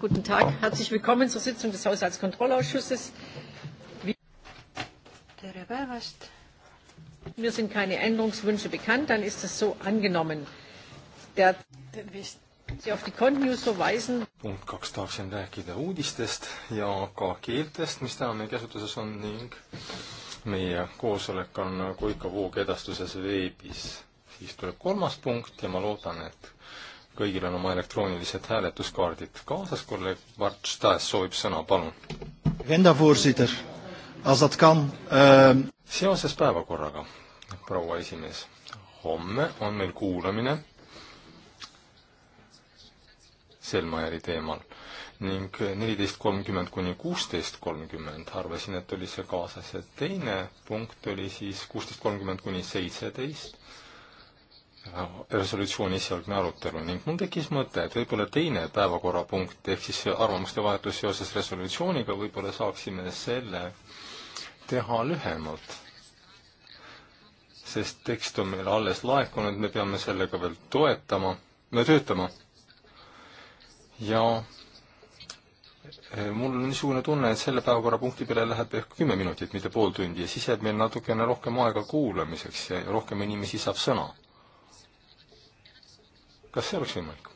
Guten Tag, herzlich willkommen zur Sitzung des Haushaltskontrollausschusses. Tere päevast. Mir sind keine Änderungswünsche bekannt, dann ist es so angenommen. Der, Sie auf die Continuous verweisen. punkt kaks tahaksin rääkida uudistest ja ka keeltest, mis täna meie käsutuses on ning meie koosolek on nagu ikka voogedastuses veebis. siis tuleb kolmas punkt ja ma loodan, et kõigil on oma elektroonilised hääletuskaardid kaasas, kolleeg Mart Staes soovib sõna, palun. Ehm, seoses päevakorraga, proua esimees, homme on meil kuulamine Selmajäri teemal ning neliteist kolmkümmend kuni kuusteist kolmkümmend, arvasin, et oli see kaasas, ja teine punkt oli siis kuusteist kolmkümmend kuni seitseteist Äh, resolutsiooni esialgne arutelu ning mul tekkis mõte, et võib-olla teine päevakorrapunkt ehk siis arvamuste vahetus seoses resolutsiooniga, võib-olla saaksime selle teha lühemalt. sest tekst on meile alles laekunud, me peame sellega veel toetama, no töötama. ja äh, mul on niisugune tunne, et selle päevakorrapunkti peale läheb ehk kümme minutit, mitte pool tundi ja siis jääb meil natukene rohkem aega kuulamiseks ja rohkem inimesi saab sõna kas see oleks võimalik?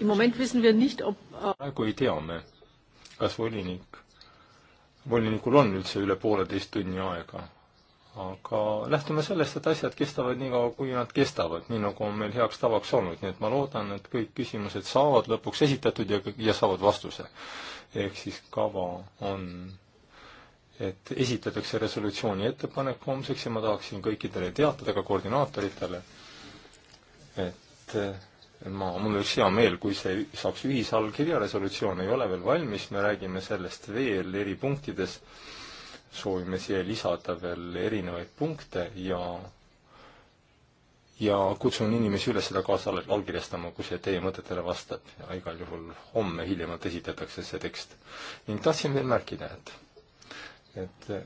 Äh, praegu ei tea me, kas volinik, volinikul on üldse üle pooleteist tunni aega, aga lähtume sellest, et asjad kestavad nii kaua, kui nad kestavad, nii nagu on meil heaks tavaks olnud, nii et ma loodan, et kõik küsimused saavad lõpuks esitatud ja, ja saavad vastuse. ehk siis kava on et esitatakse resolutsiooni ettepanek homseks ja ma tahaksin kõikidele teatada, ka koordinaatoritele, et ma, mul oleks hea meel, kui see saaks ühisallkirja, resolutsioon ei ole veel valmis, me räägime sellest veel eri punktides, soovime siia lisada veel erinevaid punkte ja ja kutsun inimesi üles seda kaasa allkirjastama, kui see teie mõtetele vastab ja igal juhul homme hiljemalt esitatakse see tekst. ning tahtsin veel märkida, et et eh,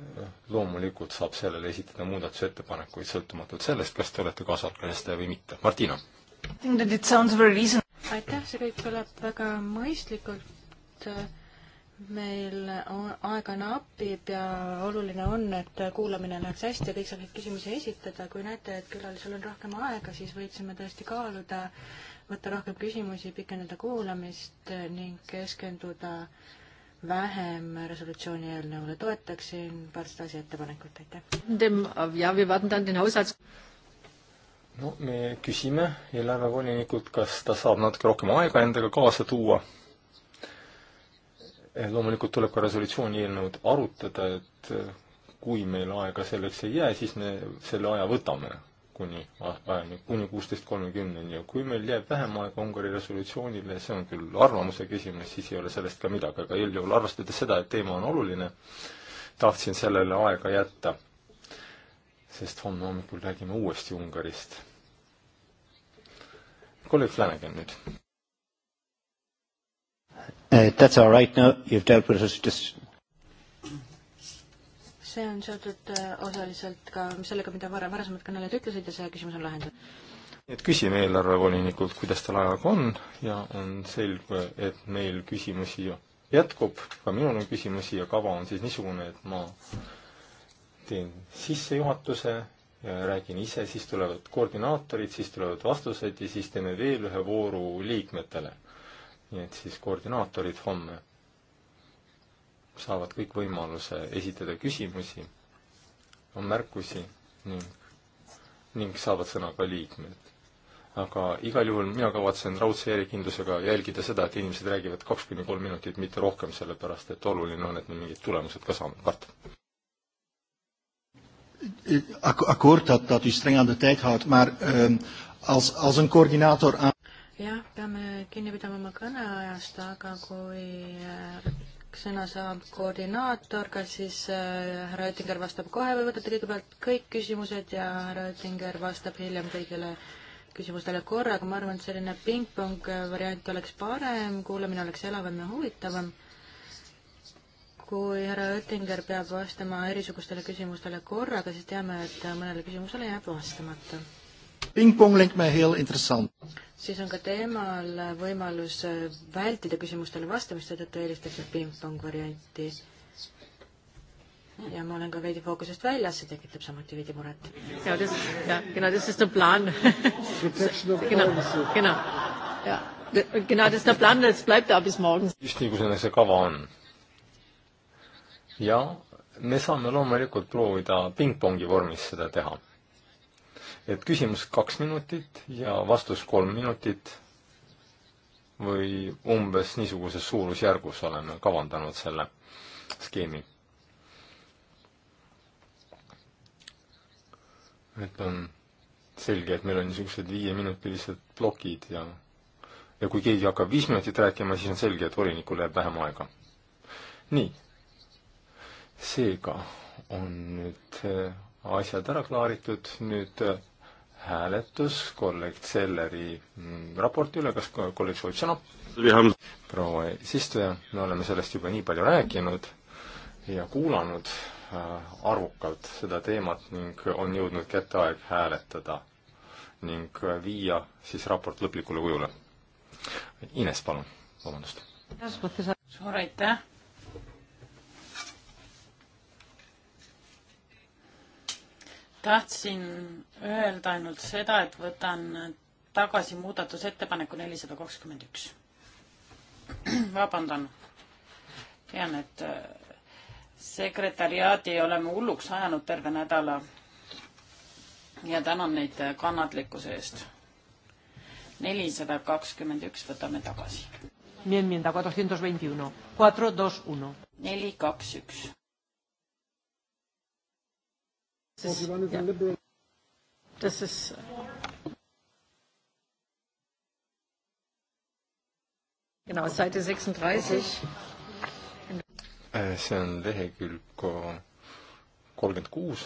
loomulikult saab sellele esitada muudatusettepanekuid sõltumatult sellest, kas te olete kaasarganistaja või mitte. Martina. aitäh, see kõik kõlab väga mõistlikult. meil aega napib ja oluline on, et kuulamine läheks hästi ja kõik saaksid küsimusi esitada. kui näete, et külalisel on rohkem aega, siis võiksime tõesti kaaluda, võtta rohkem küsimusi, pikendada kuulamist ning keskenduda äh, vähem resolutsiooni eelnõule toetaksin, paar sedasi ettepanekut, aitäh. no me küsime eelarvevolinikult, kas ta saab natuke rohkem aega endaga kaasa tuua. Eh, loomulikult tuleb ka resolutsiooni eelnõud arutada, et eh, kui meil aega selleks ei jää, siis me selle aja võtame kuni ajani, kuni kuusteist kolmekümneni ja kui meil jääb vähem aega Ungari resolutsioonile, see on küll arvamuse küsimus, siis ei ole sellest ka midagi, aga eeljuhul arvestades seda, et teema on oluline, tahtsin sellele aega jätta. sest homme hommikul räägime uuesti Ungarist. kolleeg Flanagan nüüd. Uh, that's all right now, you have dealt with us just see on seotud äh, osaliselt ka sellega, mida varem, varasemad kõnelejad ütlesid ja see küsimus on lahendatud. nii et küsime eelarvevolinikult, kuidas tal ajaga on ja on selge, et meil küsimusi jätkub, ka minul on küsimusi ja kava on siis niisugune, et ma teen sissejuhatuse ja räägin ise, siis tulevad koordinaatorid, siis tulevad vastused ja siis teeme veel ühe vooru liikmetele. nii et siis koordinaatorid homme saavad kõik võimaluse esitada küsimusi, märkusi ning, ning saavad sõna ka liikmed. aga igal juhul mina kavatsen raudse järjekindlusega jälgida seda, et inimesed räägivad kaks kuni kolm minutit, mitte rohkem, sellepärast et oluline on, et me mingid tulemused ka saame, Mart. Akkoord, et ta streng aan de tijd houdt, maar ehm, als, als een koordinaator aan jah, peame kinni pidama oma kõneajast, aga kui eh, sõna saab koordinaator, kas siis äh, härra Oettinger vastab kohe või võtate kõigepealt kõik küsimused ja härra Oettinger vastab hiljem kõigile küsimustele korraga, ma arvan, et selline pingpong äh, variant oleks parem, kuulamine oleks elavam ja huvitavam. kui härra Oettinger peab vastama erisugustele küsimustele korraga, siis teame, et mõnele küsimusele jääb vastamata pingpong lijkt mij heel interessant. siis on ka teemal võimalus äh, vältida küsimustele vastamist, seetõttu eelistatakse pingpong varianti. ja ma olen ka veidi fookusest väljas, see tekitab samuti veidi muret. ja, ja, genau, das ist der Plan genau, genau, ja, genau, das ist der Plan, das bleibt da bis morgens. just nii, kui selline see kava on. ja me saame loomulikult proovida pingpongi vormis seda teha et küsimus kaks minutit ja vastus kolm minutit või umbes niisuguses suurusjärgus oleme kavandanud selle skeemi. et on selge, et meil on niisugused viieminutilised plokid ja, ja kui keegi hakkab viis minutit rääkima, siis on selge, et volinikul jääb vähem aega. nii. seega on nüüd äh, asjad ära klaaritud, nüüd äh, hääletus kolleeg Selleri mm, raporti üle, kas kolleeg soovib sõna? proua eesistuja, me oleme sellest juba nii palju rääkinud ja kuulanud äh, arvukalt seda teemat ning on jõudnud kätte aeg hääletada ning äh, viia siis raport lõplikule kujule. Ines, palun, vabandust. suur aitäh tahtsin öelda ainult seda, et võtan tagasi muudatusettepaneku nelisada kakskümmend üks. vabandan. tean, et äh, sekretäriaadi oleme hulluks ajanud terve nädala ja tänan neid äh, kannatlikkuse eest. nelisada kakskümmend üks võtame tagasi. Mi enmienda cuatrocientos veintiuno, cuatro dos uno. neli, kaks, üks. Das, ja. das ist. Genau, Seite 36. Äh, see on lehekülg äh, kolmkümmend kuus.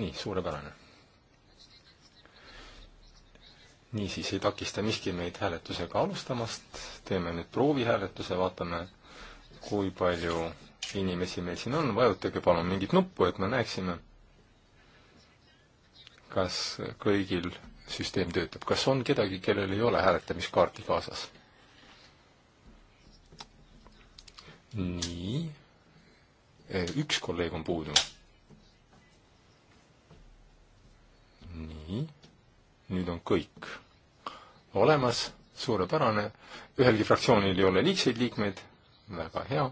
nii, suurepärane. niisiis ei takista miski meid hääletusega alustamast, teeme nüüd proovihääletuse, vaatame kui palju inimesi meil siin on, vajutage palun mingit nuppu, et me näeksime, kas kõigil süsteem töötab, kas on kedagi, kellel ei ole hääletamiskaarti kaasas? nii, äh, üks kolleeg on puudu. nii, nüüd on kõik olemas, suurepärane, ühelgi fraktsioonil ei ole liigseid liikmeid väga hea.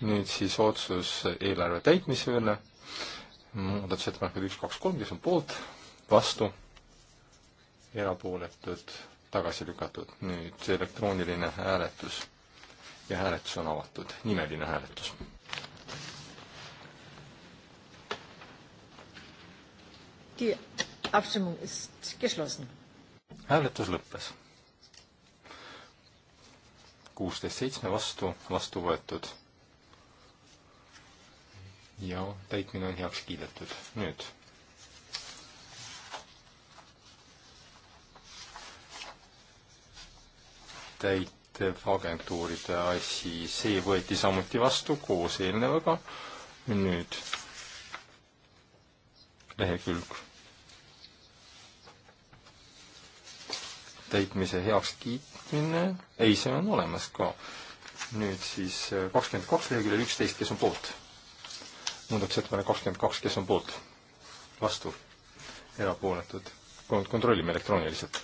nüüd siis otsus eelarve täitmise üle, muudatusettepanekud üks, kaks, kolm, kes on poolt, vastu, erapooletud, tagasi lükatud. nüüd elektrooniline hääletus ja hääletus on avatud, nimeline hääletus. hääletus lõppes kuusteist seitsme vastu, vastu võetud. ja täitmine on heaks kiidetud. nüüd. täitevagentuuride asi, see võeti samuti vastu koos eelnevaga. nüüd lehekülg täitmise heakskiitmine, ei, see on olemas ka. nüüd siis äh, kakskümmend kaks leheküljel üksteist, kes on poolt? muudatusettepanek kakskümmend kaks, kes on poolt? vastu? erapooletud? kontrollime elektrooniliselt.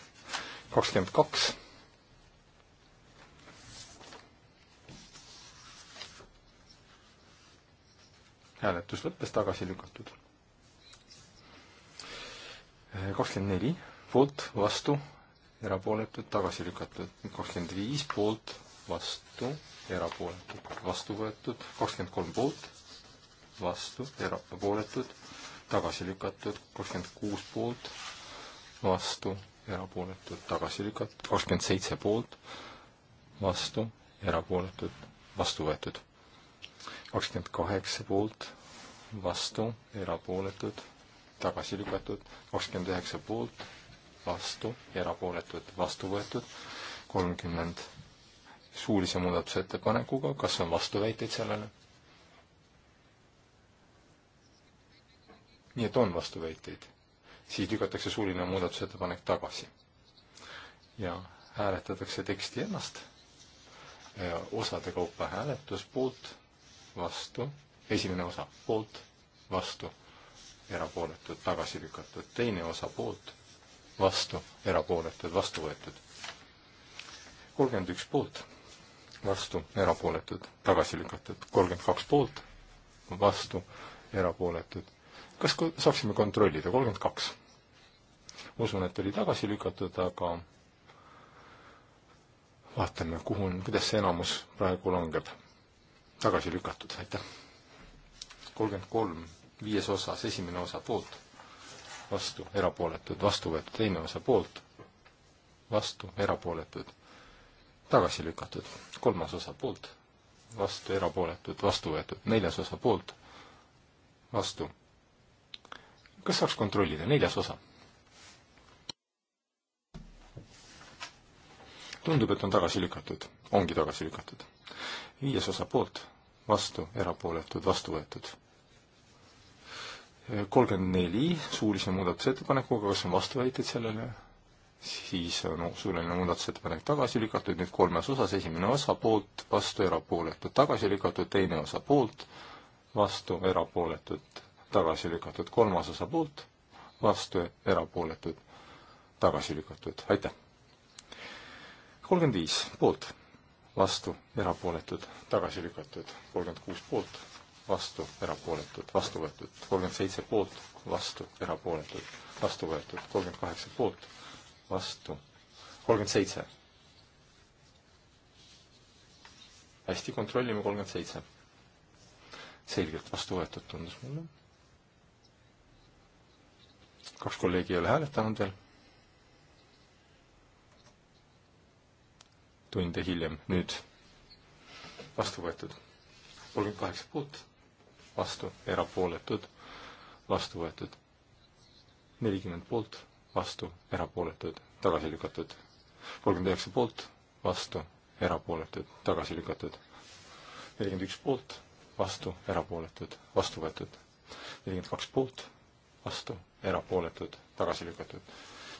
kakskümmend kaks hääletus lõppes tagasi lükatud. Äh, kakskümmend neli poolt, vastu, erapooletud, tagasi lükatud, kakskümmend viis poolt, vastu, erapooletud, vastu võetud, kakskümmend kolm poolt, vastu, erapooletud, tagasi lükatud, kakskümmend kuus poolt, vastu, erapooletud, tagasi lükatud, kakskümmend seitse poolt, vastu, erapooletud, vastu võetud. kakskümmend kaheksa poolt, vastu, erapooletud, tagasi lükatud, kakskümmend üheksa poolt, vastu, erapooletud, vastu võetud, kolmkümmend suulise muudatusettepanekuga, kas on vastuväiteid sellele? nii et on vastuväiteid, siis lükatakse suuline muudatusettepanek tagasi ja hääletatakse teksti ennast osade kaupa hääletus poolt, vastu, esimene osa poolt, vastu, erapooletud, tagasi lükatud, teine osa poolt vastu, erapooletud, vastu võetud. kolmkümmend üks poolt, vastu, erapooletud, tagasi lükatud. kolmkümmend kaks poolt, vastu, erapooletud. kas saaksime kontrollida, kolmkümmend kaks? usun, et oli tagasi lükatud, aga vaatame, kuhu on, kuidas see enamus praegu langeb. tagasi lükatud, aitäh. kolmkümmend kolm, viies osas, esimene osa poolt vastu, erapooletud, vastu võetud, teine osa poolt, vastu, erapooletud, tagasi lükatud, kolmas osa poolt, vastu, erapooletud, vastu võetud, neljas osa poolt, vastu. kas saaks kontrollida, neljas osa? tundub, et on tagasi lükatud, ongi tagasi lükatud. viies osa poolt, vastu, erapooletud, vastu võetud kolmkümmend neli suulise muudatusettepanekuga, kas on vastuväiteid sellele? siis on no, suuline muudatusettepanek tagasi lükatud, nüüd kolmes osas, esimene osa poolt, vastu, erapooletud, tagasi lükatud, teine osa poolt, vastu, erapooletud, tagasi lükatud, kolmas osa poolt, vastu, erapooletud, tagasi lükatud, aitäh! kolmkümmend viis poolt, vastu, erapooletud, tagasi lükatud, kolmkümmend kuus poolt vastu, erapooletud, vastu võetud, kolmkümmend seitse poolt, vastu, erapooletud, vastu võetud, kolmkümmend kaheksa poolt, vastu, kolmkümmend seitse. hästi, kontrollime kolmkümmend seitse. selgelt vastu võetud tundus mulle. kaks kolleegi ei ole hääletanud veel. tunde hiljem, nüüd vastu võetud kolmkümmend kaheksa poolt vastu, erapooletud, vastu võetud. nelikümmend poolt, vastu, erapooletud, tagasi lükatud. kolmkümmend üheksa poolt, vastu, erapooletud, tagasi lükatud. nelikümmend üks poolt, vastu, erapooletud, vastu võetud. nelikümmend kaks poolt, vastu, erapooletud, tagasi lükatud.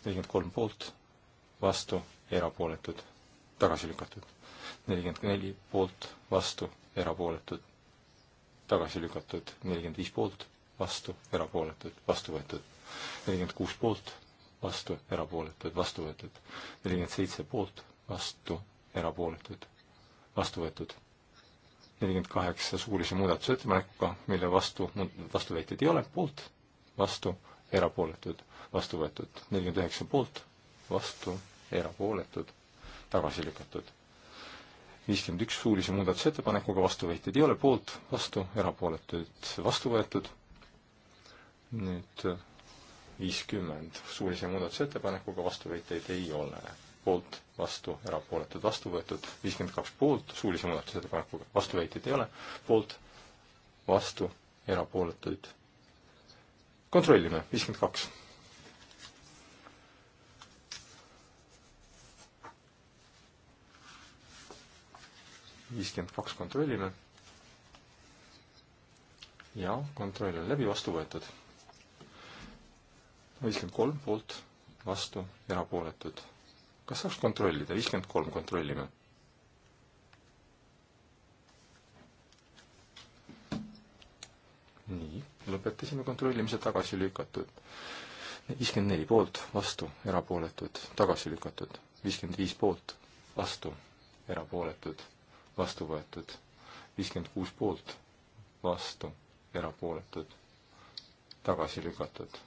nelikümmend kolm poolt, vastu, erapooletud, tagasi lükatud. nelikümmend neli poolt, vastu, erapooletud, tagasi lükatud, nelikümmend viis poolt, vastu, erapooletud, vastu võetud. nelikümmend kuus poolt, vastu, erapooletud, vastu võetud. nelikümmend seitse poolt, vastu, erapooletud, vastu võetud. nelikümmend kaheksa suulise muudatusettepanekuga, mille vastu, vastuväiteid ei ole, poolt, vastu, erapooletud, vastu võetud. nelikümmend üheksa poolt, vastu, erapooletud, tagasi lükatud viiskümmend üks suulise muudatusettepanekuga vastu võetud, ei ole poolt, vastu, erapooletud, vastu võetud. nüüd äh, viiskümmend suulise muudatusettepanekuga vastuväiteid ei ole. poolt, vastu, erapooletud, vastu võetud, viiskümmend kaks poolt, suulise muudatusettepanekuga vastuväiteid ei ole, poolt, vastu, erapooletuid. kontrollime, viiskümmend kaks viiskümmend kaks kontrollime. ja kontroll on läbi, vastu võetud. viiskümmend kolm poolt, vastu, erapooletud. kas saaks kontrollida, viiskümmend kolm kontrollime. nii, lõpetasime kontrollimise, tagasi lükatud. viiskümmend neli poolt, vastu, erapooletud, tagasi lükatud. viiskümmend viis poolt, vastu, erapooletud vastu võetud, viiskümmend kuus poolt, vastu, erapooletud, tagasi lükatud,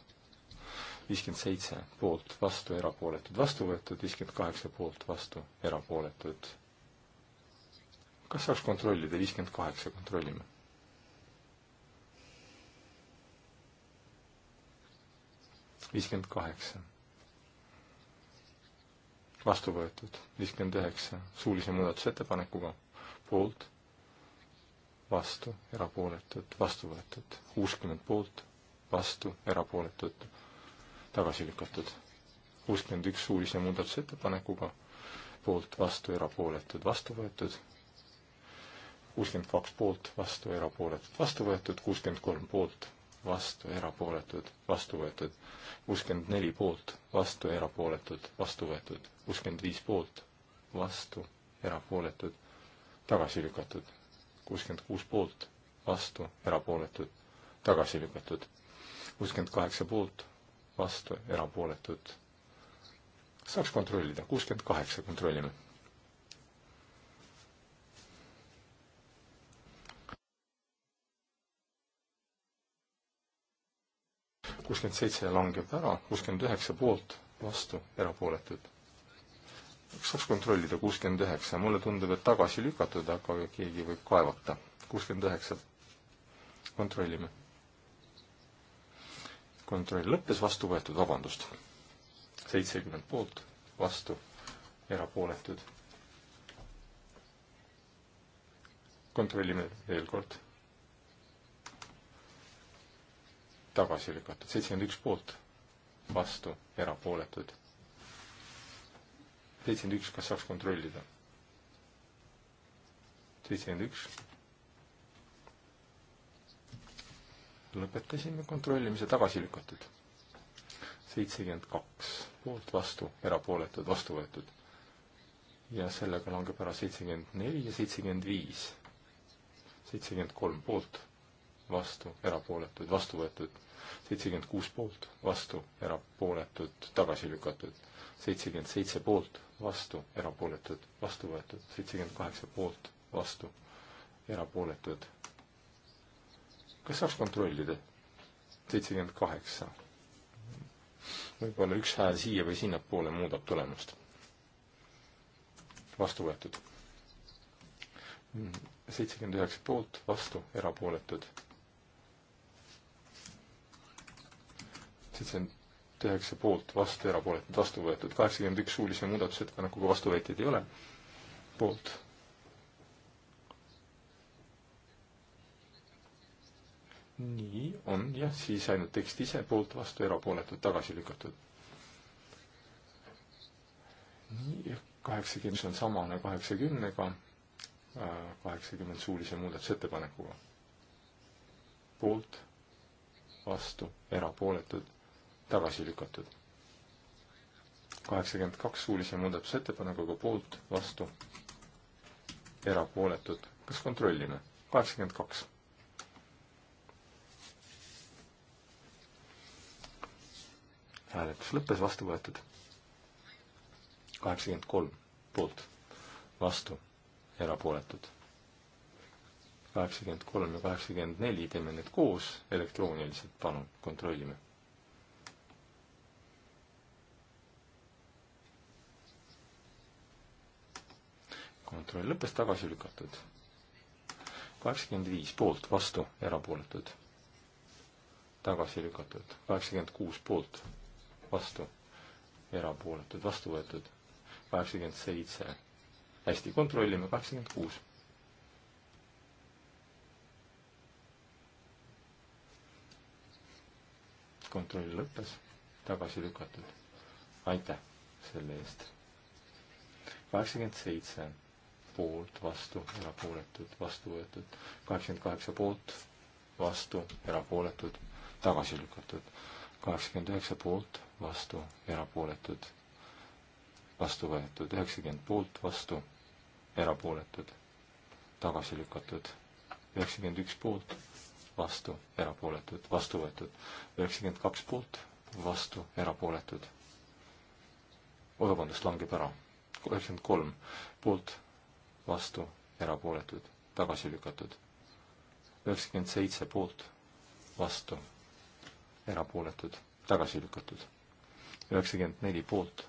viiskümmend seitse poolt, vastu, erapooletud, vastu võetud, viiskümmend kaheksa poolt, vastu, erapooletud. kas saaks kontrollida, viiskümmend kaheksa kontrollime. viiskümmend kaheksa vastu võetud, viiskümmend üheksa suulise muudatusettepanekuga poolt, vastu, erapooletud, vastu võetud, kuuskümmend poolt, vastu, erapooletud, tagasi lükatud. kuuskümmend üks suulise muudatusettepanekuga, poolt, vastu, erapooletud, vastu võetud, kuuskümmend kaks poolt, vastu, erapooletud, vastu võetud, kuuskümmend kolm poolt, vastu, erapooletud, vastu võetud, kuuskümmend neli poolt, vastu, erapooletud, vastu võetud, kuuskümmend viis poolt, vastu, erapooletud, tagasi lükatud. kuuskümmend kuus poolt, vastu, erapooletud, tagasi lükatud. kuuskümmend kaheksa poolt, vastu, erapooletud. saaks kontrollida, kuuskümmend kaheksa kontrollime kuuskümmend seitse langeb ära, kuuskümmend üheksa poolt, vastu, erapooletud saaks kontrollida kuuskümmend üheksa, mulle tundub, et tagasi lükatud, aga keegi võib kaevata. kuuskümmend üheksa, kontrollime. kontroll lõppes, vastu võetud, vabandust. seitsekümmend poolt, vastu, erapooletud. kontrollime veel kord. tagasi lükatud, seitsekümmend üks poolt, vastu, erapooletud seitsekümmend üks, kas saaks kontrollida? seitsekümmend üks. lõpetasime kontrollimise, tagasi lükatud. seitsekümmend kaks poolt, vastu, erapooletud, vastu võetud. ja sellega langeb ära seitsekümmend neli ja seitsekümmend viis. seitsekümmend kolm poolt, vastu, erapooletud, vastu võetud. seitsekümmend kuus poolt, vastu, erapooletud, tagasi lükatud seitsekümmend seitse poolt, vastu, erapooletud, vastu võetud, seitsekümmend kaheksa poolt, vastu, erapooletud. kas saaks kontrollida? seitsekümmend kaheksa. võib-olla üks hääl siia või sinnapoole muudab tulemust. vastu võetud. seitsekümmend üheksa poolt, vastu, erapooletud. seitsekümmend kakskümmend üheksa poolt, vastu, erapooletud, vastu võetud. kaheksakümmend üks suulise muudatusettepanekuga vastuvõetjaid ei ole. poolt. nii, on jah, siis ainult tekst ise poolt, vastu, erapooletud, tagasi lükatud. nii, kaheksakümmend, see on samane kaheksakümnega, äh, kaheksakümmend suulise muudatusettepanekuga. poolt, vastu, erapooletud, tagasi lükatud. kaheksakümmend kaks suulise muudatusettepanekuga poolt, vastu, erapooletud. kas kontrollime? kaheksakümmend kaks. hääletus lõppes, vastu võetud. kaheksakümmend kolm poolt, vastu, erapooletud. kaheksakümmend kolm ja kaheksakümmend neli, teeme need koos elektrooniliselt, palun, kontrollime. kontroll lõppes, tagasi lükatud. kaheksakümmend viis poolt, vastu, erapooletud. tagasi lükatud. kaheksakümmend kuus poolt, vastu, erapooletud, vastu võetud. kaheksakümmend seitse. hästi, kontrollime, kaheksakümmend kuus. kontroll lõppes, tagasi lükatud. aitäh selle eest. kaheksakümmend seitse poolt, vastu, erapooletud, vastu võetud. kaheksakümmend kaheksa poolt, vastu, erapooletud, tagasi lükatud. kaheksakümmend üheksa poolt, vastu, erapooletud, vastu võetud. üheksakümmend poolt, vastu, erapooletud, tagasi lükatud. üheksakümmend üks poolt, vastu, erapooletud, vastu võetud. üheksakümmend kaks poolt, vastu, erapooletud. vabandust, langeb ära. üheksakümmend kolm poolt, vastu, erapooletud, tagasi lükatud. üheksakümmend seitse poolt, vastu, erapooletud, tagasi lükatud. üheksakümmend neli poolt,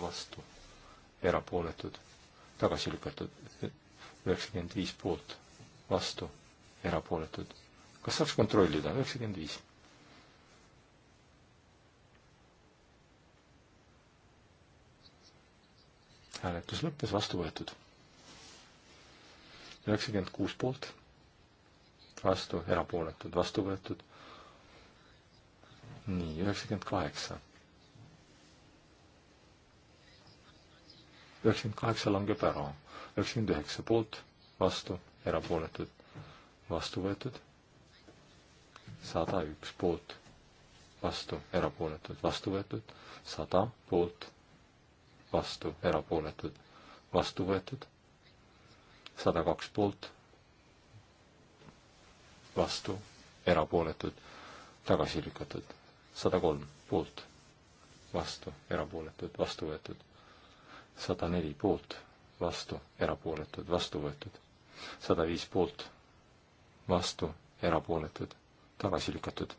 vastu, erapooletud, tagasi lükatud. üheksakümmend viis poolt, vastu, erapooletud. kas saaks kontrollida? üheksakümmend viis hääletus lõppes, vastu võetud üheksakümmend kuus poolt, vastu, erapooletud, vastu võetud. nii, üheksakümmend kaheksa. üheksakümmend kaheksa langeb ära, üheksakümmend üheksa poolt, vastu, erapooletud, vastu võetud, sada üks poolt, vastu, erapooletud, vastu võetud, sada poolt, vastu, erapooletud, vastu võetud sada kaks poolt, vastu, erapooletud, tagasi lükatud, sada kolm poolt, vastu, erapooletud, vastu võetud, sada neli poolt, vastu, erapooletud, vastu võetud, sada viis poolt, vastu, erapooletud, tagasi lükatud,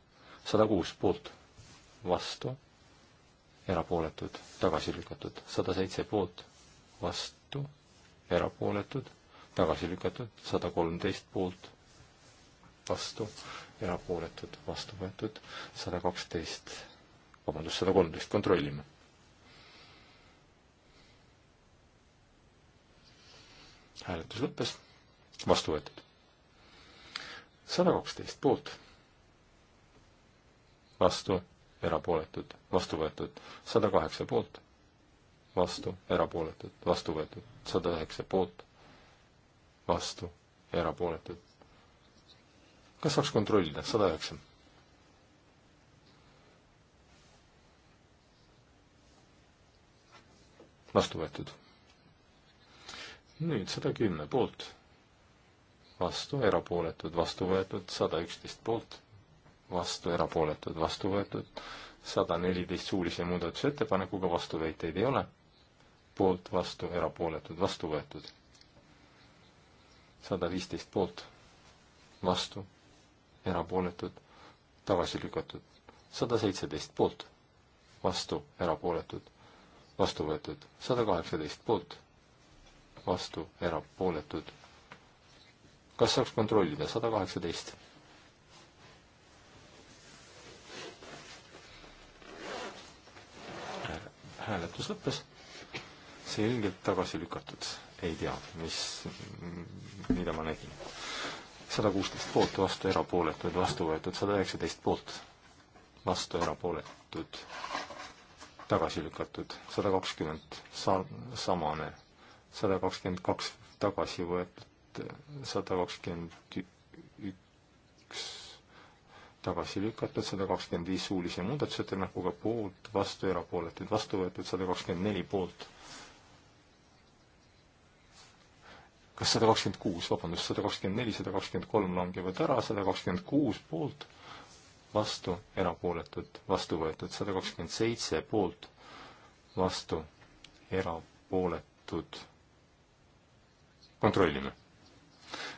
sada kuus poolt, vastu, erapooletud, tagasi lükatud, sada seitse poolt, vastu, erapooletud tagasi lükatud, sada kolmteist poolt, vastu, erapooletud, vastu võetud, sada kaksteist, vabandust, sada kolmteist, kontrollime. hääletus lõppes, vastu võetud. sada kaksteist poolt, vastu, erapooletud, vastu võetud, sada kaheksa poolt, vastu, erapooletud, vastu võetud, sada üheksa poolt vastu, erapooletud. kas saaks kontrollida, sada üheksa? vastu võetud. nüüd sada kümme poolt, vastu, erapooletud, vastu võetud, sada üksteist poolt, vastu, erapooletud, vastu võetud, sada neliteist suulise muudatusettepanekuga vastuväiteid ei ole, poolt, vastu, erapooletud, vastu võetud sada viisteist poolt, vastu, erapooletud, tagasi lükatud. sada seitseteist poolt, vastu, erapooletud, vastu võetud. sada kaheksateist poolt, vastu, erapooletud. kas saaks kontrollida, sada kaheksateist? hääletus lõppes, selgelt tagasi lükatud ei tea, mis, mida ma nägin. sada kuusteist poolt, vastu erapooletud, vastu võetud sada üheksateist poolt, vastu erapooletud, tagasi lükatud, sada kakskümmend sa-, samane, sada kakskümmend kaks tagasi võetud, sada kakskümmend üks tagasi lükatud, sada kakskümmend viis suulise muudatusettepanekuga poolt, vastu erapooletud, vastu võetud sada kakskümmend neli poolt kas sada kakskümmend kuus, vabandust, sada kakskümmend neli, sada kakskümmend kolm langevad ära, sada kakskümmend kuus poolt, vastu, erapooletud, vastu võetud, sada kakskümmend seitse poolt, vastu, erapooletud. kontrollime.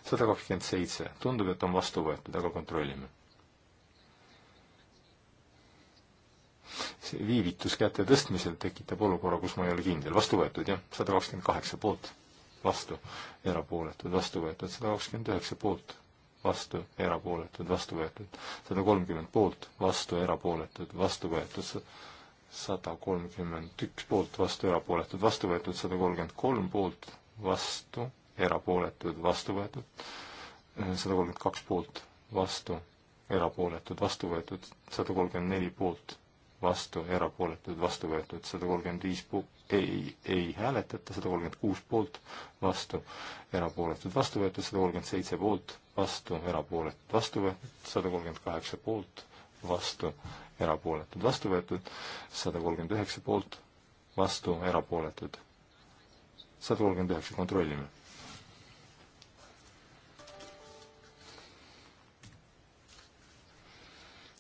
sada kakskümmend seitse, tundub, et on vastu võetud, aga kontrollime. see viivitus käte tõstmisel tekitab olukorra, kus ma ei ole kindel, vastu võetud jah, sada kakskümmend kaheksa poolt vastu, erapooletud, vastu võetud, sada kakskümmend üheksa poolt, vastu, erapooletud, vastu võetud, sada kolmkümmend poolt, vastu, erapooletud, vastu võetud, sada kolmkümmend üks poolt, vastu, erapooletud, vastu võetud, sada kolmkümmend kolm poolt, vastu, erapooletud, vastu võetud, sada kolmkümmend kaks poolt, vastu, erapooletud, vastu võetud, sada kolmkümmend neli poolt vastu, erapooletud, vastu võetud, sada kolmkümmend viis ei, ei hääletata, sada kolmkümmend kuus poolt, vastu, erapooletud, vastu võetud, sada kolmkümmend seitse poolt, vastu, erapooletud, vastu võetud, sada kolmkümmend kaheksa poolt, vastu, erapooletud, vastu võetud, sada kolmkümmend üheksa poolt, vastu, erapooletud. sada kolmkümmend üheksa, kontrollime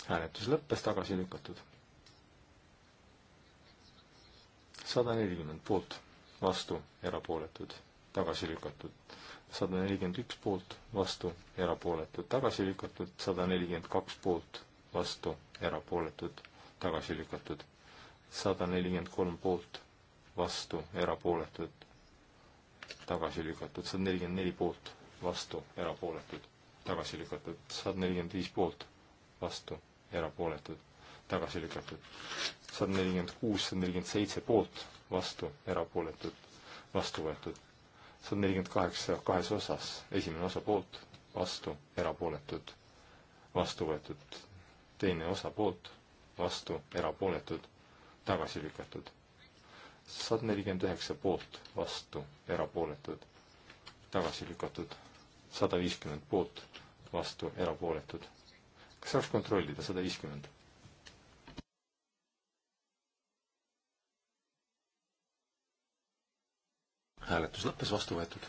hääletus lõppes tagasi lükatud sada nelikümmend poolt, vastu, erapooletud, tagasi lükatud. sada nelikümmend üks poolt, vastu, erapooletud, tagasi lükatud. sada nelikümmend kaks poolt, vastu, erapooletud, tagasi lükatud. sada nelikümmend kolm poolt, vastu, erapooletud, tagasi lükatud. sada nelikümmend neli poolt, vastu, erapooletud, tagasi lükatud. sada nelikümmend viis poolt, vastu, erapooletud, tagasi lükatud sada nelikümmend kuus, sada nelikümmend seitse poolt, vastu, erapooletud, vastu võetud. sada nelikümmend kaheksa kahes osas, esimene osa poolt, vastu, erapooletud, vastu võetud. teine osa poolt, vastu, erapooletud, tagasi lükatud. sada nelikümmend üheksa poolt, vastu, erapooletud, tagasi lükatud. sada viiskümmend poolt, vastu, erapooletud. kas saaks kontrollida sada viiskümmend? hääletus lõppes, vastu võetud.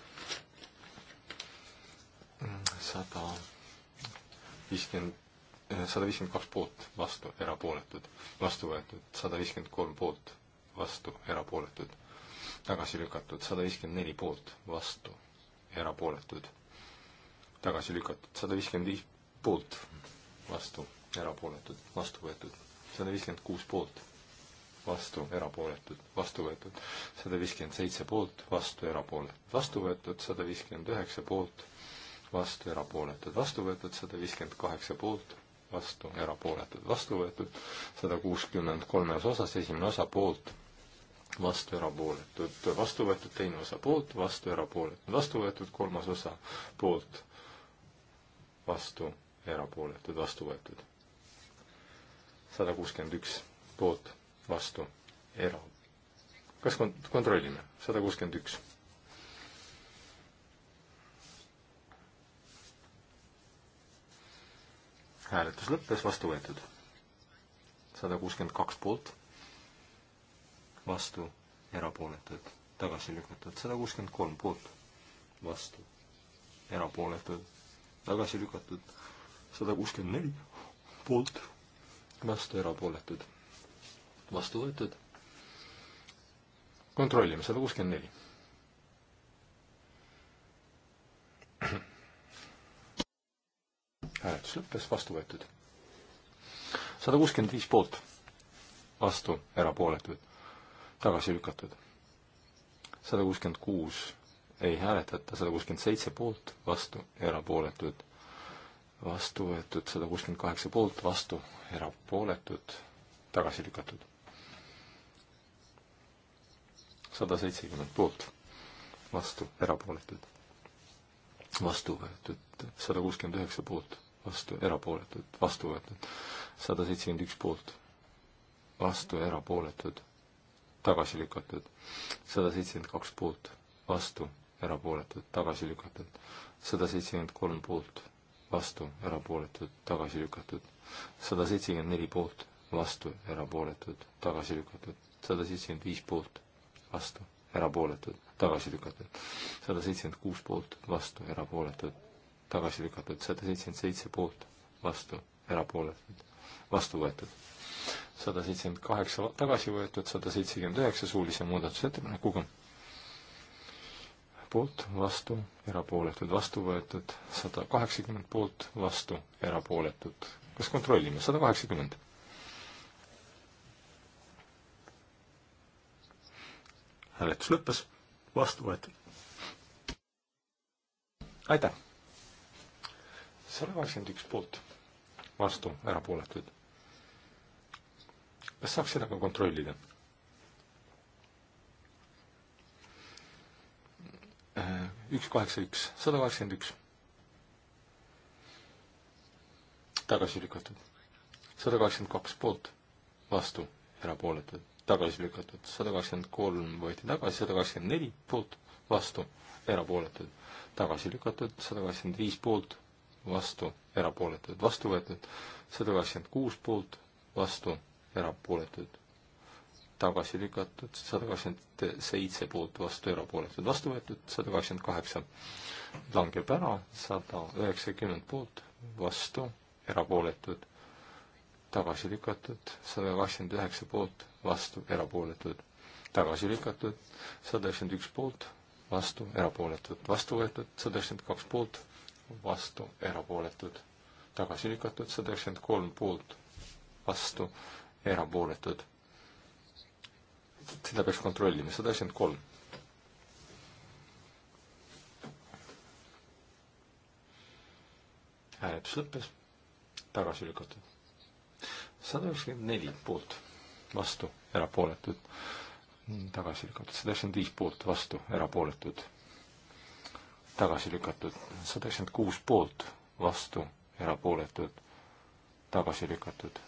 sada viiskümmend, sada viiskümmend kaks poolt, vastu, erapooletud, vastu võetud, sada viiskümmend kolm poolt, vastu, erapooletud, tagasi lükatud, sada viiskümmend neli poolt, vastu, erapooletud, tagasi lükatud, sada viiskümmend viis poolt, vastu, erapooletud, vastu võetud, sada viiskümmend kuus poolt vastu, erapooletud, vastu võetud, sada viiskümmend seitse poolt, vastu, erapooletud, vastu võetud, sada viiskümmend üheksa poolt, vastu, erapooletud, vastu võetud, sada viiskümmend kaheksa poolt, vastu, erapooletud, vastu võetud, sada kuuskümmend kolmes osas, esimene osa poolt, vastu, erapooletud, vastu võetud, teine osa poolt, vastu, erapooletud, vastu võetud, kolmas osa poolt, vastu, erapooletud, vastu võetud. sada kuuskümmend üks poolt vastu, era-. kas kont-, kontrollime, sada kuuskümmend üks. hääletus lõppes, vastu võetud. sada kuuskümmend kaks poolt, vastu, erapooletud, tagasi lükatud, sada kuuskümmend kolm poolt, vastu, erapooletud, tagasi lükatud, sada kuuskümmend neli poolt, vastu, erapooletud vastu võetud. kontrollime, sada kuuskümmend neli. hääletus lõppes, vastu võetud. sada kuuskümmend viis poolt, vastu, erapooletud, tagasi lükatud. sada kuuskümmend kuus ei hääletata, sada kuuskümmend seitse poolt, vastu, erapooletud, vastu võetud, sada kuuskümmend kaheksa poolt, vastu, erapooletud, tagasi lükatud sada seitsekümmend poolt, vastu, erapooletud, vastu võetud, sada kuuskümmend üheksa poolt, vastu, erapooletud, vastu võetud, sada seitsekümmend üks poolt, vastu, erapooletud, tagasi lükatud, sada seitsekümmend kaks poolt, vastu, erapooletud, tagasi lükatud, sada seitsekümmend kolm poolt, vastu, erapooletud, tagasi lükatud, sada seitsekümmend neli poolt, vastu, erapooletud, tagasi lükatud, sada seitsekümmend viis poolt, vastu, erapooletud, tagasi lükatud. sada seitsekümmend kuus poolt, vastu, erapooletud, tagasi lükatud. sada seitsekümmend seitse poolt, vastu, erapooletud, vastu võetud. sada seitsekümmend kaheksa tagasi võetud, sada seitsekümmend üheksa suulise muudatusettepanekuga. poolt, vastu, erapooletud, vastu võetud, sada kaheksakümmend poolt, vastu, erapooletud. kas kontrollime? sada kaheksakümmend hääletus lõppes, vastu võetud. aitäh! sada kakskümmend üks poolt, vastu, erapooletud. kas saaks seda ka kontrollida? Äh, üks kaheksa üks, sada kaheksakümmend üks. tagasi lükatud. sada kaheksakümmend kaks poolt, vastu, erapooletud tagasi lükatud, sada kakskümmend kolm võeti tagasi, sada kakskümmend neli poolt, vastu, erapooletud, tagasi lükatud, sada kakskümmend viis poolt, vastu, erapooletud, vastu võetud, sada kakskümmend kuus poolt, vastu, erapooletud, tagasi lükatud, sada kakskümmend seitse poolt, vastu, erapooletud, vastu võetud, sada kakskümmend kaheksa langeb ära, sada üheksakümmend poolt, vastu, erapooletud tagasi lükatud, sada kakskümmend üheksa poolt, vastu, erapooletud, tagasi lükatud, sada üheksakümmend üks poolt, vastu, erapooletud, vastu võetud, sada üheksakümmend kaks poolt, vastu, erapooletud, tagasi lükatud, sada üheksakümmend kolm poolt, vastu, erapooletud. seda peaks kontrollima, sada üheksakümmend kolm. hääletus lõppes, tagasi lükatud sada üheksakümmend neli poolt, vastu, erapooletud, tagasi lükatud, sada üheksakümmend viis poolt, vastu, erapooletud, tagasi lükatud, sada üheksakümmend kuus poolt, vastu, erapooletud, tagasi lükatud,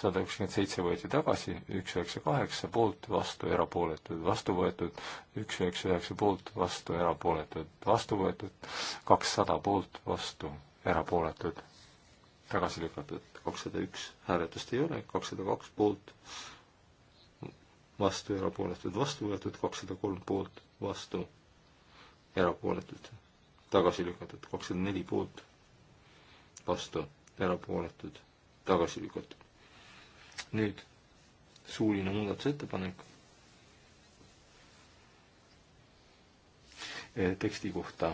sada üheksakümmend seitse võeti tagasi, üks üheksa kaheksa poolt, vastu, erapooletud, vastu võetud, üks üheksa üheksa poolt, vastu, erapooletud, vastu võetud, kakssada poolt, vastu, erapooletud, tagasi lükatud kakssada üks hääletust ei ole, kakssada kaks poolt, vastu, erapooletud, vastu võetud, kakssada kolm poolt, vastu, erapooletud, tagasi lükatud, kakssada neli poolt, vastu, erapooletud, tagasi lükatud. nüüd suuline muudatusettepanek teksti kohta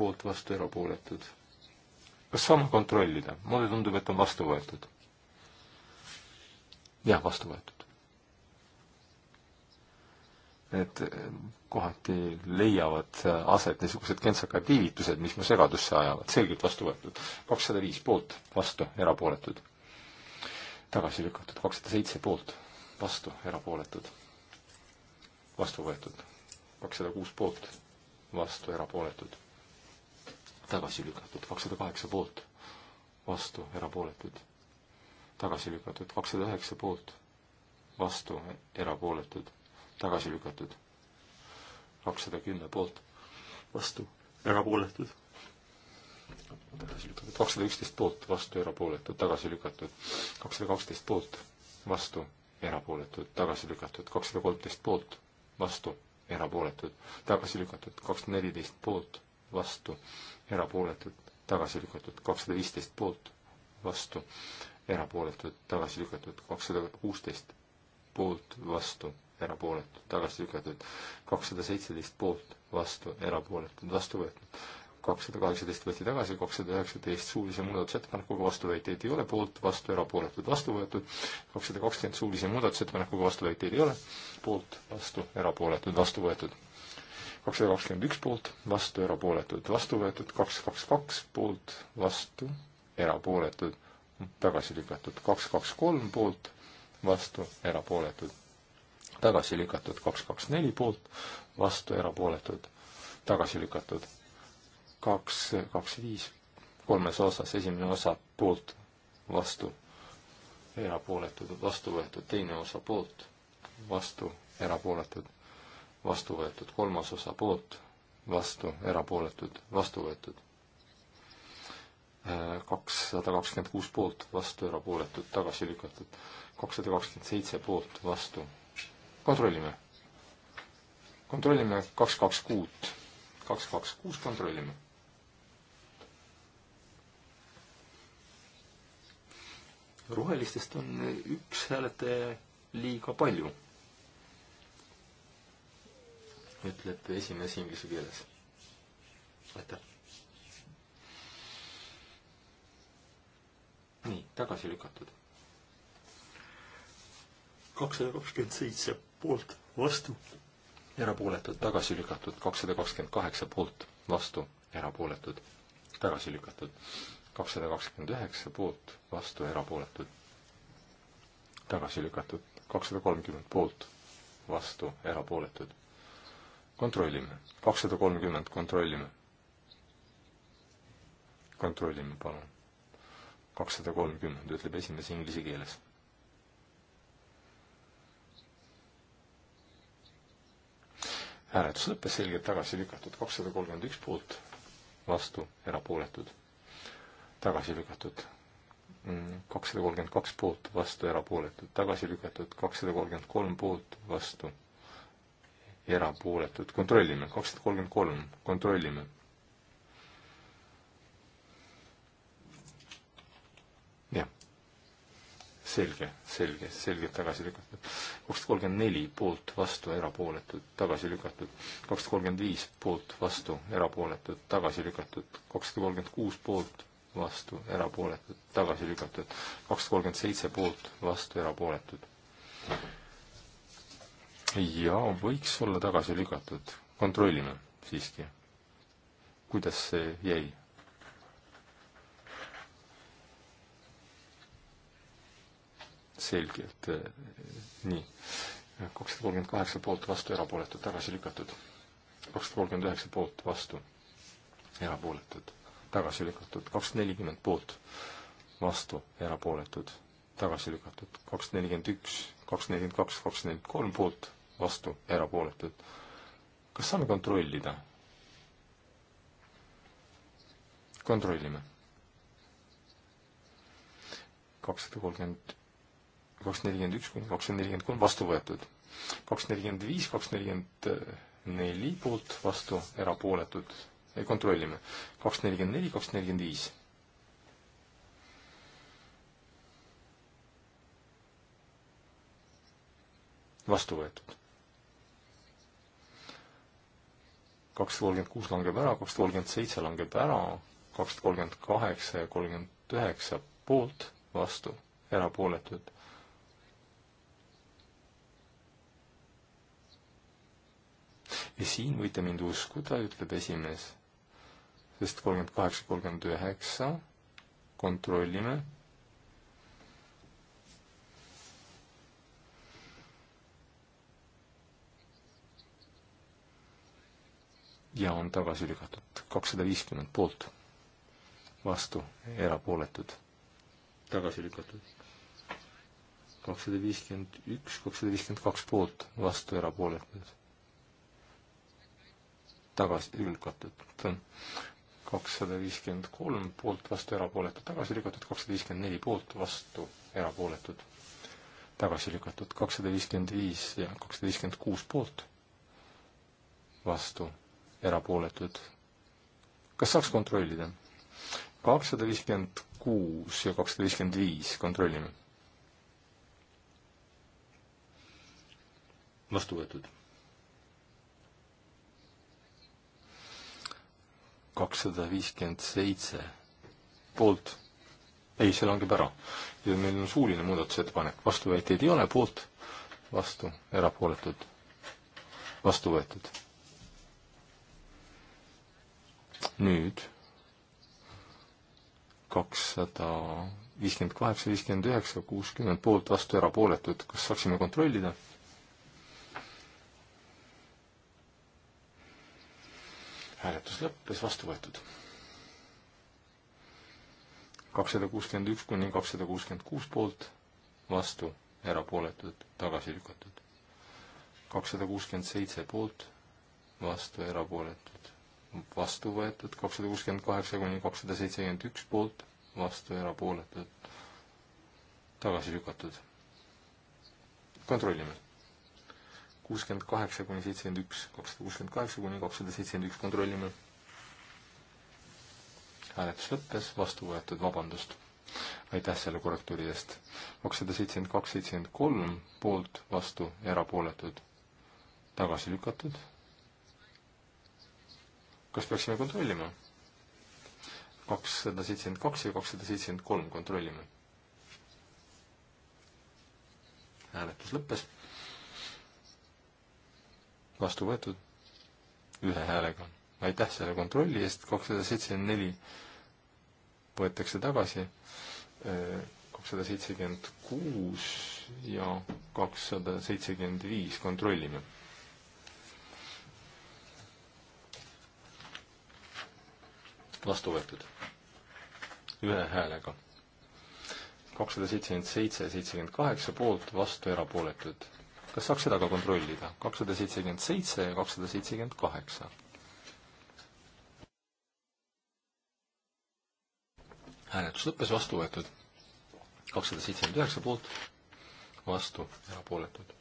poolt, vastu, erapooletud kas saame kontrollida? mulle tundub, et on vastu võetud. jah, vastu võetud. et eh, kohati leiavad eh, aset niisugused kentsakad viivitused, mis mu segadusse ajavad, selgelt vastu võetud. kakssada viis poolt, vastu, erapooletud. tagasi lükatud, kakssada seitse poolt, vastu, erapooletud. vastu võetud, kakssada kuus poolt, vastu, erapooletud tagasi lükatud, kakssada kaheksa poolt, vastu, erapooletud, tagasi lükatud, kakssada üheksa poolt, vastu, erapooletud, tagasi lükatud, kakssada kümme poolt, vastu, erapooletud, tagasi lükatud, kakssada üksteist poolt, vastu, erapooletud, tagasi lükatud, kakssada kaksteist poolt, vastu, erapooletud, tagasi lükatud, kakssada kolmteist poolt, vastu, erapooletud, tagasi lükatud, kakssada neliteist poolt vastu, erapooletud, tagasi lükatud, kakssada viisteist poolt, vastu, erapooletud, tagasi lükatud, kakssada kuusteist poolt, vastu, erapooletud, tagasi lükatud, kakssada seitseteist poolt, vastu, erapooletud, vastu võetud, kakssada kaheksateist võeti tagasi, kakssada üheksateist suulise muudatusettepanekuga vastuväiteid ei ole, poolt, vastu, erapooletud, vastu võetud, kakssada kakskümmend suulise muudatusettepanekuga vastuväiteid ei ole, poolt, vastu, erapooletud, vastu võetud kakssada kakskümmend üks poolt, vastu, erapooletud, vastu võetud, kaks, kaks, kaks poolt, vastu, erapooletud, tagasi lükatud, kaks, kaks, kolm poolt, vastu, erapooletud, tagasi lükatud, kaks, kaks, neli poolt, vastu, erapooletud, tagasi lükatud, kaks, kaks, viis, kolmes osas, esimene osa poolt, vastu, erapooletud, vastu võetud, teine osa poolt, vastu, erapooletud vastu võetud, kolmas osa poolt, vastu, erapooletud, vastu võetud. Äh, kakssada kakskümmend kuus poolt, vastu, erapooletud, tagasi lükatud. kakssada kakskümmend seitse poolt, vastu. kontrollime. kontrollime kaks, kaks kuut. kaks, kaks, kuus kontrollime. rohelistest on üks hääletaja liiga palju ütleb esimees inglise keeles. aitäh. nii, tagasi lükatud. kakssada kakskümmend seitse poolt, vastu, erapooletud, tagasi lükatud, kakssada kakskümmend kaheksa poolt, vastu, erapooletud, tagasi lükatud, kakssada kakskümmend üheksa poolt, vastu, erapooletud, tagasi lükatud, kakssada kolmkümmend poolt, vastu, erapooletud kontrollime, kakssada kolmkümmend, kontrollime. kontrollime, palun. kakssada kolmkümmend, ütleb esimees inglise keeles. hääletus lõppes selgelt tagasi lükatud, kakssada kolmkümmend üks poolt, vastu, erapooletud, tagasi lükatud mm, kakssada kolmkümmend kaks poolt, vastu erapooletud, tagasi lükatud kakssada kolmkümmend kolm poolt, vastu erapooletud, kontrollime, kakssada kolmkümmend kolm, kontrollime. jah, selge, selge, selgelt tagasi lükatud. kakssada kolmkümmend neli poolt, vastu, erapooletud, tagasi lükatud. kakssada kolmkümmend viis poolt, vastu, erapooletud, tagasi lükatud. kakssada kolmkümmend kuus poolt, vastu, erapooletud, tagasi lükatud. kakssada kolmkümmend seitse poolt, vastu, erapooletud ja võiks olla tagasi lükatud. kontrollime siiski, kuidas see jäi. selgelt eh, nii, kakssada kolmkümmend kaheksa poolt vastu, erapooletud, tagasi lükatud. kakssada kolmkümmend üheksa poolt vastu, erapooletud, tagasi lükatud, kakssada nelikümmend poolt vastu, erapooletud, tagasi lükatud, kakssada nelikümmend üks, kakssada nelikümmend kaks, kakssada nelikümmend kolm poolt vastu, erapooletud. kas saame kontrollida? kontrollime. kakssada kolmkümmend, kakssada nelikümmend üks kuni kakssada nelikümmend kolm vastu võetud. kakssada nelikümmend viis, kakssada nelikümmend neli poolt vastu, erapooletud. kontrollime. kakssada nelikümmend neli, kakssada nelikümmend viis vastu võetud. kakssada kolmkümmend kuus langeb ära, kakssada kolmkümmend seitse langeb ära, kakssada kolmkümmend kaheksa ja kolmkümmend üheksa poolt, vastu, erapooletud. ja siin võite mind uskuda, ütleb esimees, sest kolmkümmend kaheksa, kolmkümmend üheksa kontrollime ja on tagasi lükatud. kakssada viiskümmend poolt, vastu, erapooletud, tagasi lükatud. kakssada viiskümmend üks, kakssada viiskümmend kaks poolt, vastu, erapooletud, tagasi lükatud. kakssada viiskümmend kolm poolt, vastu, erapooletud, tagasi lükatud, kakssada viiskümmend neli poolt, vastu, erapooletud, tagasi lükatud, kakssada viiskümmend viis ja kakssada viiskümmend kuus poolt, vastu erapooletud. kas saaks kontrollida? kakssada viiskümmend kuus ja kakssada viiskümmend viis, kontrollime. vastu võetud. kakssada viiskümmend seitse poolt, ei, see langeb ära. ja meil on suuline muudatusettepanek, vastuväiteid ei ole, poolt, vastu, erapooletud, vastu võetud nüüd kakssada viiskümmend kaheksa, viiskümmend üheksa, kuuskümmend poolt, vastu erapooletud, kas saaksime kontrollida? hääletus lõppes, vastu võetud. kakssada kuuskümmend üks kuni kakssada kuuskümmend kuus poolt, vastu erapooletud, tagasi lükatud. kakssada kuuskümmend seitse poolt, vastu erapooletud, vastu võetud, kakssada kuuskümmend kaheksa kuni kakssada seitsekümmend üks poolt, vastu erapooletud, tagasi lükatud. kontrollime. kuuskümmend kaheksa kuni seitsekümmend üks, kakssada kuuskümmend kaheksa kuni kakssada seitsekümmend üks, kontrollime. hääletus lõppes, vastu võetud, vabandust. aitäh selle korrektuuri eest. kakssada seitsekümmend kaks, seitsekümmend kolm poolt, vastu, erapooletud, tagasi lükatud kas peaksime kontrollima? kakssada seitsekümmend kaks ja kakssada seitsekümmend kolm kontrollime. hääletus lõppes. vastu võetud ühe häälega. aitäh selle kontrolli eest, kakssada seitsekümmend neli võetakse tagasi, kakssada seitsekümmend kuus ja kakssada seitsekümmend viis kontrollime vastu võetud ühe häälega. kakssada seitsekümmend seitse, seitsekümmend kaheksa poolt, vastu erapooletud. kas saaks seda ka kontrollida? kakssada seitsekümmend seitse ja kakssada seitsekümmend kaheksa. hääletus lõppes, vastu võetud. kakssada seitsekümmend üheksa poolt, vastu erapooletud.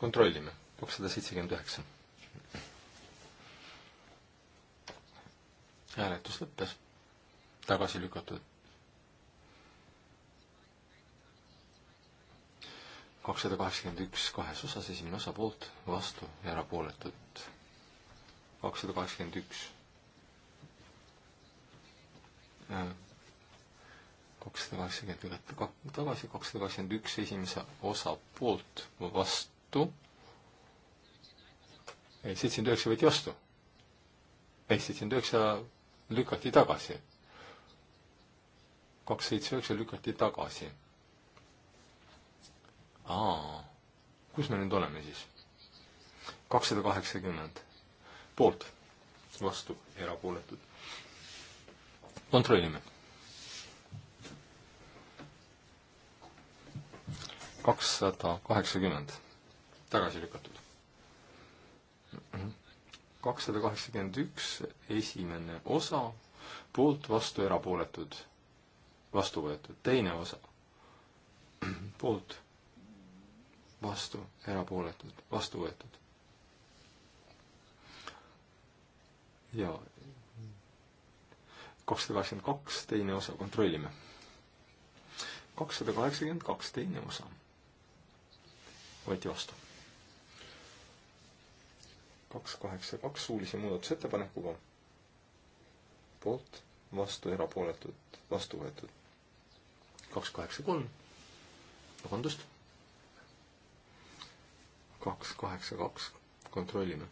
kontrollime, kakssada seitsekümmend üheksa hääletus lõppes, tagasi lükatud. kakssada kaheksakümmend üks kahes osas, esimene osa poolt, vastu ja erapooletud. kakssada kaheksakümmend üks. Äh, kakssada kaheksakümmend üheksa, tagasi kakssada kaheksakümmend üks esimese osa poolt, vastu. ei, seitsekümmend üheksa võeti vastu. ei, seitsekümmend üheksa lükati tagasi. kaks, seitse, üheksa lükati tagasi. aa, kus me nüüd oleme siis? kakssada kaheksakümmend poolt, vastu, erapooletud. kontrollime. kakssada kaheksakümmend tagasi lükatud kakssada kaheksakümmend üks, esimene osa, poolt, vastu, erapooletud, vastu võetud, teine osa, poolt, vastu, erapooletud, vastu võetud. ja kakssada kaheksakümmend kaks, teine osa, kontrollime. kakssada kaheksakümmend kaks, teine osa. võeti vastu kaks kaheksa kaks suulise muudatusettepanekuga. poolt, vastu, erapooletud, vastu võetud. kaks kaheksa kolm, vabandust. kaks kaheksa kaks, kontrollime.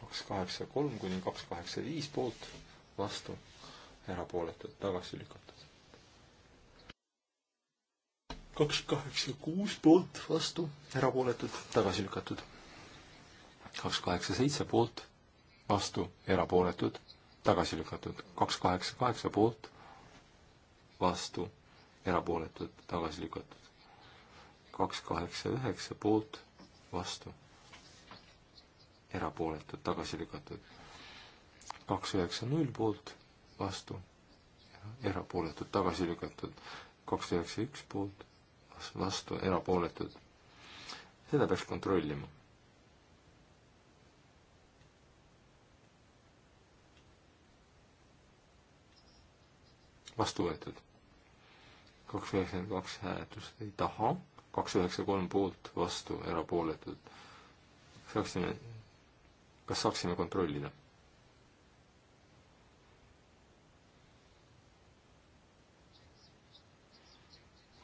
kaks kaheksa kolm kuni kaks kaheksa viis poolt, vastu, erapooletud, tagasi lükatud kaks kaheksa kuus poolt, vastu, erapooletud, tagasi lükatud. kaks kaheksa seitse poolt, vastu, erapooletud, tagasi lükatud. kaks kaheksa kaheksa poolt, vastu, erapooletud, tagasi lükatud. kaks kaheksa üheksa poolt, vastu, erapooletud, tagasi lükatud. kaks üheksa null poolt, vastu, erapooletud, tagasi lükatud. kaks üheksa üks poolt, vastu erapooletud. seda peaks kontrollima. vastu võetud. kaks üheksakümmend kaks hääletust ei taha, kaks üheksa kolm poolt, vastu, erapooletud. saaksime, kas saaksime kontrollida?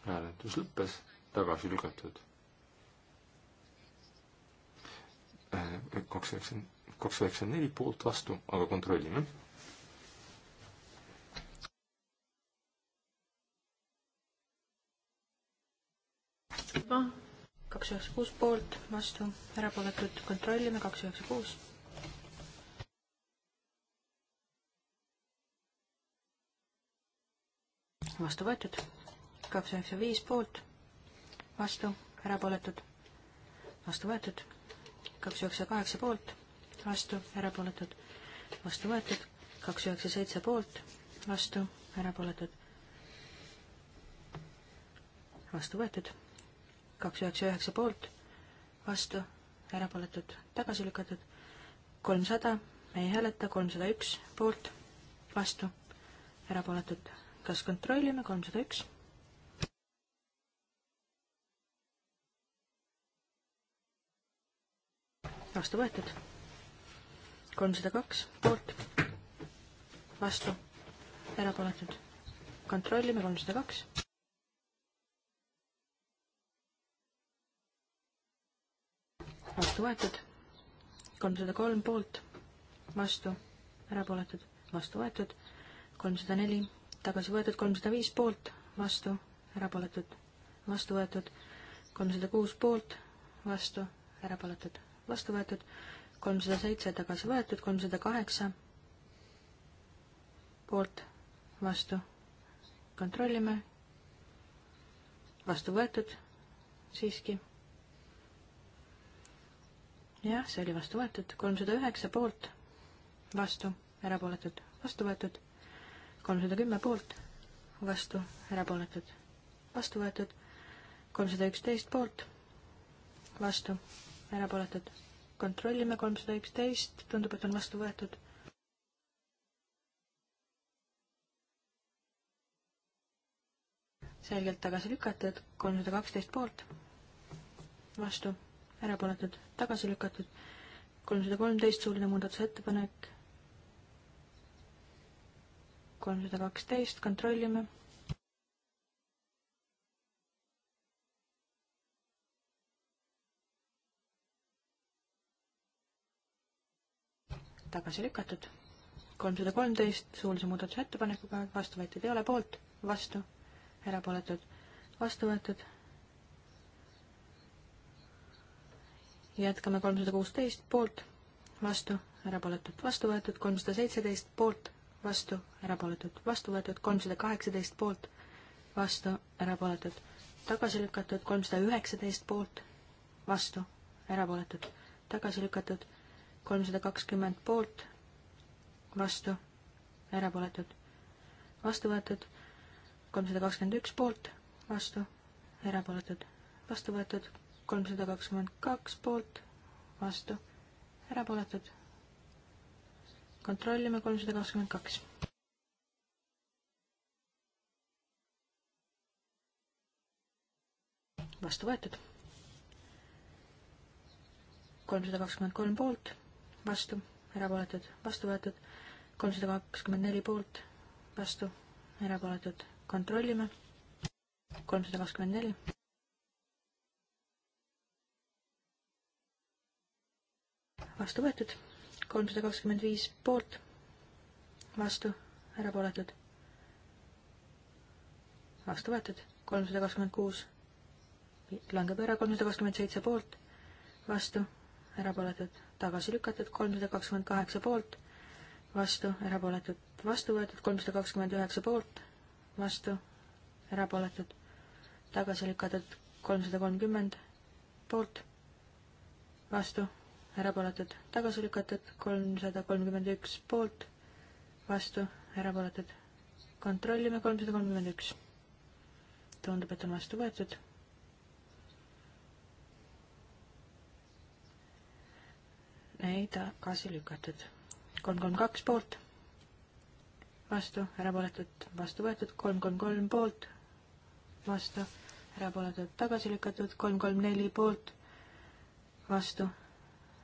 hääletus lõppes, tagasi lükatud. Äh, kaks üheksakümmend, kaks üheksakümmend neli poolt vastu, aga kontrollime. kaks üheksa kuus poolt, vastu, erapooletud, kontrollime, kaks üheksa kuus. vastu võetud kaks üheksa viis poolt, vastu, erapooletud, vastu võetud, kaks üheksa kaheksa poolt, vastu, erapooletud, vastu võetud, kaks üheksa seitse poolt, vastu, erapooletud, vastu võetud, kaks üheksa üheksa poolt, vastu, erapooletud, tagasi lükatud, kolmsada, ei hääleta, kolmsada üks poolt, vastu, erapooletud, kas kontrollime, kolmsada üks vastu võetud. kolmsada kaks poolt, vastu, erapooletud. kontrollime kolmsada kaks. vastu võetud, kolmsada kolm poolt, vastu, erapooletud, vastu võetud, kolmsada neli, tagasi võetud, kolmsada viis poolt, vastu, erapooletud, vastu võetud, kolmsada kuus poolt, vastu, erapooletud vastu võetud, kolmsada seitse tagasi võetud, kolmsada kaheksa poolt, vastu. kontrollime. vastu võetud siiski. jah, see oli vastu võetud, kolmsada üheksa poolt, vastu, erapooletud, vastu võetud, kolmsada kümme poolt, vastu, erapooletud, vastu võetud, kolmsada üksteist poolt, vastu erapooletud. kontrollime kolmsada üksteist, tundub, et on vastu võetud. selgelt tagasi lükatud, kolmsada kaksteist poolt, vastu, erapooletud, tagasi lükatud, kolmsada kolmteist suuline muudatusettepanek, kolmsada kaksteist, kontrollime tagasi lükatud. kolmsada kolmteist suulise muudatusettepanekuga, vastu võetud ei ole, poolt, vastu, erapooletud, vastu võetud. jätkame kolmsada kuusteist, poolt, vastu, erapooletud, vastu võetud, kolmsada seitseteist, poolt, vastu, erapooletud, vastu võetud, kolmsada kaheksateist poolt, vastu, erapooletud, tagasi lükatud, kolmsada üheksateist poolt, vastu, erapooletud, tagasi lükatud, kolmsada kakskümmend poolt, vastu, erapooletud, vastu võetud, kolmsada kakskümmend üks poolt, vastu, erapooletud, vastu võetud, kolmsada kakskümmend kaks poolt, vastu, erapooletud. kontrollime kolmsada kakskümmend kaks. vastu võetud. kolmsada kakskümmend kolm poolt vastu, erapooletud, vastu võetud, kolmsada kakskümmend neli poolt, vastu, erapooletud, kontrollime, kolmsada kakskümmend neli. vastu võetud, kolmsada kakskümmend viis poolt, vastu, erapooletud, vastu võetud, kolmsada kakskümmend kuus langeb ära, kolmsada kakskümmend seitse poolt, vastu, erapooletud, tagasi lükatud, kolmsada kakskümmend kaheksa poolt, vastu, erapooletud, vastu võetud, kolmsada kakskümmend üheksa poolt, vastu, erapooletud, tagasi lükatud, kolmsada kolmkümmend poolt, vastu, erapooletud, tagasi lükatud, kolmsada kolmkümmend üks poolt, vastu, erapooletud. kontrollime kolmsada kolmkümmend üks. tundub, et on vastu võetud ei tagasi lükatud. kolm, kolm, kaks poolt, vastu, erapooletud, vastu võetud, kolm, kolm, kolm poolt, vastu, erapooletud, tagasi lükatud, kolm, kolm, neli poolt, vastu,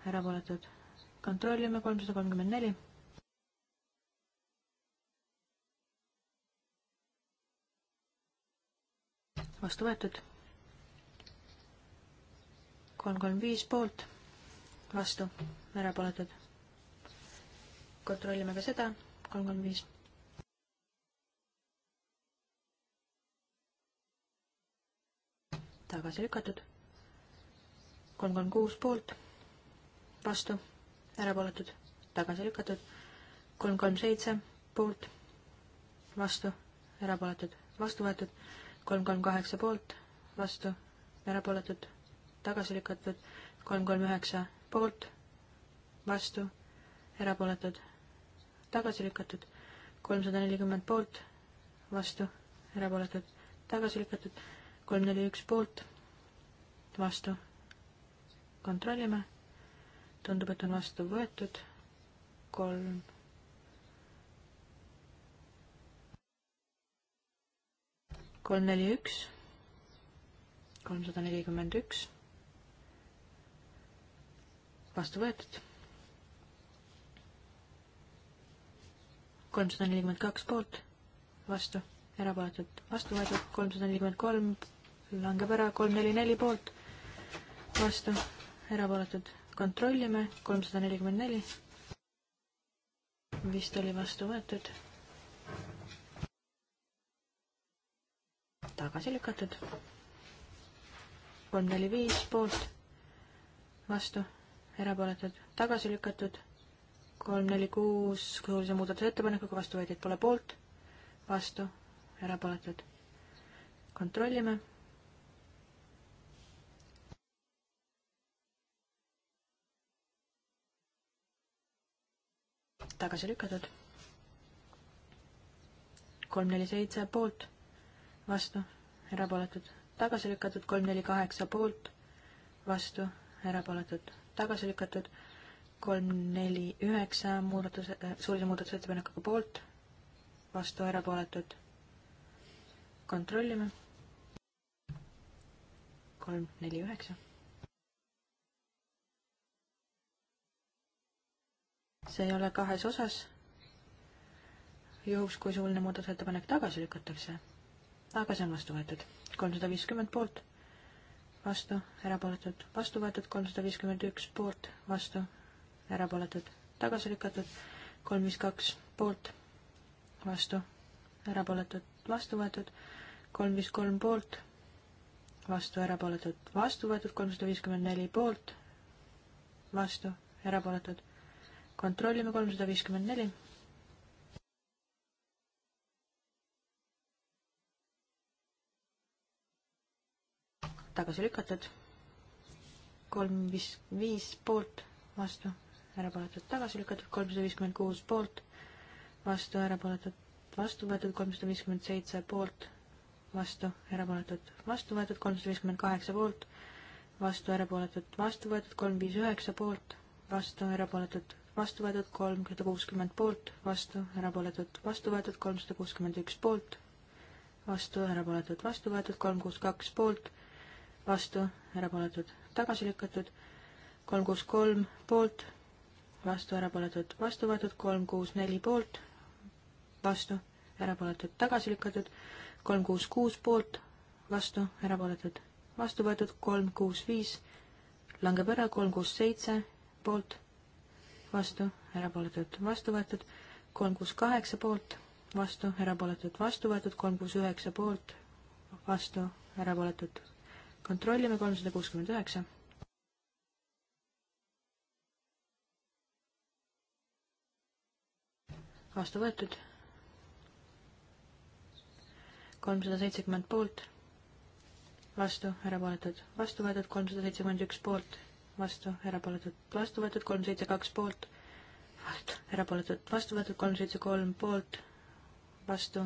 erapooletud. kontrollime, kolmsada kolmkümmend neli. vastu võetud. kolm, kolm, viis poolt, vastu erapooletud. kontrollime ka seda, kolmkümmend viis. tagasi lükatud. kolmkümmend kuus poolt, vastu, erapooletud, tagasi lükatud. kolm, kolm, seitse poolt, vastu, erapooletud, vastu võetud. kolm, kolm, kaheksa poolt, vastu, erapooletud, tagasi lükatud. kolm, kolm, üheksa poolt vastu, erapooletud, tagasi lükatud, kolmsada nelikümmend poolt, vastu, erapooletud, tagasi lükatud, kolm neli üks poolt, vastu. kontrollime, tundub, et on vastu võetud, kolm. kolm neli üks, kolmsada nelikümmend üks, vastu võetud kolmsada nelikümmend kaks poolt, vastu, erapooletud, vastu võetud, kolmsada nelikümmend kolm langeb ära, kolm neli neli poolt, vastu, erapooletud, kontrollime, kolmsada nelikümmend neli. vist oli vastu võetud. tagasi lükatud. kolm neli viis poolt, vastu, erapooletud, tagasi lükatud kolm, neli, kuus suulise muudatusettepanekuga, vastuvõtjaid pole poolt, vastu, erapooletud. kontrollime. tagasi lükatud. kolm, neli, seitse poolt, vastu, erapooletud. tagasi lükatud, kolm, neli, kaheksa poolt, vastu, erapooletud. tagasi lükatud kolm, neli, üheksa muudatuse, äh, suulise muudatusettepanekuga poolt, vastu erapooletud. kontrollime. kolm, neli, üheksa. see ei ole kahes osas. juhuks, kui suuline muudatusettepanek tagasi lükatakse. aga see on vastu võetud. kolmsada viiskümmend poolt, vastu, erapooletud, vastu võetud, kolmsada viiskümmend üks poolt, vastu, erapooletud, tagasi lükatud, kolm viis kaks poolt, vastu, erapooletud, vastu võetud, kolm viis kolm poolt, vastu, erapooletud, vastu võetud, kolmsada viiskümmend neli poolt, vastu, erapooletud. kontrollime kolmsada viiskümmend neli. tagasi lükatud. kolm, viis, viis poolt, vastu, erapooletud tagasi lükatud, kolmsada viiskümmend kuus poolt, vastu erapooletud, vastu võetud kolmsada viiskümmend seitse poolt, vastu erapooletud, vastu võetud kolmsada viiskümmend kaheksa poolt, vastu erapooletud, vastu võetud kolm viis üheksa poolt, vastu erapooletud, vastu võetud kolmsada kuuskümmend poolt, vastu erapooletud, vastu võetud kolmsada kuuskümmend üks poolt, vastu erapooletud, vastu võetud kolm kuus kaks poolt, vastu erapooletud, tagasi lükatud kolm kuus kolm poolt, vastu, erapooletud, vastu võetud, kolm, kuus, neli poolt, vastu, erapooletud, tagasi lükatud, kolm, kuus, kuus poolt, vastu, erapooletud, vastu võetud, kolm, kuus, viis, langeb ära, kolm, kuus, seitse poolt, vastu, erapooletud, vastu võetud, kolm, kuus, kaheksa poolt, vastu, erapooletud, vastu võetud, kolm, kuus, üheksa poolt, vastu, erapooletud. kontrollime, kolmsada kuuskümmend üheksa vastu võetud. kolmsada seitsekümmend poolt, vastu, erapooletud, vastu võetud, kolmsada seitsekümmend üks poolt, vastu, erapooletud, vastu võetud, kolm seitse kaks poolt, vastu, erapooletud, vastu võetud, kolm seitse kolm poolt, vastu,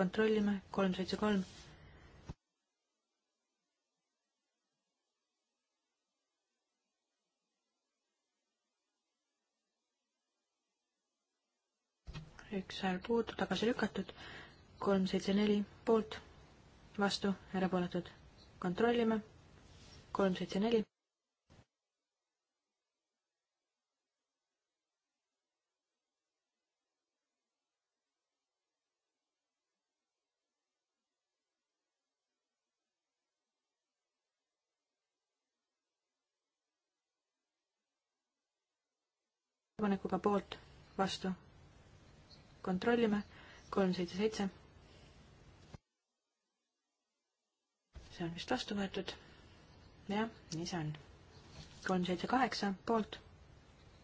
kontrollime, kolm seitse kolm üks hääl puudu, tagasi lükatud, kolm, seitse, neli poolt, vastu, erapooletud. kontrollime, kolm, seitse, neli. ettepanekuga poolt, vastu kontrollime, kolm, seitse, seitse. see on vist vastu võetud. jah, nii see on. kolm, seitse, kaheksa poolt,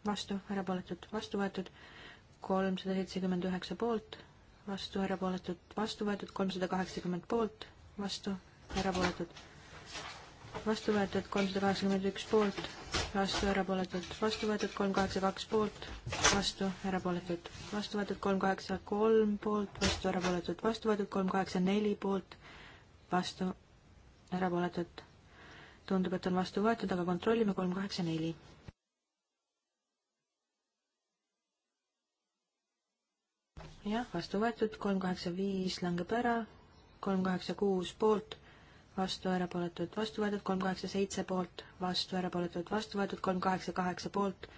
vastu, erapooletud, vastu võetud, kolmsada seitsekümmend üheksa poolt, vastu, erapooletud, vastu võetud, kolmsada kaheksakümmend poolt, vastu, erapooletud vastu võetud kolmsada kaheksakümmend üks poolt, vastu erapooletud, vastu võetud kolm kaheksa kaks poolt, vastu erapooletud, vastu võetud kolm kaheksa kolm poolt, vastu erapooletud, vastu võetud kolm kaheksa neli poolt, vastu erapooletud. tundub, et on vastu võetud, aga kontrollime kolm kaheksa neli. jah, vastu võetud, kolm kaheksa viis langeb ära, kolm kaheksa kuus poolt vastu, erapooletud, vastu võetud, kolm kaheksa seitse poolt, vastu, erapooletud, vastu võetud, kolm kaheksa kaheksa poolt,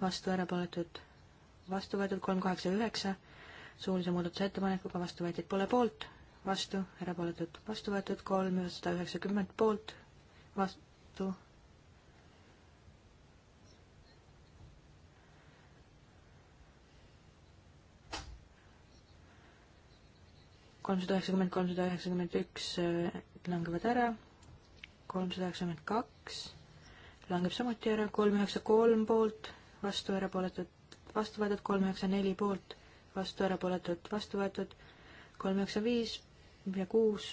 vastu, erapooletud, vastu võetud, kolm kaheksa üheksa, suulise muudatusettepanekuga vastu võetud, pole poolt, vastu, erapooletud, vastu võetud, kolmsada üheksakümmend poolt, vastu, kolmsada üheksakümmend, kolmsada üheksakümmend üks eh, langevad ära, kolmsada üheksakümmend kaks langeb samuti ära, kolm üheksa kolm poolt, vastu erapooletud, vastu võetud, kolm üheksa neli poolt, vastu erapooletud, vastu võetud, kolm üheksa viis ja kuus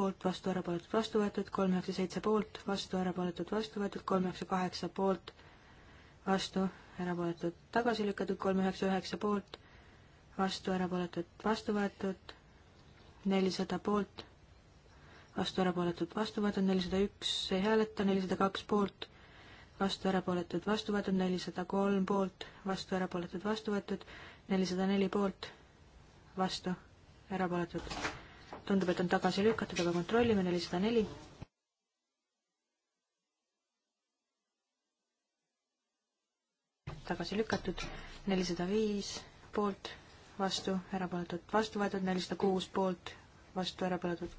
poolt, vastu erapooletud, vastu võetud, kolm üheksa seitse poolt, vastu erapooletud, vastu võetud, kolm üheksa kaheksa poolt, vastu erapooletud, tagasi lükatud, kolm üheksa üheksa poolt, vastu erapooletud, vastu võetud nelisada poolt, vastu erapooletud, vastu võetud nelisada üks, ei hääleta, nelisada kaks poolt, vastu erapooletud, vastu võetud nelisada kolm poolt, vastu erapooletud, vastu võetud nelisada neli poolt, vastu erapooletud. tundub, et on tagasi lükatud, aga kontrollime nelisada neli. tagasi lükatud, nelisada viis poolt vastu, erapooletud, vastu võetud nelisada kuus poolt, vastu erapooletud,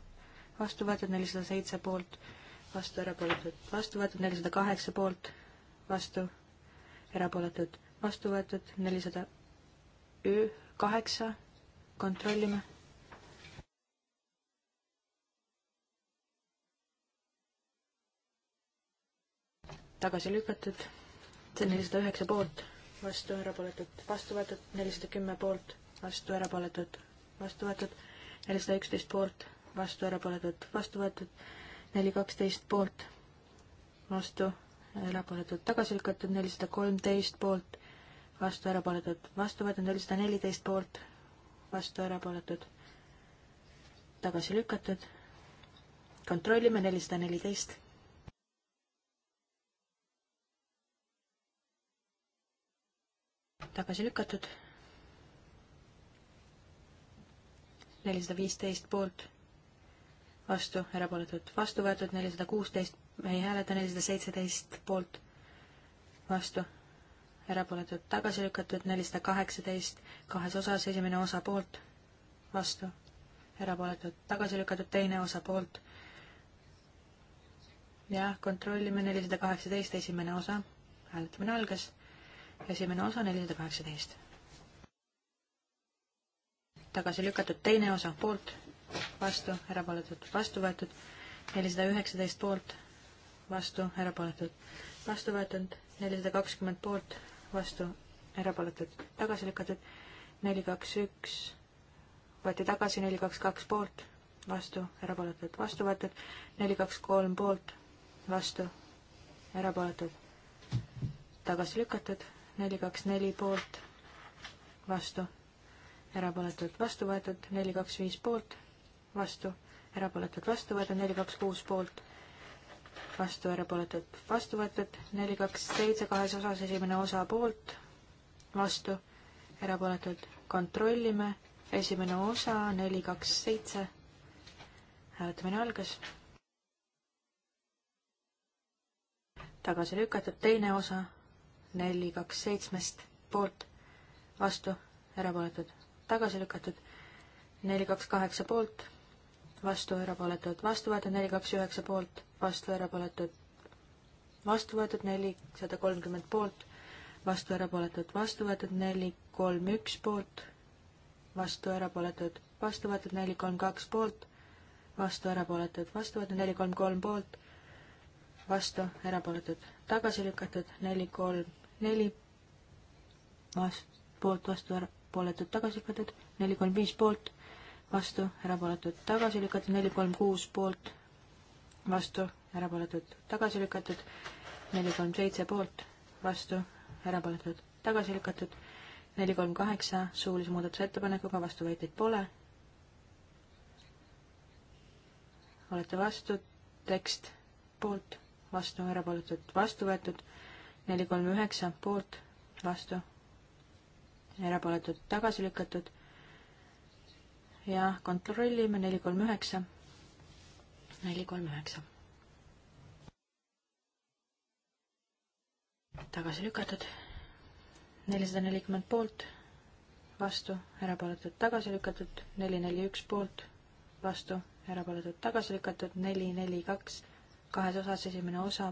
vastu võetud nelisada seitse poolt, vastu erapooletud, vastu võetud nelisada kaheksa poolt, vastu erapooletud, vastu võetud nelisada kaheksa, kontrollime tagasi lükatud, see on nelisada üheksa poolt, vastu erapooletud, vastu võetud nelisada kümme poolt, vastu erapooletud, vastu võetud, nelisada üksteist poolt, vastu erapooletud, vastu võetud, neli kaksteist poolt, vastu erapooletud, tagasi lükatud, nelisada kolmteist poolt, vastu erapooletud, vastu võetud, nelisada neliteist poolt, vastu erapooletud, tagasi lükatud, kontrollime nelisada neliteist. tagasi lükatud nelisada viisteist poolt, vastu, erapooletud, vastu võetud, nelisada kuusteist, me ei hääleta, nelisada seitseteist poolt, vastu, erapooletud, tagasi lükatud, nelisada kaheksateist, kahes osas, esimene osa poolt, vastu, erapooletud, tagasi lükatud, teine osa poolt, jah, kontrollime, nelisada kaheksateist, esimene osa, hääletamine algas, esimene osa, nelisada kaheksateist tagasi lükatud, teine osa poolt, vastu, erapooletud, vastu võetud, nelisada üheksateist poolt, vastu, erapooletud, vastu võetud, nelisada kakskümmend poolt, vastu, erapooletud, tagasi lükatud, neli, kaks, üks, võeti tagasi, neli, kaks, kaks poolt, vastu, erapooletud, vastu võetud, neli, kaks, kolm poolt, vastu, erapooletud, tagasi lükatud, neli, kaks, neli poolt, vastu erapooletud, vastu võetud, neli, kaks, viis poolt, vastu, erapooletud, vastu võetud, neli, kaks, kuus poolt, vastu, erapooletud, vastu võetud, neli, kaks, seitse kahes osas, esimene osa poolt, vastu, erapooletud, kontrollime, esimene osa, neli, kaks, seitse, hääletamine algas. tagasi lükatud teine osa, neli, kaks, seitsmest, poolt, vastu, erapooletud tagasi lükatud, neli, kaks, kaheksa poolt, vastu, erapooletud, vastu võetud, neli, kaks, üheksa poolt, vastu, erapooletud, vastu võetud, nelisada kolmkümmend poolt, vastu, erapooletud, vastu võetud, neli, kolm, üks poolt, vastu, erapooletud, vastu võetud, neli, kolm, kaks poolt, vastu, erapooletud, vastu võetud, neli, kolm, kolm poolt, vastu, erapooletud, tagasi lükatud, neli, kolm, neli, vastu, poolt, vastu, ära erapooletud, tagasi lükatud, neli, kolm, viis poolt, vastu, erapooletud, tagasi lükatud, neli, kolm, kuus poolt, vastu, erapooletud, tagasi lükatud, neli, kolm, seitse poolt, vastu, erapooletud, tagasi lükatud, neli, kolm, kaheksa suulise muudatusettepanekuga, vastuväiteid pole. olete vastu, tekst poolt, vastu, erapooletud, vastu võetud, neli, kolm, üheksa poolt, vastu, erapooletud tagasi lükatud. ja kontrollime neli, kolm, üheksa, neli, kolm, üheksa. tagasi lükatud, nelisada nelikümmend poolt, vastu, erapooletud, tagasi lükatud, neli, neli, üks poolt, vastu, erapooletud, tagasi lükatud, neli, neli, kaks, kahes osas esimene osa,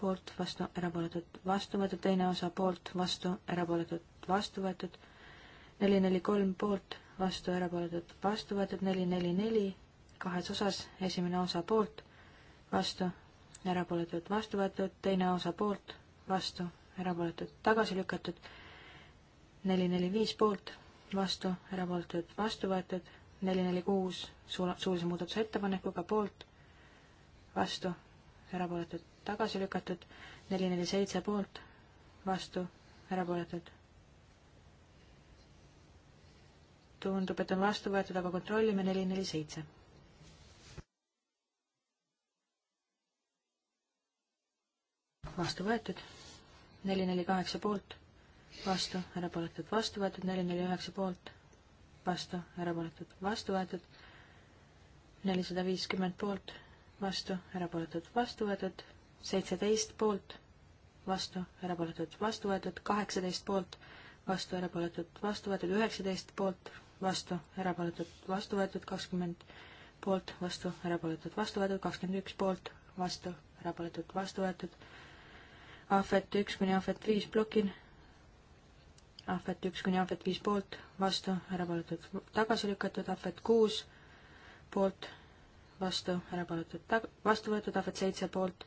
poolt, vastu, erapooletud, vastu võetud, teine osa poolt, vastu, erapooletud, vastu võetud, neli, neli, kolm poolt, vastu, erapooletud, vastu võetud, neli, neli, neli, kahes osas, esimene osa poolt, vastu, erapooletud, vastu võetud, teine osa poolt, vastu, erapooletud, tagasi lükatud, neli, neli, viis poolt, vastu, erapooletud, vastu võetud, neli, neli, kuus, suula, suulise muudatusettepanekuga poolt, vastu, erapooletud, tagasi lükatud, neli, neli, seitse poolt, vastu, erapooletud, tundub, et on vastu võetud, aga kontrollime neli, neli, seitse. vastu võetud, neli, neli, kaheksa poolt, vastu, erapooletud, vastu võetud, neli, neli, üheksa poolt, vastu, erapooletud, vastu võetud, nelisada viiskümmend poolt, vastu, erapooletud, vastu võetud, seitseteist poolt, vastu, erapooletud, vastu võetud, kaheksateist poolt, vastu, erapooletud, vastu võetud, üheksateist poolt, vastu, erapooletud, vastu võetud kakskümmend poolt, vastu, erapooletud, vastu võetud kakskümmend üks poolt, vastu, erapooletud, vastu võetud. ahvet üks kuni ahvet viis plokin. ahvet üks kuni ahvet viis poolt, vastu, erapooletud, tagasi lükatud, ahvet kuus poolt, vastu, erapooletud, tag-, vastu võetud, ahvet seitse poolt,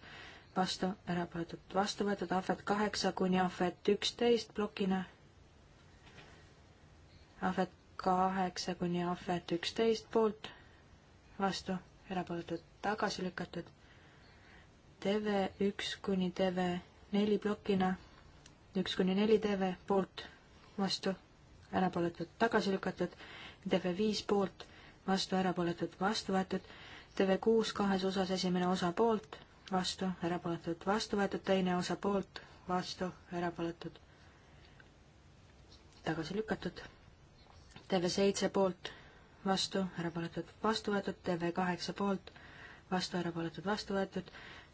vastu, erapooletud, vastu võetud, ahvet kaheksa kuni ahvet üksteist plokina. ahvet kaheksa kuni ahvet üksteist poolt, vastu, erapooletud, tagasi lükatud. TV üks kuni TV neli plokina, üks kuni neli TV poolt, vastu, erapooletud, tagasi lükatud. TV viis poolt, vastu, erapooletud, vastu võetud. TV kuus kahes osas, esimene osa poolt, vastu, erapooletud, vastu võetud, teine osa poolt, vastu, erapooletud, tagasi lükatud TV7 poolt, vastu, erapooletud, vastu võetud, TV8 poolt, vastu, erapooletud, vastu võetud,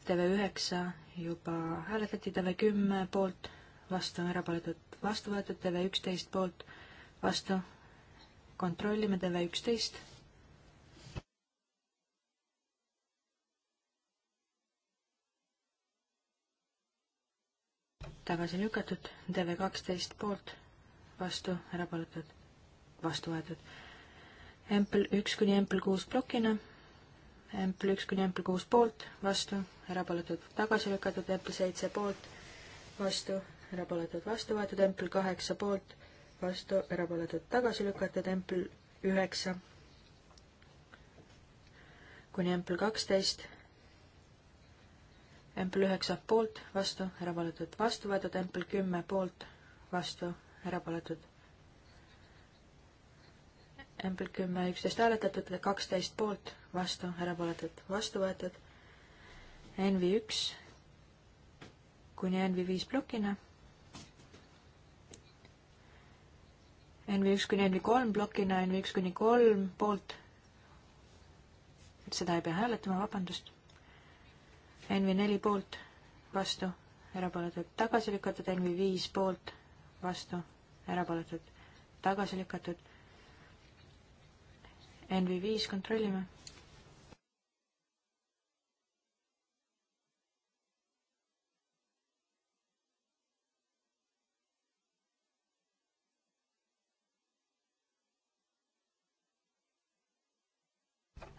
TV9 juba hääletati, TV10 poolt, vastu, erapooletud, vastu võetud, TV11 poolt, vastu, kontrollime TV11. tagasi lükatud, TV12 poolt, vastu, erapooletud vastu võetud. Empel üks kuni Empel kuus plokina, Empel üks kuni Empel kuus poolt, vastu, erapooletud, tagasi lükatud, Empel seitse poolt, vastu, erapooletud, vastu võetud, Empel kaheksa poolt, vastu, erapooletud, tagasi lükatud, Empel üheksa kuni Empel kaksteist tempel üheksa poolt, vastu, erapooletud, vastu võetud, tempel kümme poolt, vastu, erapooletud, Ample kümme, üksteist hääletatud, kaksteist poolt, vastu, erapooletud, vastu võetud. NV üks kuni NV viis plokina. NV üks kuni NV kolm plokina, NV üks kuni kolm poolt. seda ei pea hääletama, vabandust. NV neli poolt, vastu, erapooletud, tagasi lükatud, NV viis poolt, vastu, erapooletud, tagasi lükatud NV5 kontrollime.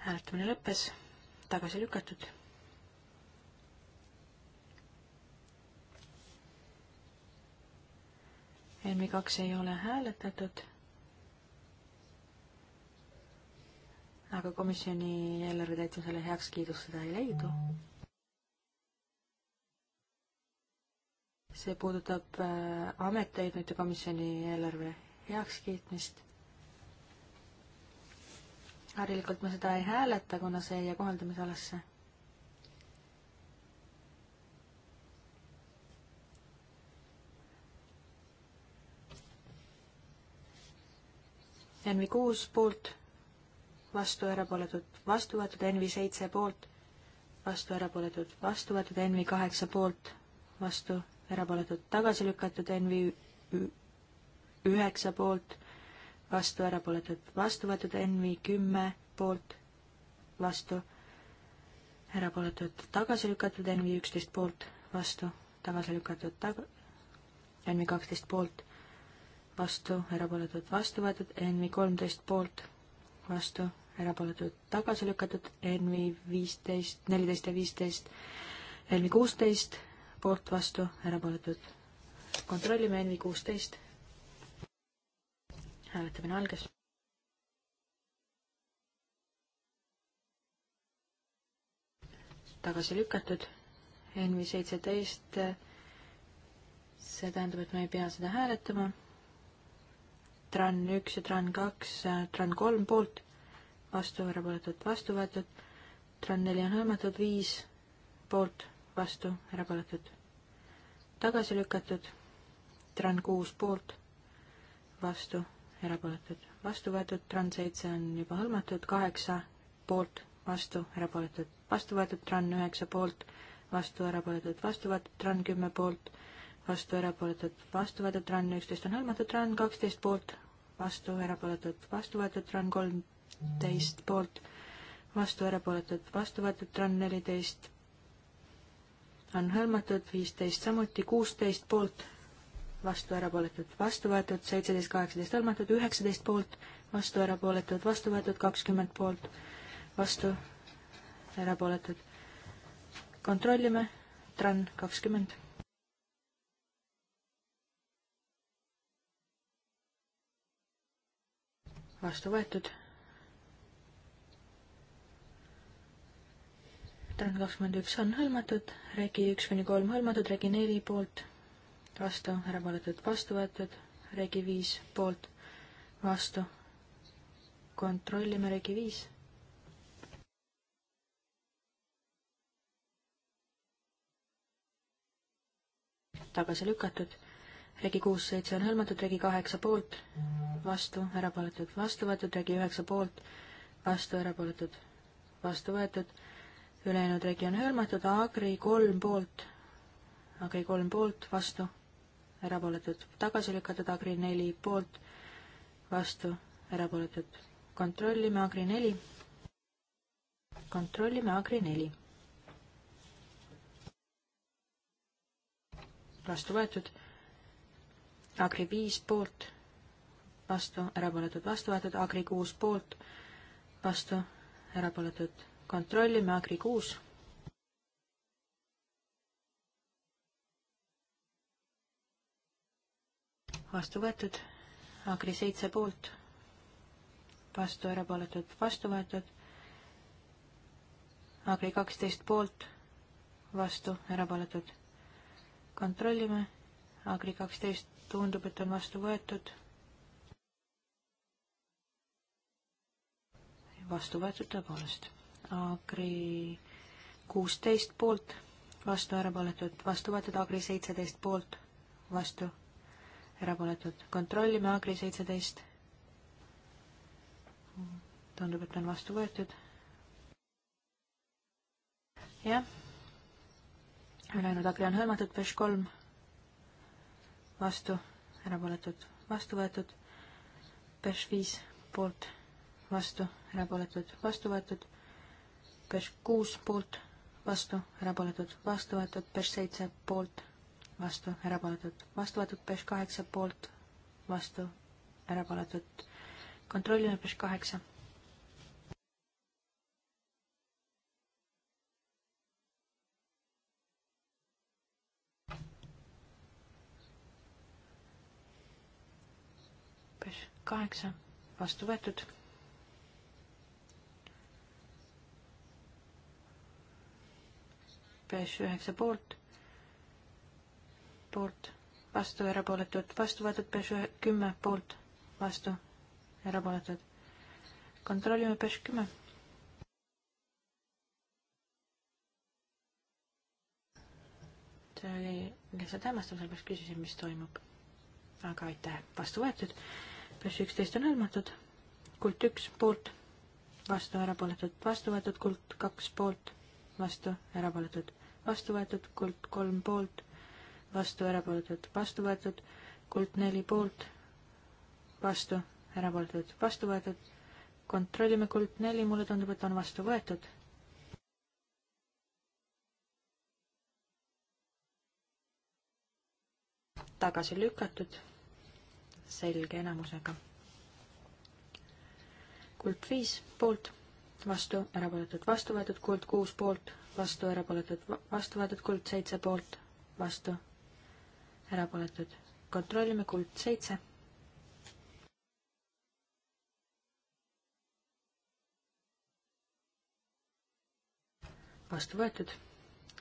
hääletamine lõppes, tagasi lükatud. NV2 ei ole hääletatud aga komisjoni eelarve täitmisele heakskiidust seda ei leidu. see puudutab äh, ameteid, mitte komisjoni eelarve heakskiitmist. harilikult me seda ei hääleta, kuna see ei jää kohaldamisalasse NV kuus poolt vastu erapooletud, vastu võetud NV seitse poolt, vastu erapooletud, vastu võetud NV kaheksa poolt, vastu erapooletud, tagasi lükatud NV üheksa poolt, vastu erapooletud, vastu võetud NV kümme poolt, vastu erapooletud, tagasi lükatud NV üksteist poolt, vastu tagasi lükatud, taga-, NV kaksteist poolt, vastu erapooletud, vastu võetud NV kolmteist poolt, vastu erapooletud tagasi lükatud, NV viisteist, neliteist ja viisteist, NV kuusteist, poolt, vastu, erapooletud. kontrollime NV kuusteist. hääletamine algas. tagasi lükatud, NV seitseteist, see tähendab, et me ei pea seda hääletama. TRAN üks ja TRAN kaks, TRAN kolm poolt vastu, erapooletud, vastu võetud. Tran neli on hõlmatud, viis poolt, vastu, erapooletud, tagasi lükatud. Tran kuus poolt, vastu, erapooletud, vastu võetud. Tran seitse on juba hõlmatud, kaheksa poolt, vastu, erapooletud, vastu võetud. Tran üheksa poolt, vastu, erapooletud, vastu võetud. Tran kümme poolt, vastu, erapooletud, vastu võetud. Tran üksteist on hõlmatud, Tran kaksteist poolt, vastu, erapooletud, vastu võetud, Tran kolm teist poolt, vastu erapooletud, vastu võetud, tran neliteist on hõlmatud, viisteist samuti, kuusteist poolt, vastu erapooletud, vastu võetud, seitseteist, kaheksateist hõlmatud, üheksateist poolt, vastu erapooletud, vastu võetud, kakskümmend poolt, vastu erapooletud. kontrollime, tran kakskümmend vastu võetud tähendab kakskümmend üks on hõlmatud, regi üks kuni kolm hõlmatud, regi neli poolt, vastu, erapooletud, vastu võetud, regi viis poolt, vastu. kontrollime regi viis tagasi lükatud. regi kuus, seitse on hõlmatud, regi kaheksa poolt, vastu, erapooletud, vastu võetud, regi üheksa poolt, vastu, erapooletud, vastu võetud, ülejäänud regioon hõlmatud, Agri kolm poolt, Agri kolm poolt, vastu, erapooletud, tagasi lükatud, Agri neli poolt, vastu, erapooletud. kontrollime Agri neli. kontrollime Agri neli. vastu võetud. Agri viis poolt, vastu, erapooletud, vastu võetud, Agri kuus poolt, vastu, erapooletud kontrollime Agri kuus. vastu võetud, Agri seitse poolt, vastu erapooletud, vastu võetud, Agri kaksteist poolt, vastu erapooletud. kontrollime, Agri kaksteist tundub, et on vastu võetud. vastu võetud tõepoolest Agri kuusteist poolt, vastu erapooletud, vastu võetud Agri seitseteist poolt, vastu erapooletud. kontrollime Agri seitseteist. tundub, et on vastu võetud. jah. ülejäänud Agri on hõlmatud, Peš kolm vastu, erapooletud, vastu võetud. Peš viis poolt, vastu, erapooletud, vastu võetud PES kuus poolt, vastu, erapooletud, vastu võetud, PES seitse poolt, vastu, erapooletud, vastu võetud, PES kaheksa poolt, vastu, erapooletud. kontrollime PES kaheksa. PES kaheksa, vastu võetud PES üheksa poolt, poolt, vastu, erapooletud, vastu võetud PES ühe, kümme poolt, vastu, erapooletud. kontrollime PES kümme. see oli lihtsalt hämmastav, sellepärast küsisin, mis toimub. aga aitäh, vastu võetud. PES üksteist on hõlmatud, kuld üks poolt, vastu, erapooletud, vastu võetud, kuld kaks poolt vastu, erapooletud, vastu võetud, kuld kolm poolt, vastu, erapooletud, vastu võetud, kuld neli poolt, vastu, erapooletud, vastu võetud, kontrollime kuld neli, mulle tundub, et on vastu võetud. tagasi lükatud, selge enamusega. kuld viis poolt poolt, vastu, erapooletud, vastu võetud, kuld kuus poolt, vastu, erapooletud, vastu võetud, kuld seitse poolt, vastu, erapooletud. kontrollime kuld seitse. vastu võetud,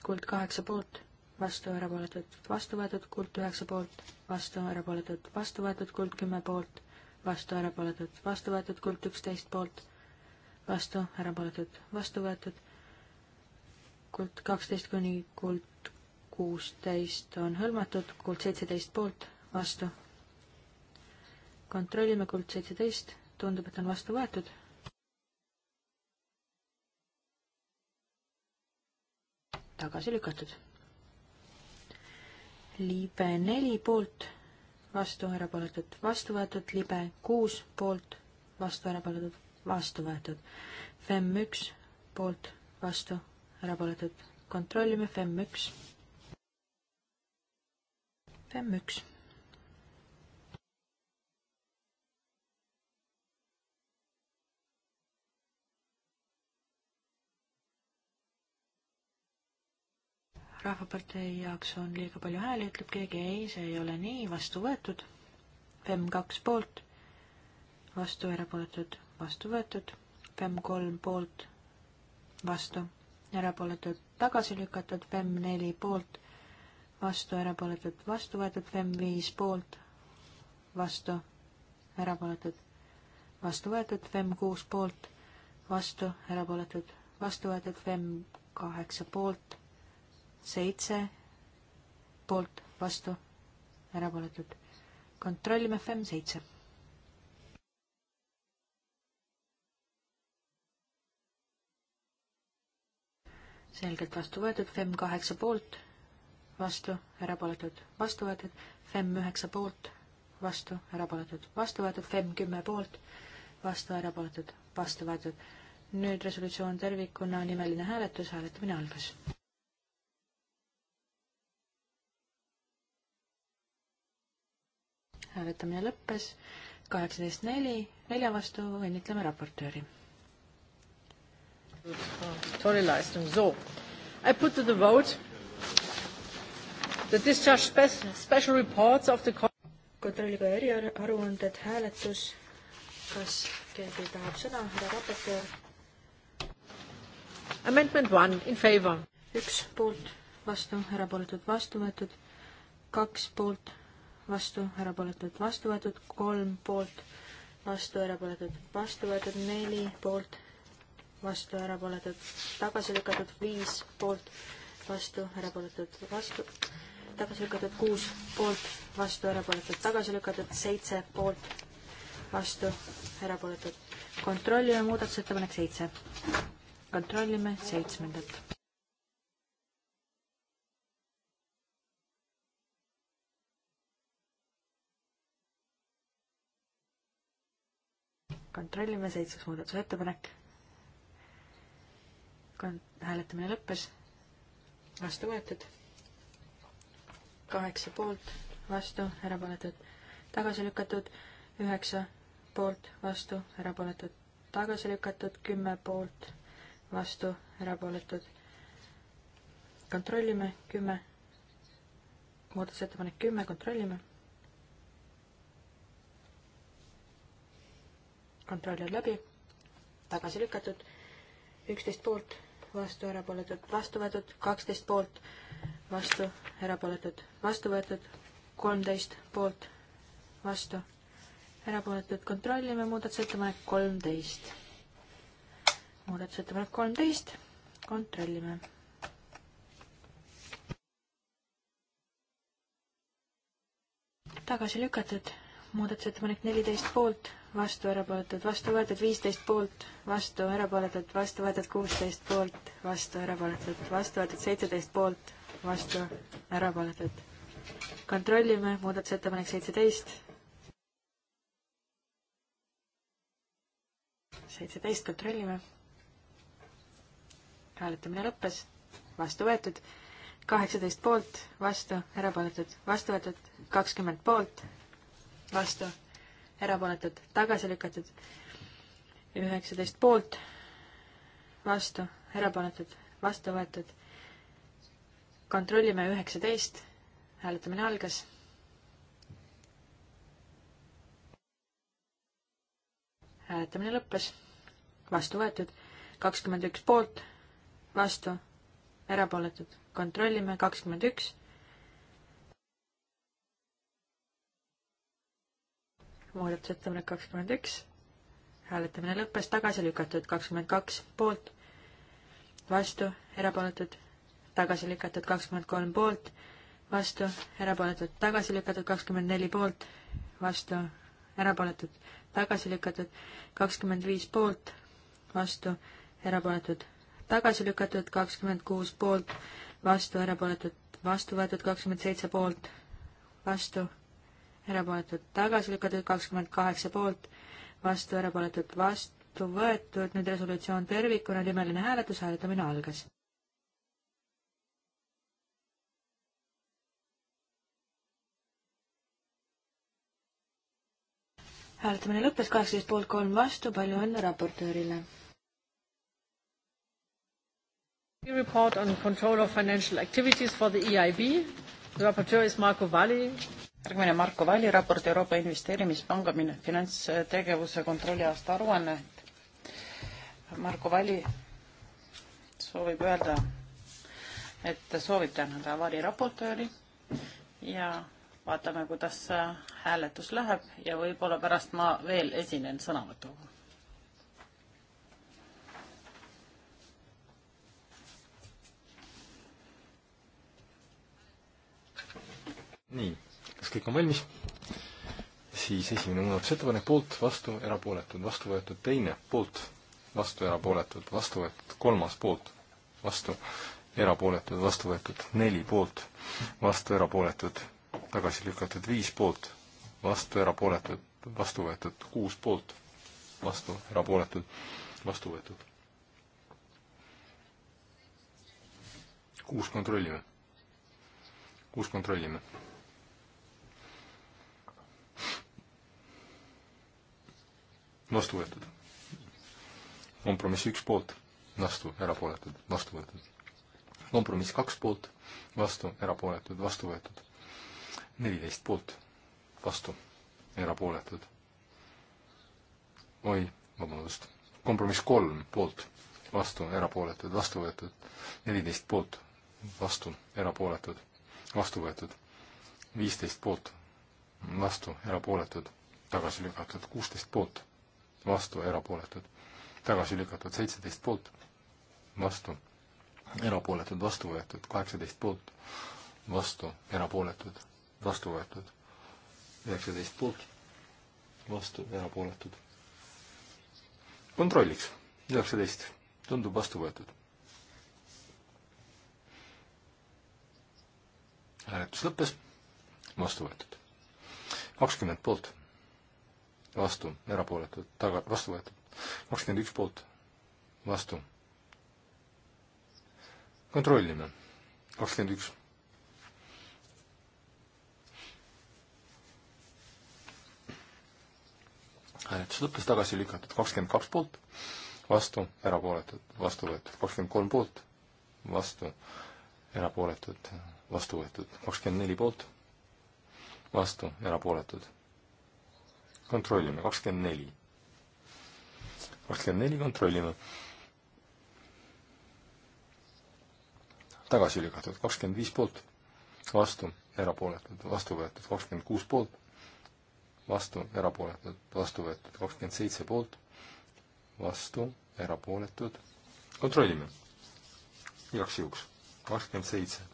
kuld kaheksa poolt, vastu, erapooletud, vastu võetud, kuld üheksa poolt, vastu, erapooletud, vastu võetud, kuld kümme poolt, vastu, erapooletud, vastu võetud, kuld üksteist poolt vastu, erapooletud, vastu võetud. kuld kaksteist kuni kuld kuusteist on hõlmatud, kuld seitseteist poolt, vastu. kontrollime kuld seitseteist, tundub, et on vastu võetud. tagasi lükatud. libe neli poolt, vastu, erapooletud, vastu võetud, libe kuus poolt, vastu, erapooletud, vastu võetud. FEM üks poolt, vastu, erapooletud. kontrollime FEM üks. FEM üks. rahvapartei jaoks on liiga palju hääli, ütleb keegi, ei, see ei ole nii, vastu võetud. FEM kaks poolt, vastu erapooletud vastu võetud, FEM kolm poolt, vastu, erapooletud, tagasi lükatud, FEM neli poolt, vastu, erapooletud, vastu võetud, FEM viis poolt, vastu, erapooletud, vastu võetud, FEM kuus poolt, vastu, erapooletud, vastu võetud, FEM kaheksa poolt, seitse poolt, vastu, erapooletud. kontrollime FEM seitse selgelt vastu võetud, FEM kaheksa poolt, vastu, erapooletud, vastu võetud, FEM üheksa poolt, vastu, erapooletud, vastu võetud, FEM kümme poolt, vastu, erapooletud, vastu võetud. nüüd resolutsioon tervikuna, nimeline hääletus, hääletamine algas. hääletamine lõppes kaheksateist neli, nelja vastu, õnnitleme raportööri Tolle Leistung. So, I put to the vote the discharge spe special reports of the kontrolliga eriaruanded, hääletus. kas keegi tahab sõna, härra raportöör? Amendment one in favor. üks poolt, vastu, erapooletud, vastu võetud. kaks poolt, vastu, erapooletud, vastu võetud. kolm poolt, vastu, erapooletud, vastu võetud. neli poolt, vastu, erapooletud, tagasi lükatud viis poolt, vastu, erapooletud, vastu, tagasi lükatud kuus poolt, vastu, erapooletud, tagasi lükatud seitse poolt, vastu, erapooletud. kontrollime muudatusettepanek seitse. kontrollime seitsmendat. kontrollime seitsmes muudatusettepanek hääletamine lõppes, vastu võetud, kaheksa poolt, vastu, erapooletud, tagasi lükatud, üheksa poolt, vastu, erapooletud, tagasi lükatud, kümme poolt, vastu, erapooletud. kontrollime, kümme, muudatusettepanek kümme, kontrollime kontroll on läbi, tagasi lükatud, üksteist poolt, vastu, erapooletud, vastu võetud, kaksteist poolt, vastu, erapooletud, vastu võetud, kolmteist poolt, vastu, erapooletud, kontrollime muudatusettepanek kolmteist. muudatusettepanek kolmteist, kontrollime. tagasi lükatud muudatusettepanek neliteist poolt, vastu, erapooletud, vastu võetud viisteist poolt, vastu, erapooletud, vastu võetud kuusteist poolt, vastu, erapooletud, vastu võetud seitseteist poolt, vastu, erapooletud. kontrollime, muudatusettepanek seitseteist. seitseteist, kontrollime. hääletamine lõppes, vastu võetud kaheksateist poolt, vastu, erapooletud, vastu võetud, kakskümmend poolt, vastu, erapooletud, tagasi lükatud. üheksateist poolt, vastu, erapooletud, vastu võetud. kontrollime üheksateist, hääletamine algas. hääletamine lõppes, vastu võetud, kakskümmend üks poolt, vastu, erapooletud, kontrollime, kakskümmend üks muudatusettepanek kakskümmend üks, hääletamine lõppes, tagasi lükatud kakskümmend kaks poolt, vastu, erapooletud, tagasi lükatud kakskümmend kolm poolt, vastu, erapooletud, tagasi lükatud kakskümmend neli poolt, vastu, erapooletud, tagasi lükatud kakskümmend viis poolt, vastu, erapooletud, tagasi lükatud kakskümmend kuus poolt, vastu, erapooletud, vastu võetud kakskümmend seitse poolt, vastu erapooletud tagasi lükatud, kakskümmend kaheksa poolt, vastu erapooletud, vastu võetud, nüüd resolutsioon tervikuna, nimeline hääletus, hääletamine algas. hääletamine lõppes kaheksateist poolt kolm vastu, palju õnne raportöörile. Report on control of financial activities for the EIB. The rapporteur is Marco Valli järgmine Marko Väli raport Euroopa Investeerimispanga finantstegevuse kontrolli aasta aruanne. Marko Väli soovib öelda, et soovib tänada variraportööri ja vaatame, kuidas hääletus läheb ja võib-olla pärast ma veel esinen sõnavõtuga. nii kas kõik on valmis? siis esimene muudatusettepanek poolt, vastu, erapooletud, vastu võetud, teine poolt, vastu, erapooletud, vastu võetud, kolmas poolt, vastu, erapooletud, vastu võetud, neli poolt, vastu, erapooletud, tagasi lükatud, viis poolt, vastu, erapooletud, vastu võetud, kuus poolt, vastu, erapooletud, vastu võetud. kuus kontrollime. kuus kontrollime vastu võetud. kompromiss üks poolt, vastu, erapooletud, vastu võetud. kompromiss kaks poolt, vastu, erapooletud, vastu võetud. neliteist poolt, vastu, erapooletud. oi, vabandust. kompromiss kolm poolt, vastu, erapooletud, vastu võetud. neliteist poolt, vastu, erapooletud, vastu võetud. viisteist poolt, vastu, erapooletud, tagasi lükatud. kuusteist poolt vastu, erapooletud, tagasi lükatud, seitseteist poolt, vastu, erapooletud, vastu võetud, kaheksateist poolt, vastu, erapooletud, vastu võetud, üheksateist poolt, vastu, erapooletud. kontrolliks, üheksateist, tundub vastu võetud. hääletus lõppes, vastu võetud. kakskümmend poolt vastu, erapooletud, taga, vastu võetud. kakskümmend üks poolt, vastu. kontrollime, kakskümmend üks. hääletus lõppes, tagasi lükatud kakskümmend kaks poolt, vastu, erapooletud, vastu võetud, kakskümmend kolm poolt, vastu, erapooletud, vastu võetud, kakskümmend neli poolt, vastu, erapooletud kontrollime, kakskümmend neli. kakskümmend neli kontrollime. tagasi lükatud kakskümmend viis poolt, vastu, erapooletud, vastu võetud kakskümmend kuus poolt, vastu, erapooletud, vastu võetud kakskümmend seitse poolt, vastu, erapooletud, kontrollime igaks juhuks, kakskümmend seitse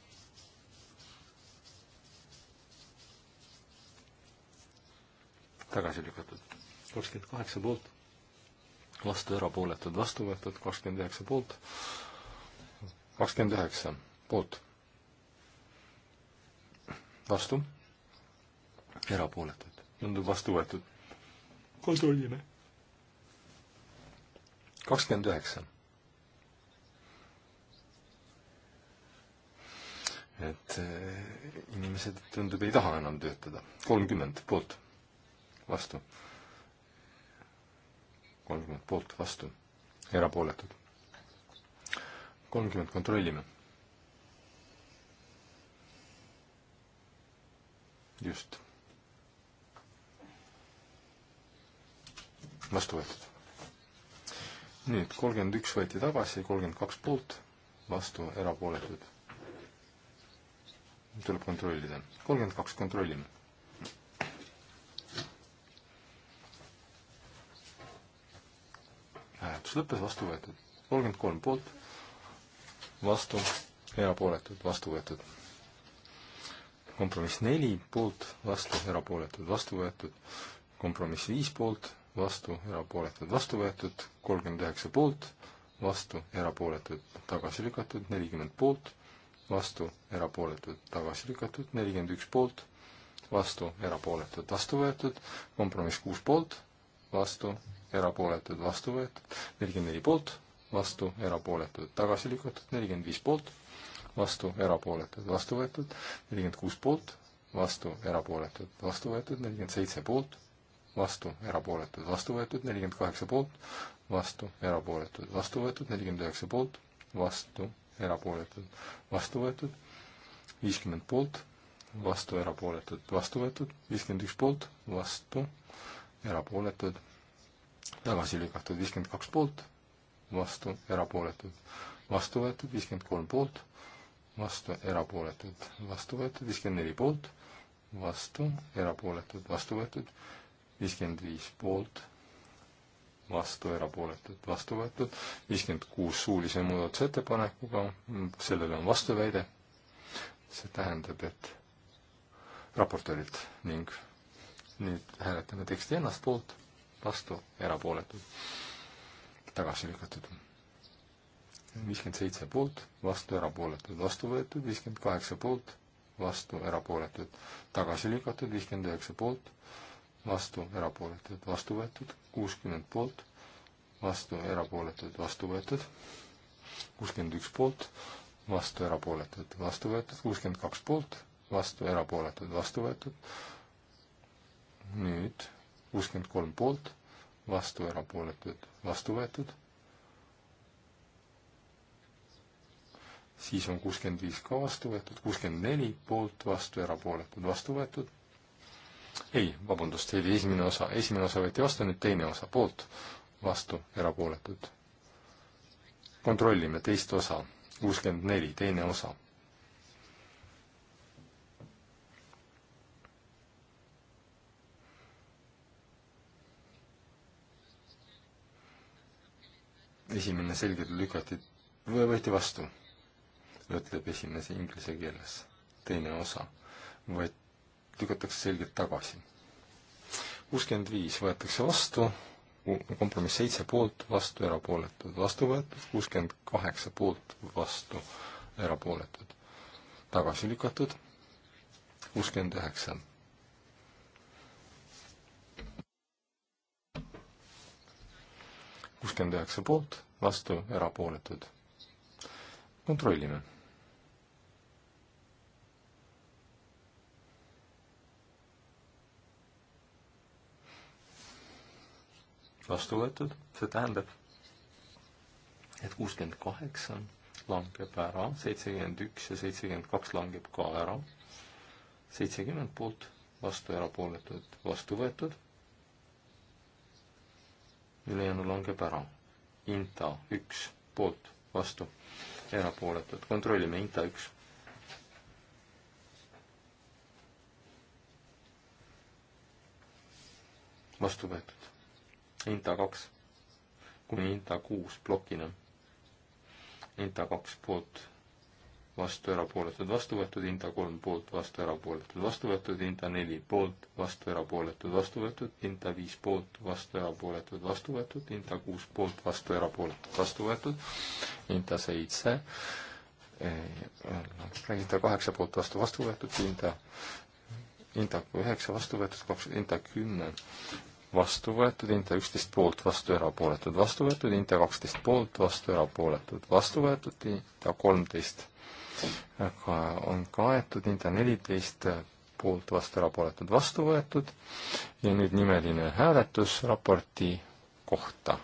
tagasi lükatud. kakskümmend kaheksa poolt, vastu erapooletud, vastu võetud, kakskümmend üheksa poolt, kakskümmend üheksa poolt, vastu, erapooletud, tundub vastu võetud. kontrollime. kakskümmend üheksa. et äh, inimesed, tundub, ei taha enam töötada. kolmkümmend poolt vastu. kolmkümmend poolt, vastu, erapooletud. kolmkümmend kontrollime. just. vastu võetud. nüüd kolmkümmend üks võeti tagasi, kolmkümmend kaks poolt, vastu, erapooletud. tuleb kontrollida. kolmkümmend kaks kontrollime hääletus lõppes, vastu võetud. kolmkümmend kolm poolt, vastu, erapooletud, vastu võetud. kompromiss neli poolt, vastu, erapooletud, vastu võetud. kompromiss viis poolt, vastu, erapooletud, vastu võetud. kolmkümmend üheksa poolt, vastu, erapooletud, tagasi lükatud. nelikümmend poolt, vastu, erapooletud, tagasi lükatud. nelikümmend üks poolt, vastu, erapooletud, vastu võetud. kompromiss kuus poolt, vastu, erapooletud, vastu võetud, nelikümmend neli poolt, vastu, erapooletud, tagasi lükatud, nelikümmend viis poolt, vastu, erapooletud, vastu võetud, nelikümmend kuus poolt, vastu, erapooletud, vastu võetud, nelikümmend seitse poolt, vastu, erapooletud, vastu võetud, nelikümmend kaheksa poolt, vastu, erapooletud, vastu võetud, nelikümmend üheksa poolt, vastu, erapooletud, vastu võetud, viiskümmend poolt, vastu, erapooletud, vastu võetud, viiskümmend üks poolt, vastu, erapooletud tagasi lükatud viiskümmend kaks poolt, vastu, erapooletud, vastu võetud viiskümmend kolm poolt, vastu, erapooletud, vastu võetud viiskümmend neli poolt, vastu, erapooletud, vastu võetud viiskümmend viis poolt, vastu, erapooletud, vastu võetud viiskümmend kuus suulise muudatusettepanekuga, sellele on vastuväide, see tähendab, et raportöörilt ning nüüd hääletame teksti ennast poolt vastu, erapooletud, tagasi lükatud. viiskümmend seitse poolt, vastu, erapooletud, vastu võetud, viiskümmend kaheksa poolt, vastu, erapooletud, tagasi lükatud, viiskümmend üheksa poolt, vastu, erapooletud, vastu võetud, kuuskümmend poolt, vastu, erapooletud, vastu võetud, kuuskümmend üks poolt, vastu, erapooletud, vastu võetud, kuuskümmend kaks poolt, vastu, erapooletud, vastu võetud, nüüd kuuskümmend kolm poolt, vastu erapooletud, vastu võetud. siis on kuuskümmend viis ka vastu võetud, kuuskümmend neli poolt, vastu erapooletud, vastu võetud. ei, vabandust, see oli esimene osa, esimene osa võeti vastu, nüüd teine osa poolt, vastu erapooletud. kontrollime teist osa, kuuskümmend neli, teine osa esimene selgelt lükati, võeti vastu, ütleb esimese inglise keeles. teine osa võet-, lükatakse selgelt tagasi. kuuskümmend viis võetakse vastu, kompromiss seitse poolt, vastu, erapooletud, vastu võetud, kuuskümmend kaheksa poolt, vastu, erapooletud, tagasi lükatud, kuuskümmend üheksa kuuskümmend üheksa poolt, vastu, erapooletud. kontrollime. vastu võetud, see tähendab, et kuuskümmend kaheksa langeb ära, seitsekümmend üks ja seitsekümmend kaks langeb ka ära, seitsekümmend poolt, vastu erapooletud, vastu võetud ülejäänu langeb ära. Inta üks poolt, vastu, erapooletud, kontrollime Inta üks. vastu võetud. Inta kaks kuni Inta kuus plokina. Inta kaks poolt vastu erapooletud, vastu võetud, Inta kolm poolt, vastu erapooletud, vastu võetud, Inta neli poolt, vastu erapooletud, vastu võetud, Inta viis poolt, vastu erapooletud, vastu võetud, Inta kuus poolt, vastu erapooletud, vastu võetud, Inta seitse, Inta kaheksa poolt vastu, vastu võetud, Inta, Inta üheksa vastu võetud, kaks, Inta kümme vastu võetud, Inte üksteist poolt, vastu erapooletud, vastu võetud, Inte kaksteist poolt, vastu erapooletud, vastu võetud, Inte kolmteist aga on kaetud, nii ta neliteist poolt vastu erapooletud vastu võetud ja nüüd nimeline hääletus raporti kohta.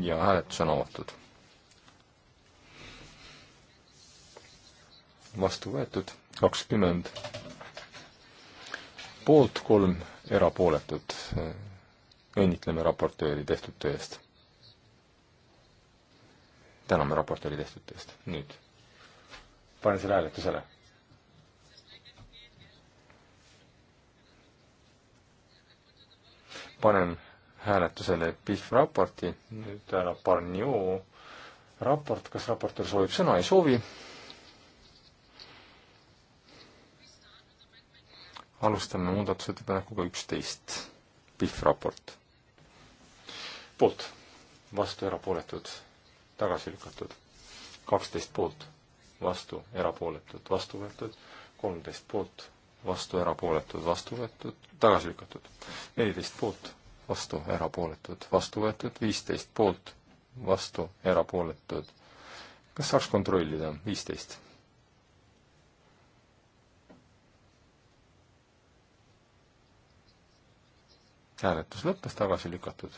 ja hääletus on avatud. vastu võetud kakskümmend poolt, kolm erapooletut. õnnitleme raportööri tehtud töö eest. täname raportööri tehtud töö eest. nüüd panen selle hääletusele. panen hääletusele PIF raporti, nüüd härra Barnio raport, kas raportöör soovib sõna, ei soovi. alustame muudatusettepanekuga üksteist, PIF raport. poolt, vastu erapooletud, tagasi lükatud, kaksteist poolt vastu, erapooletud, vastu võetud, kolmteist poolt, vastu, erapooletud, vastu võetud, tagasi lükatud. neliteist poolt, vastu, erapooletud, vastu võetud, viisteist poolt, vastu, erapooletud. kas saaks kontrollida, viisteist? hääletus lõppes, tagasi lükatud.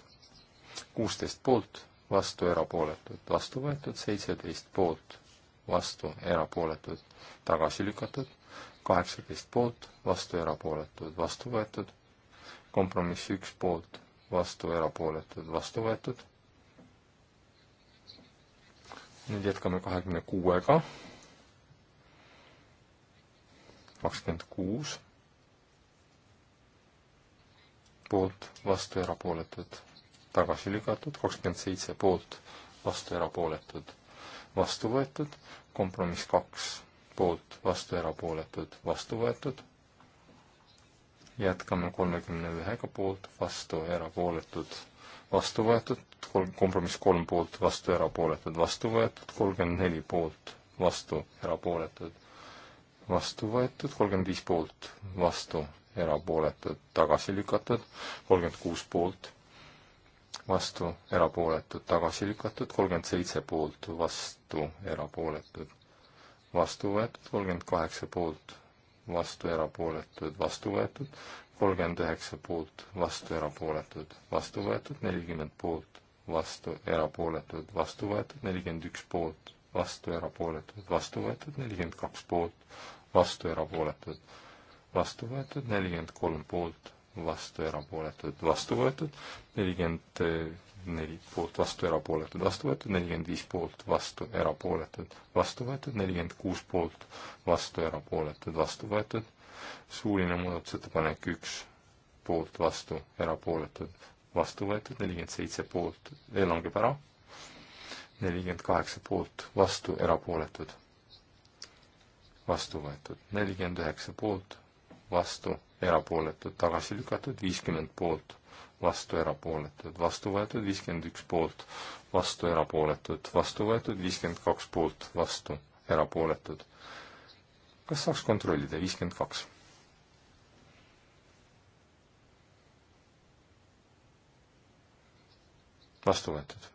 kuusteist poolt, vastu, erapooletud, vastu võetud, seitseteist poolt vastu, erapooletud, tagasi lükatud, kaheksateist poolt, vastu, erapooletud, vastu võetud, kompromiss üks poolt, vastu, erapooletud, vastu võetud. nüüd jätkame kahekümne kuuega, kakskümmend kuus, poolt, vastu, erapooletud, tagasi lükatud, kakskümmend seitse poolt, vastu, erapooletud vastu võetud, kompromiss kaks poolt, vastu erapooletud, vastu võetud. jätkame kolmekümne ühega poolt, vastu erapooletud, vastu võetud, kolm, kompromiss kolm poolt, vastu erapooletud, vastu võetud, kolmkümmend neli poolt, vastu erapooletud, vastu võetud, kolmkümmend viis poolt, vastu erapooletud, tagasi lükatud, kolmkümmend kuus poolt vastu, erapooletud, tagasi lükatud, kolmkümmend seitse poolt, vastu, erapooletud, vastu võetud, kolmkümmend kaheksa poolt, vastu, erapooletud, vastu võetud, kolmkümmend üheksa poolt, vastu, erapooletud, vastu võetud, nelikümmend poolt, vastu, erapooletud, vastu võetud, nelikümmend üks poolt, vastu, erapooletud, vastu võetud, nelikümmend kaks poolt, vastu, erapooletud, vastu võetud, nelikümmend kolm poolt, vastu, erapooletud, vastu võetud, nelikümmend neli poolt vastu, erapooletud, vastu võetud, nelikümmend viis poolt vastu, erapooletud, vastu võetud, nelikümmend kuus poolt vastu, erapooletud, vastu võetud, suuline muudatusettepanek üks poolt vastu, erapooletud, vastu võetud, nelikümmend seitse poolt, eh, langeb ära, nelikümmend kaheksa poolt vastu, erapooletud, vastu võetud, nelikümmend üheksa poolt vastu, erapooletud, tagasi lükatud, viiskümmend poolt, vastu erapooletud, vastu võetud, viiskümmend üks poolt, vastu erapooletud, vastu võetud, viiskümmend kaks poolt, vastu erapooletud. kas saaks kontrollida, viiskümmend kaks? vastu võetud.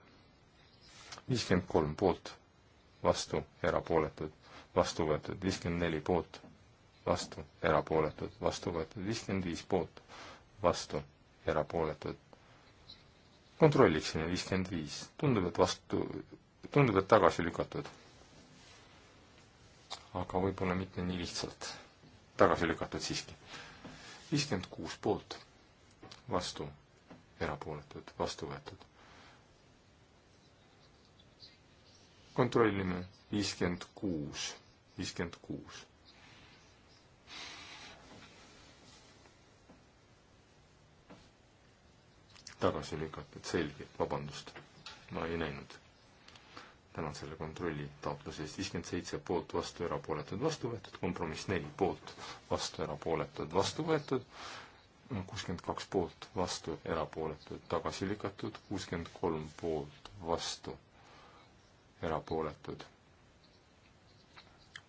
viiskümmend kolm poolt, vastu, erapooletud, vastu võetud, viiskümmend neli poolt, vastu, erapooletud, vastu võetud, viiskümmend viis poolt, vastu, erapooletud. kontrolliksime, viiskümmend viis, tundub, et vastu, tundub, et tagasi lükatud. aga võib-olla mitte nii lihtsalt, tagasi lükatud siiski. viiskümmend kuus poolt, vastu, erapooletud, vastu võetud. kontrollime, viiskümmend kuus, viiskümmend kuus tagasi lükatud, selge, vabandust, ma ei näinud. tänan selle kontrolli taotluse eest, viiskümmend seitse poolt, vastu, erapooletud, vastu võetud, kompromiss neli poolt, vastu, erapooletud, vastu võetud, kuuskümmend kaks poolt, vastu, erapooletud, tagasi lükatud, kuuskümmend kolm poolt, vastu, erapooletud,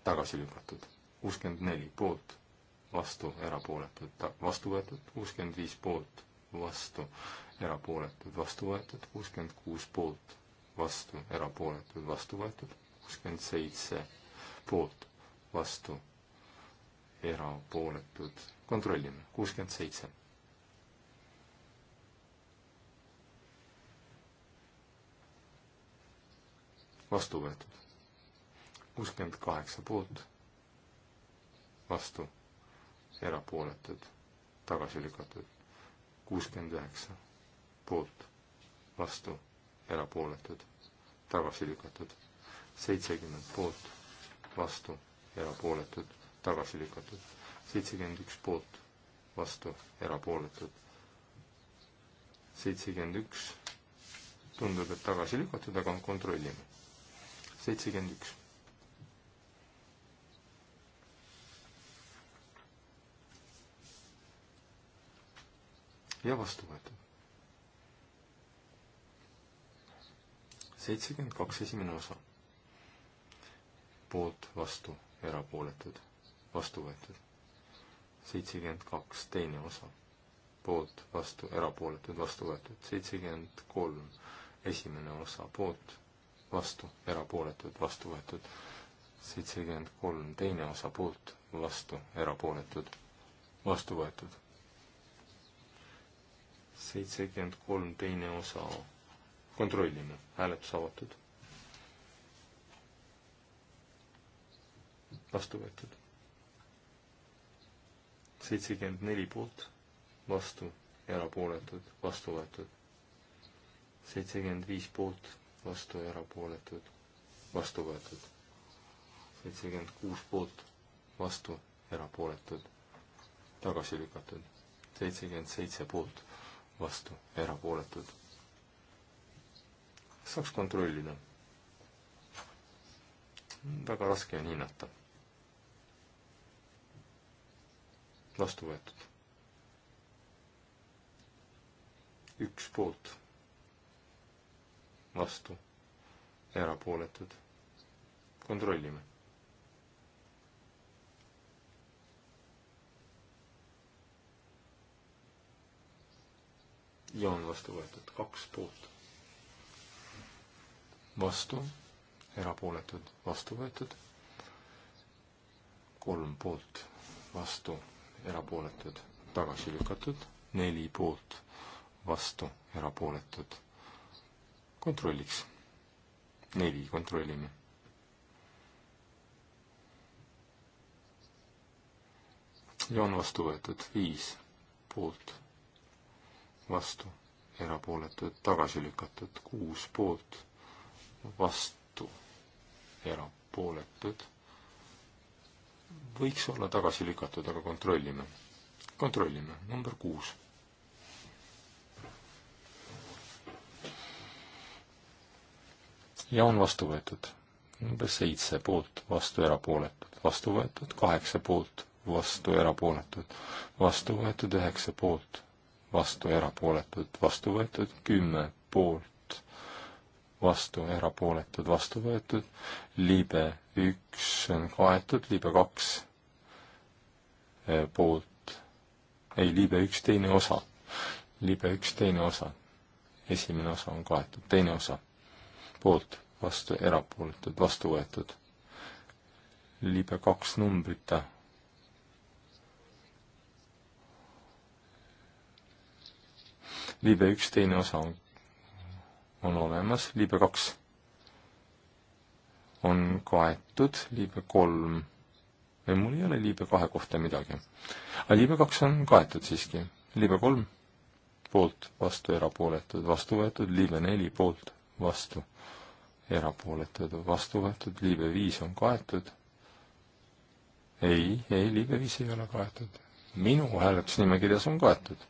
tagasi lükatud, kuuskümmend neli poolt, vastu, erapooletud, vastu võetud, kuuskümmend viis poolt, vastu, erapooletud, vastu võetud, kuuskümmend kuus poolt, vastu, erapooletud, vastu võetud, kuuskümmend seitse poolt, vastu, erapooletud, kontrollime, kuuskümmend seitse. vastu võetud, kuuskümmend kaheksa poolt, vastu, erapooletud, tagasi lükatud, kuuskümmend üheksa poolt, vastu, erapooletud, tagasi lükatud. seitsekümmend poolt, vastu, erapooletud, tagasi lükatud. seitsekümmend üks poolt, vastu, erapooletud. seitsekümmend üks tundub, et tagasi lükatud, aga kontrollime. seitsekümmend üks. ja vastu võetud seitsekümmend kaks esimene osa. poolt, vastu, erapooletud, vastu võetud. seitsekümmend kaks teine osa. poolt, vastu, erapooletud, vastu võetud. seitsekümmend kolm esimene osa. poolt, vastu, erapooletud, vastu võetud. seitsekümmend kolm teine osa. poolt, vastu, erapooletud, vastu võetud. seitsekümmend kolm teine osa kontrollime, hääletus avatud. vastu võetud. seitsekümmend neli poolt, vastu, erapooletud, vastu võetud. seitsekümmend viis poolt, vastu, erapooletud, vastu võetud. seitsekümmend kuus poolt, vastu, erapooletud, tagasi lükatud. seitsekümmend seitse poolt, vastu, erapooletud saaks kontrollida. väga raske on hinnata. vastu võetud. üks poolt, vastu, erapooletud. kontrollime ja on vastu võetud kaks poolt vastu, erapooletud, vastu võetud, kolm poolt, vastu, erapooletud, tagasi lükatud, neli poolt, vastu, erapooletud. kontrolliks. neli kontrollime. ja on vastu võetud viis poolt, vastu, erapooletud, tagasi lükatud, kuus poolt, vastu erapooletud, võiks olla tagasi lükatud, aga kontrollime. kontrollime, number kuus. ja on vastu võetud. number seitse poolt, vastu erapooletud, vastu võetud, kaheksa poolt, vastu erapooletud, vastu võetud üheksa poolt, vastu erapooletud, vastu võetud kümme poolt, vastu, erapooletud, vastu võetud, liibe üks on kaetud, liibe kaks eh, poolt, ei, liibe üks teine osa, liibe üks teine osa, esimene osa on kaetud, teine osa poolt, vastu, erapooletud, vastu võetud, liibe kaks numbrita liibe üks teine osa on on olemas, liibe kaks on kaetud, liibe kolm, ei mul ei ole liibe kahe kohta midagi. aga liibe kaks on kaetud siiski, liibe kolm poolt, vastu, erapooletud, vastu võetud, liibe neli poolt, vastu, erapooletud, vastu võetud, liibe viis on kaetud. ei, ei, liibe viis ei ole kaetud. minu hääletusnimekirjas on kaetud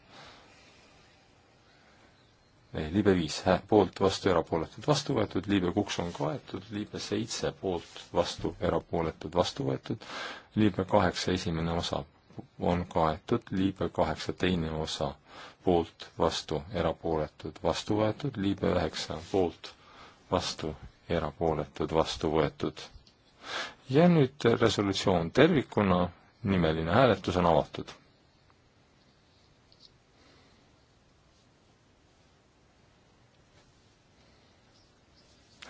Eh, liibe viis hä-, poolt, vastu, erapooletud, vastu võetud, liibe kuks on kaetud, liibe seitse poolt, vastu, erapooletud, vastu võetud, liibe kaheksa esimene osa on kaetud, liibe kaheksa teine osa poolt, vastu, erapooletud, vastu võetud, liibe üheksa poolt, vastu, erapooletud, vastu võetud. ja nüüd resolutsioon tervikuna, nimeline hääletus on avatud.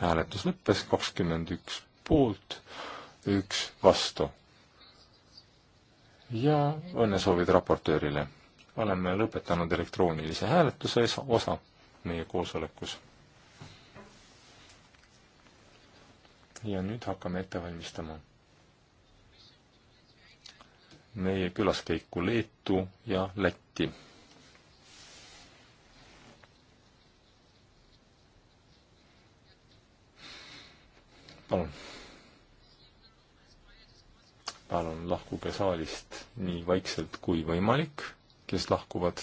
hääletus lõppes, kakskümmend üks poolt, üks vastu. ja õnnesoovid raportöörile. oleme lõpetanud elektroonilise hääletuse osa meie koosolekus. ja nüüd hakkame ette valmistama meie külaskäiku Leetu ja Lätti palun. palun lahkuge saalist nii vaikselt kui võimalik, kes lahkuvad.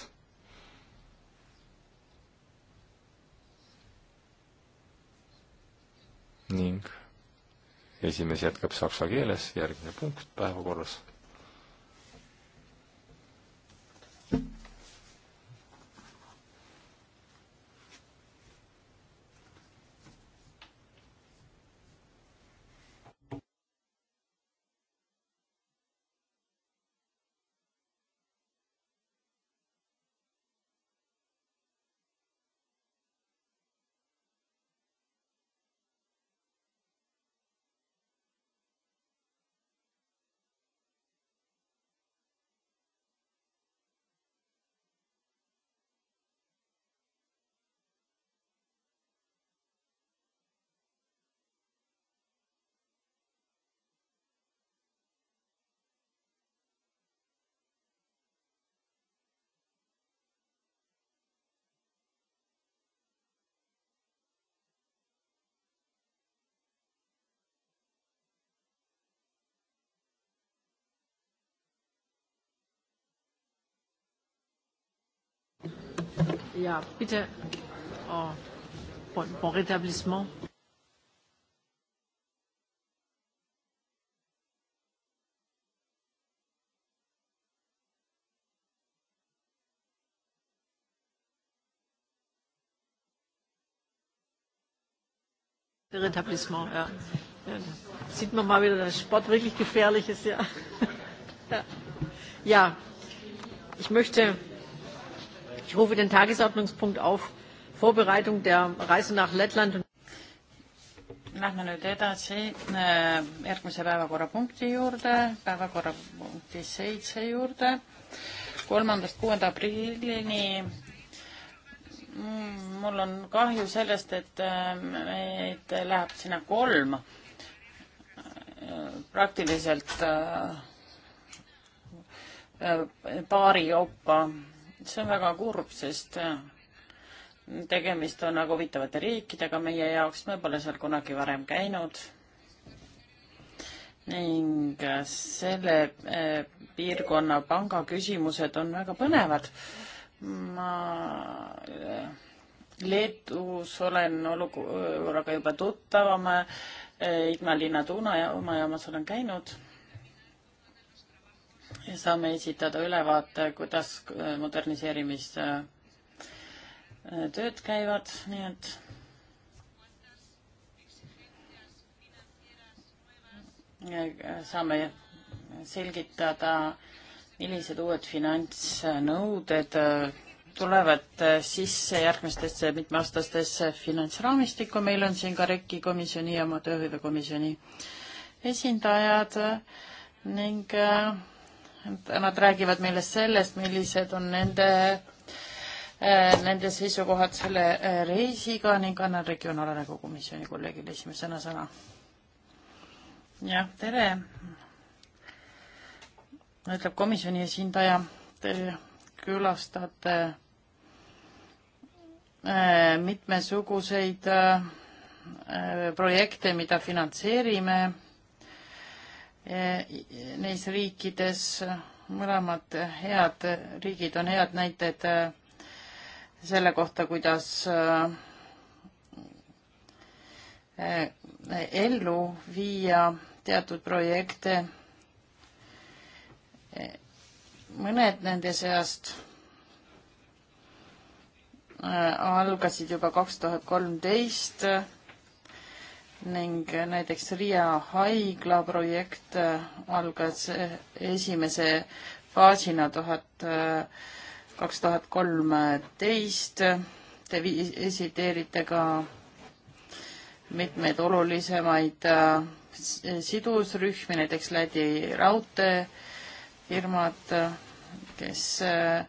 ning esimees jätkab saksa keeles, järgmine punkt päevakorras Ja, bitte. Oh, bon, bon rétablissement. Rétablissement, ja. ja. Sieht man mal wieder, dass Sport wirklich gefährlich ist, ja. ja. Ja, ich möchte Ich rufe den Tagesordnungspunkt auf Vorbereitung der Reise nach Lettland. Lähme nüüd edasi äh, järgmise päevakorrapunkti juurde, päevakorrapunkti seitse juurde, kolmandast kuuenda aprillini. Mm, mul on kahju sellest, et äh, meid läheb sinna kolm äh, praktiliselt paari kaupa see on väga kurb, sest äh, tegemist on väga nagu huvitavate riikidega meie jaoks, me pole seal kunagi varem käinud. ning äh, selle äh, piirkonna pangaküsimused on väga põnevad. ma Leedus olen olukorraga juba tuttavam, Igna linna tuumajaama, tuunajaamas olen käinud saame esitada ülevaate, kuidas moderniseerimistööd käivad, nii et saame selgitada, millised uued finantsnõuded tulevad sisse järgmistesse mitmeaastastesse finantsraamistikku. meil on siin ka REKI komisjoni ja oma tööhõivekomisjoni esindajad ning äh, nad räägivad meile sellest, millised on nende, äh, nende seisukohad selle äh, reisiga ning annan Regionaalarengu Komisjoni kolleegile esimesena sõna. jah, tere, ütleb komisjoni esindaja, te külastate äh, mitmesuguseid projekte, mida finantseerime E, neis riikides mõlemad head riigid on head näited e, selle kohta, kuidas e, ellu viia teatud projekte. mõned nende seast algasid juba kaks tuhat kolmteist ning näiteks Riia haigla projekt äh, algas äh, esimese faasina tuhat, äh, kaks tuhat kolmteist. Te esiteerite ka mitmeid olulisemaid sidusrühmi, näiteks Läti raudteefirmad, kes äh,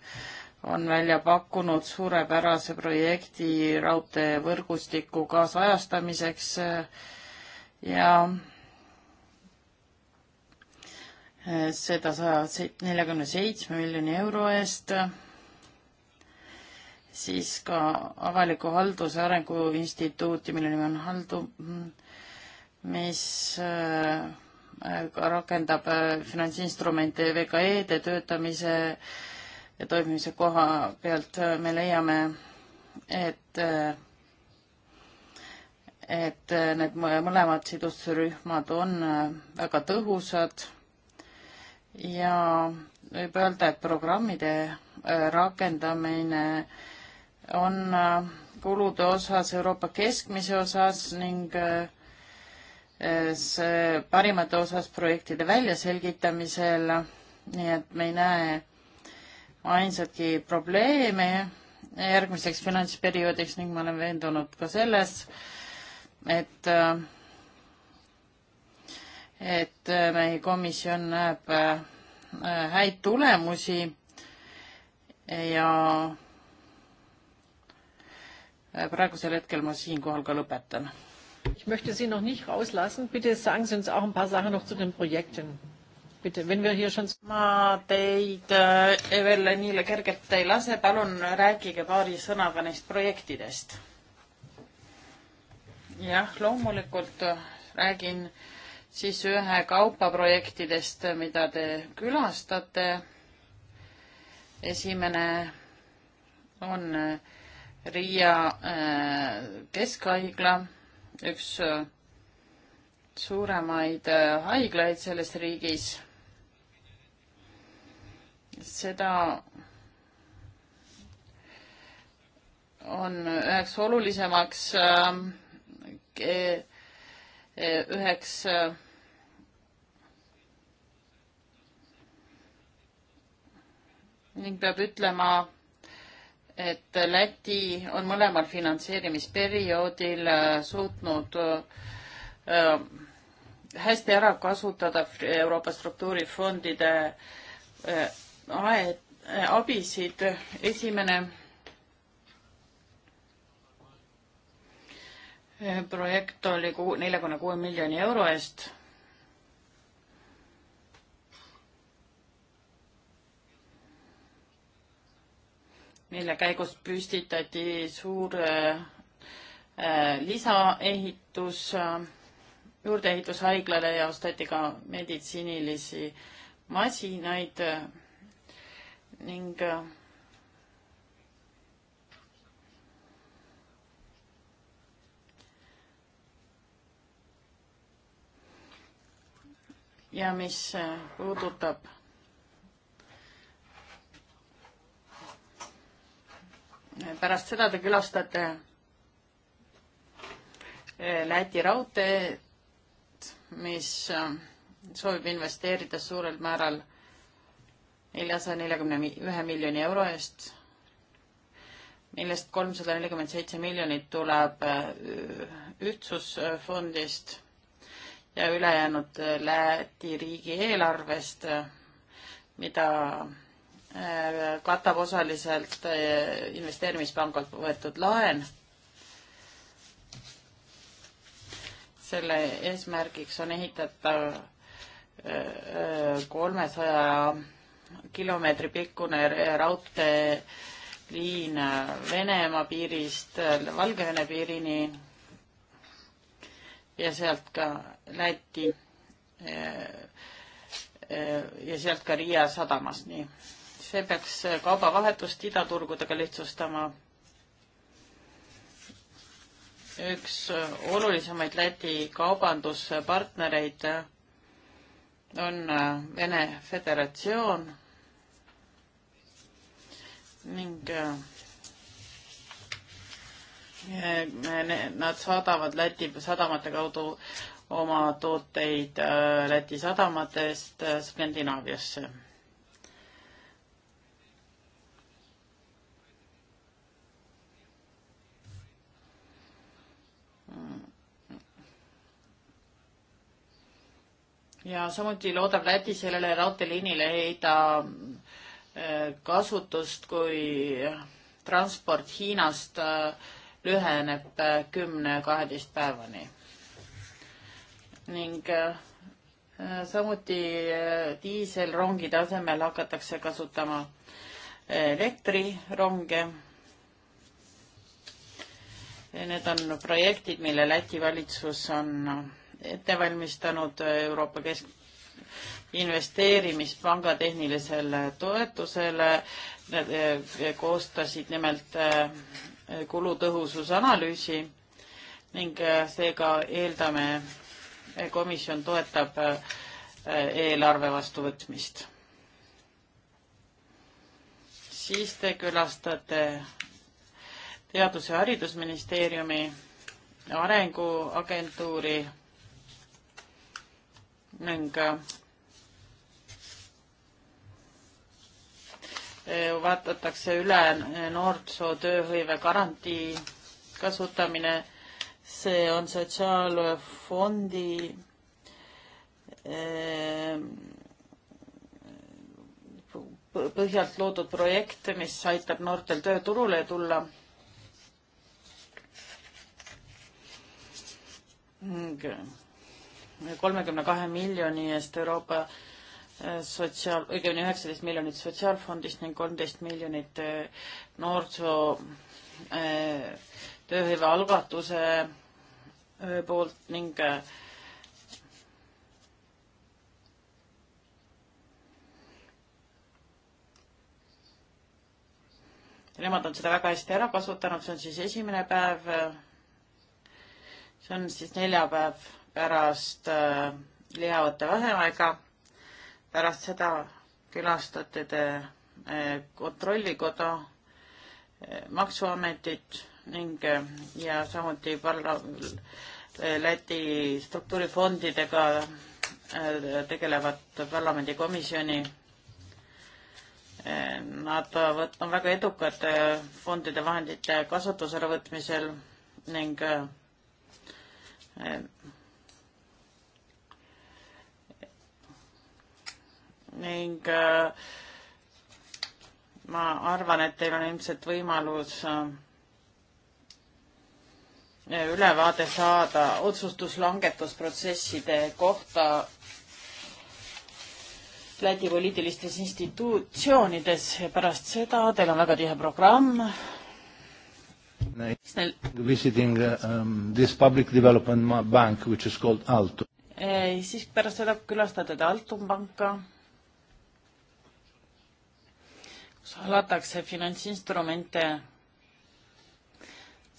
on välja pakkunud suurepärase projekti raudteevõrgustiku kaasajastamiseks eh, ja eh, seda saja neljakümne seitsme miljoni euro eest, siis ka avaliku halduse arengu instituuti, mille nimi on Haldu, mis eh, rakendab finantsinstrumente VKE-de töötamise äh, toimimise koha pealt äh, me leiame, et, äh, et äh, need mõlemad sidusrühmad on väga tõhusad ja võib öelda, et programmide rakendamine on kulude osas Euroopa keskmise osas ning see parimate osas projektide väljaselgitamisel, nii et me ei näe ainsatki probleemi järgmiseks finantsperioodiks ning ma olen veendunud ka selles, et, et meie komisjon näeb äh, häid tulemusi ja praegusel hetkel ma siinkohal ka lõpetan. Ich möchte Sie noch nicht rauslassen. Bitte sagen Sie uns auch ein paar Sachen noch zu den Projekten ma teid äh, veel nii kergelt ei lase, palun rääkige paari sõnaga neist projektidest. jah, loomulikult räägin siis ühe kaupa projektidest, mida te külastate. esimene on Riia äh, keskhaigla, üks äh, suuremaid haiglaid selles riigis seda on üheks olulisemaks äh, e, üheks äh, ning peab ütlema, et Läti on mõlemal finantseerimisperioodil äh, suutnud hästi ära kasutada Euroopa struktuurifondide aed, äh, abisid. esimene äh, projekt oli neljakümne kuue miljoni euro eest. mille käigus püstitati suur äh, äh lisaehitus äh, juurdeehitushaiglale ja osteti ka meditsiinilisi masinaid äh, ning äh, ja mis äh, puudutab pärast seda te külastate äh, Läti raudteed, mis soovib investeerida suurel määral neljasaja neljakümne ühe miljoni euro eest, millest kolmsada nelikümmend seitse miljonit tuleb äh, ühtsusfondist ja ülejäänud äh, Läti riigieelarvest, mida äh, katab osaliselt investeerimispangalt võetud laen. selle eesmärgiks on ehitada kolmesaja 300 kilomeetri pikkune raudteeliin Venemaa piirist Valgevene piirini ja sealt ka Läti eh, ja sealt ka Riia sadamast, nii. see peaks kaubavahetust idaturgudega lihtsustama. üks olulisemaid Läti kaubanduspartnereid on äh, Vene Föderatsioon ning äh, nad saadavad Läti sadamate kaudu oma tooteid äh, Läti sadamatest Skandinaaviasse ja samuti loodab Läti sellele raudteeliinile leida äh, kasutust, kui äh, transport Hiinast äh, lüheneb kümne-kaheteist päevani. ning samuti diiselrongide asemel hakatakse kasutama elektrironge. Need on projektid, mille Läti valitsus on ette valmistanud Euroopa Kesk-, investeerimispanga tehnilisele toetusele. Nad eh, koostasid nimelt eh, kulutõhususe analüüsi ning eh, seega eeldame, komisjon toetab eelarve vastuvõtmist. siis te külastate Teadus- ja Haridusministeeriumi arenguagentuuri ning äh, vaadatakse üle noorsoo tööhõive garantii kasutamine. see on sotsiaalfondi äh, põhjalt loodud projekt, mis aitab noortel tööturule tulla. ning äh, kolmekümne kahe miljoni eest Euroopa äh, sotsiaal, õigemini üheksateist miljonit sotsiaalfondist ning kolmteist miljonit äh, noorsoo äh, tööhõive algatuse poolt ning nemad on seda väga hästi ära kasutanud, see on siis esimene päev. see on siis neljapäev pärast äh, lihavate vaheaega. pärast seda külastate te äh, kontrollikoda äh,, maksuametit ning äh, ja samuti parla- äh,, Läti struktuurifondidega äh, tegelevat parlamendikomisjoni äh, Nad võt-, on väga edukad äh, fondide vahendite kasutusele võtmisel ning äh, ning äh, ma arvan, et teil on ilmselt võimalus äh, ülevaade saada otsustuslangetusprotsesside kohta Läti poliitilistes institutsioonides ja pärast seda teil on väga tihe programm. Neil... Visiting um, this public development bank which is called Altum. Eh, siis pärast seda külastate te Altum panka hallatakse finantsinstrumente,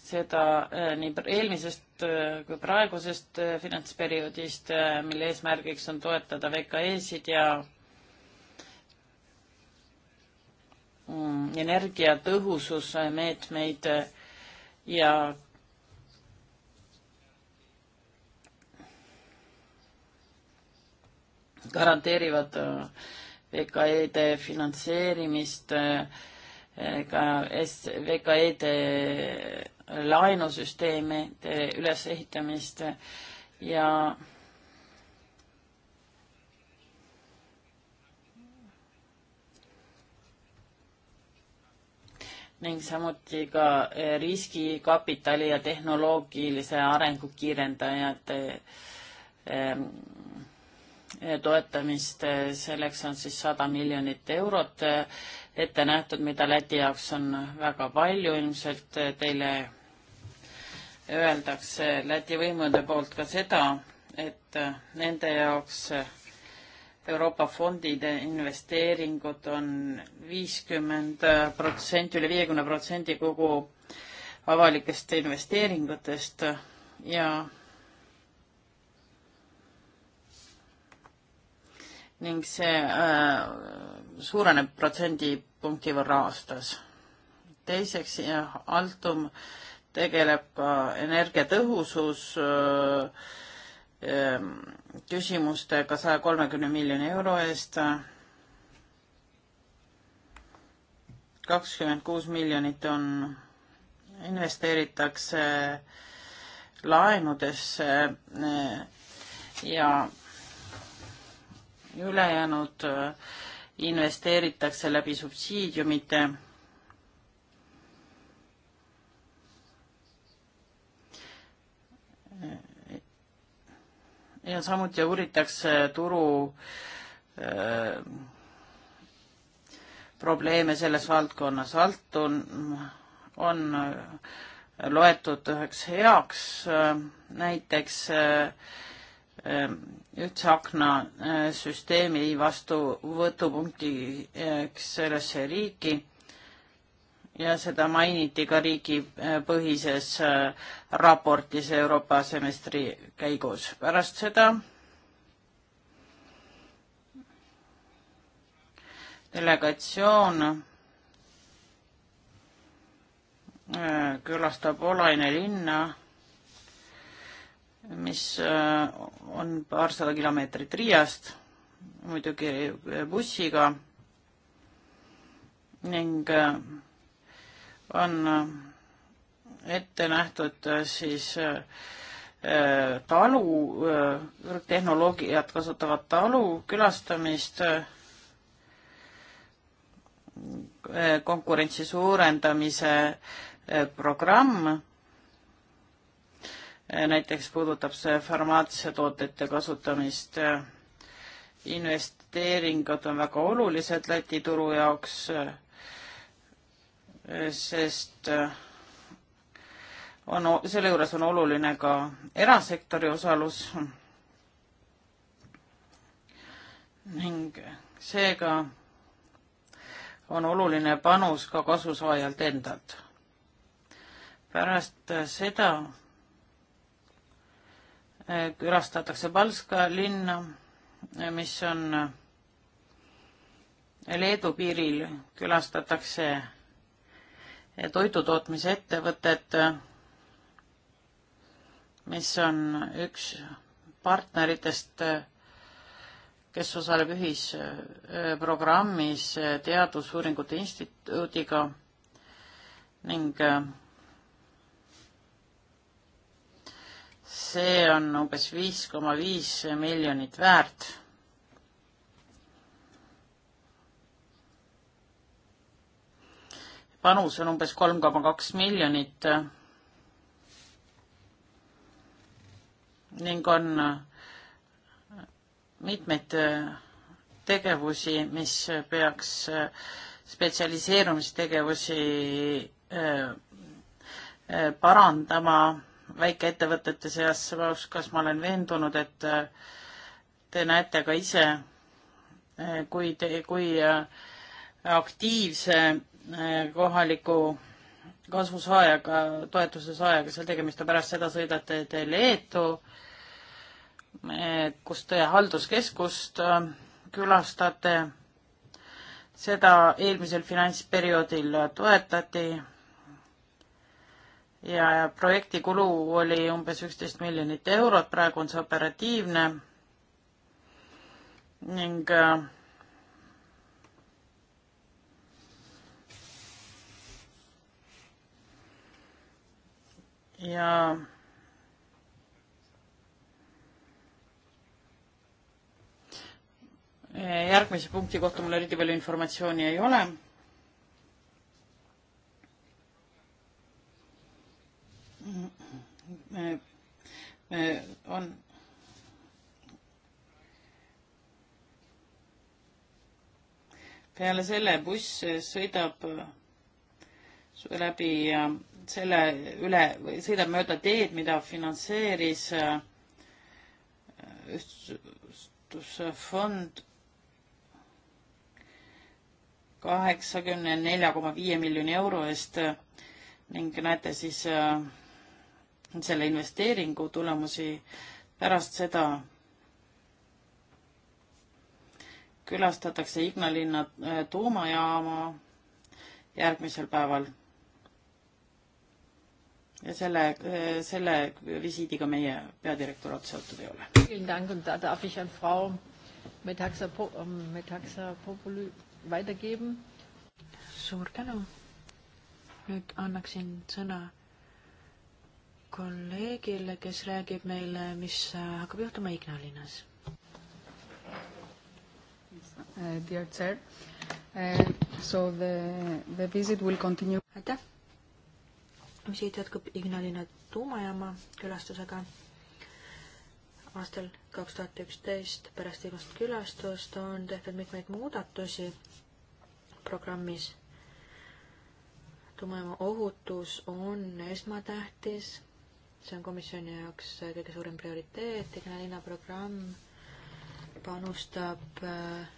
seda äh, nii eelmisest äh, kui praegusest äh, finantsperioodist, mille eesmärgiks on toetada VKE-sid ja mm, energiatõhususe meetmeid ja garanteerivad äh, VKE-de finantseerimist, eh, ka VKE-de laenusüsteemide ülesehitamist ja ning samuti ka eh, riskikapitali ja tehnoloogilise arengu kiirendajate eh, toetamist, selleks on siis sada miljonit eurot ette nähtud, mida Läti jaoks on väga palju, ilmselt teile öeldakse Läti võimude poolt ka seda, et nende jaoks Euroopa fondide investeeringud on viiskümmend protsenti, üle viiekümne protsendi kogu avalikest investeeringutest ja ning see äh, suureneb protsendipunkti võrra aastas. teiseks, Altum tegeleb ka energiatõhusus äh, äh, küsimustega saja kolmekümne miljoni euro eest, kakskümmend kuus miljonit on, investeeritakse laenudesse äh, ja ülejäänud äh, investeeritakse läbi subsiidiumite ja samuti uuritakse turu öö, äh, probleeme selles valdkonnas. alt on, on äh, loetud üheks heaks öö, näiteks öö, üldse aknasüsteemi äh, vastuvõtupunktiks sellesse riiki ja seda mainiti ka riigipõhises äh, raportis Euroopa semestri käigus. pärast seda delegatsioon äh, külastab Olaine linna mis äh, on paarsada kilomeetrit Riiast, muidugi bussiga ning äh, on äh, ette nähtud siis talu, kõrgtehnoloogiat kasutavat talu külastamist, konkurentsi suurendamise programm Eh, näiteks puudutab see farmaatsiatoodete kasutamist. Eh, investeeringud on väga olulised Läti turu jaoks, eh, sest on, selle juures on oluline ka erasektori osalus ning seega on oluline panus ka kasusaajalt endalt. pärast seda külastatakse Palska linna, mis on eh, Leedu piiril, külastatakse eh, toidutootmise ettevõtet, mis on üks partneritest, kes osaleb ühisprogrammis eh, Teadusuuringute Instituudiga ning see on umbes viis koma viis miljonit väärt. panus on umbes kolm koma kaks miljonit ning on mitmeid tegevusi, mis peaks, spetsialiseerumistegevusi äh, äh, parandama väikeettevõtete seas, kas ma olen veendunud, et äh, te näete ka ise, äh, kui te, kui äh, aktiivse kohaliku kasvusaajaga, toetuse saajaga seal tegemist on, pärast seda sõidate te Leetu, kus te halduskeskust külastate, seda eelmisel finantsperioodil toetati ja projekti kulu oli umbes üksteist miljonit eurot, praegu on see operatiivne ning äh, ja järgmise punkti kohta mul eriti palju informatsiooni ei ole on peale selle buss sõidab läbi selle üle või sõidab mööda teed, mida finantseeris äh, ühtsustusfond kaheksakümne nelja koma viie miljoni euro eest ning näete siis äh, selle investeeringu tulemusi pärast seda külastatakse Ignalinna äh, tuumajaama järgmisel päeval. ja selle, äh, selle visiidiga meie peadirektoraat seotud ei ole. Ähm, suur tänu. nüüd annaksin sõna kolleegile, kes räägib meile, mis hakkab juhtuma Ignalinnas. Uh, dear chair, uh, so the, the visit will continue. aitäh. siit jätkub Ignalina tuumajaama külastusega. aastal kaks tuhat üksteist pärast viimast külastust on tehtud mitmeid muudatusi programmis tuumajaama ohutus on esmatähtis see on komisjoni jaoks kõige suurem prioriteet, Igna linna programm panustab äh,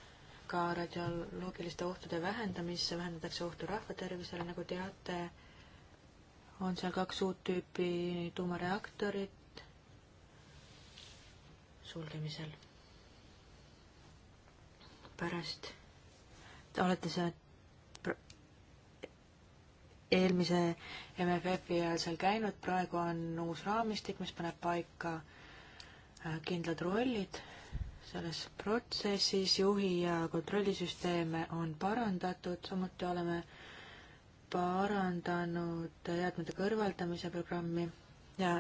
ka radioloogiliste ohtude vähendamisse, vähendatakse ohtu rahvatervisele, nagu teate, on seal kaks uut tüüpi tuumareaktorit sulgemisel. pärast olete sealt eelmise MFF-i ajal seal käinud, praegu on uus raamistik, mis paneb paika äh, kindlad rollid selles protsessis, juhi ja kontrollisüsteeme on parandatud, samuti oleme parandanud jäätmete kõrvaldamise programmi ja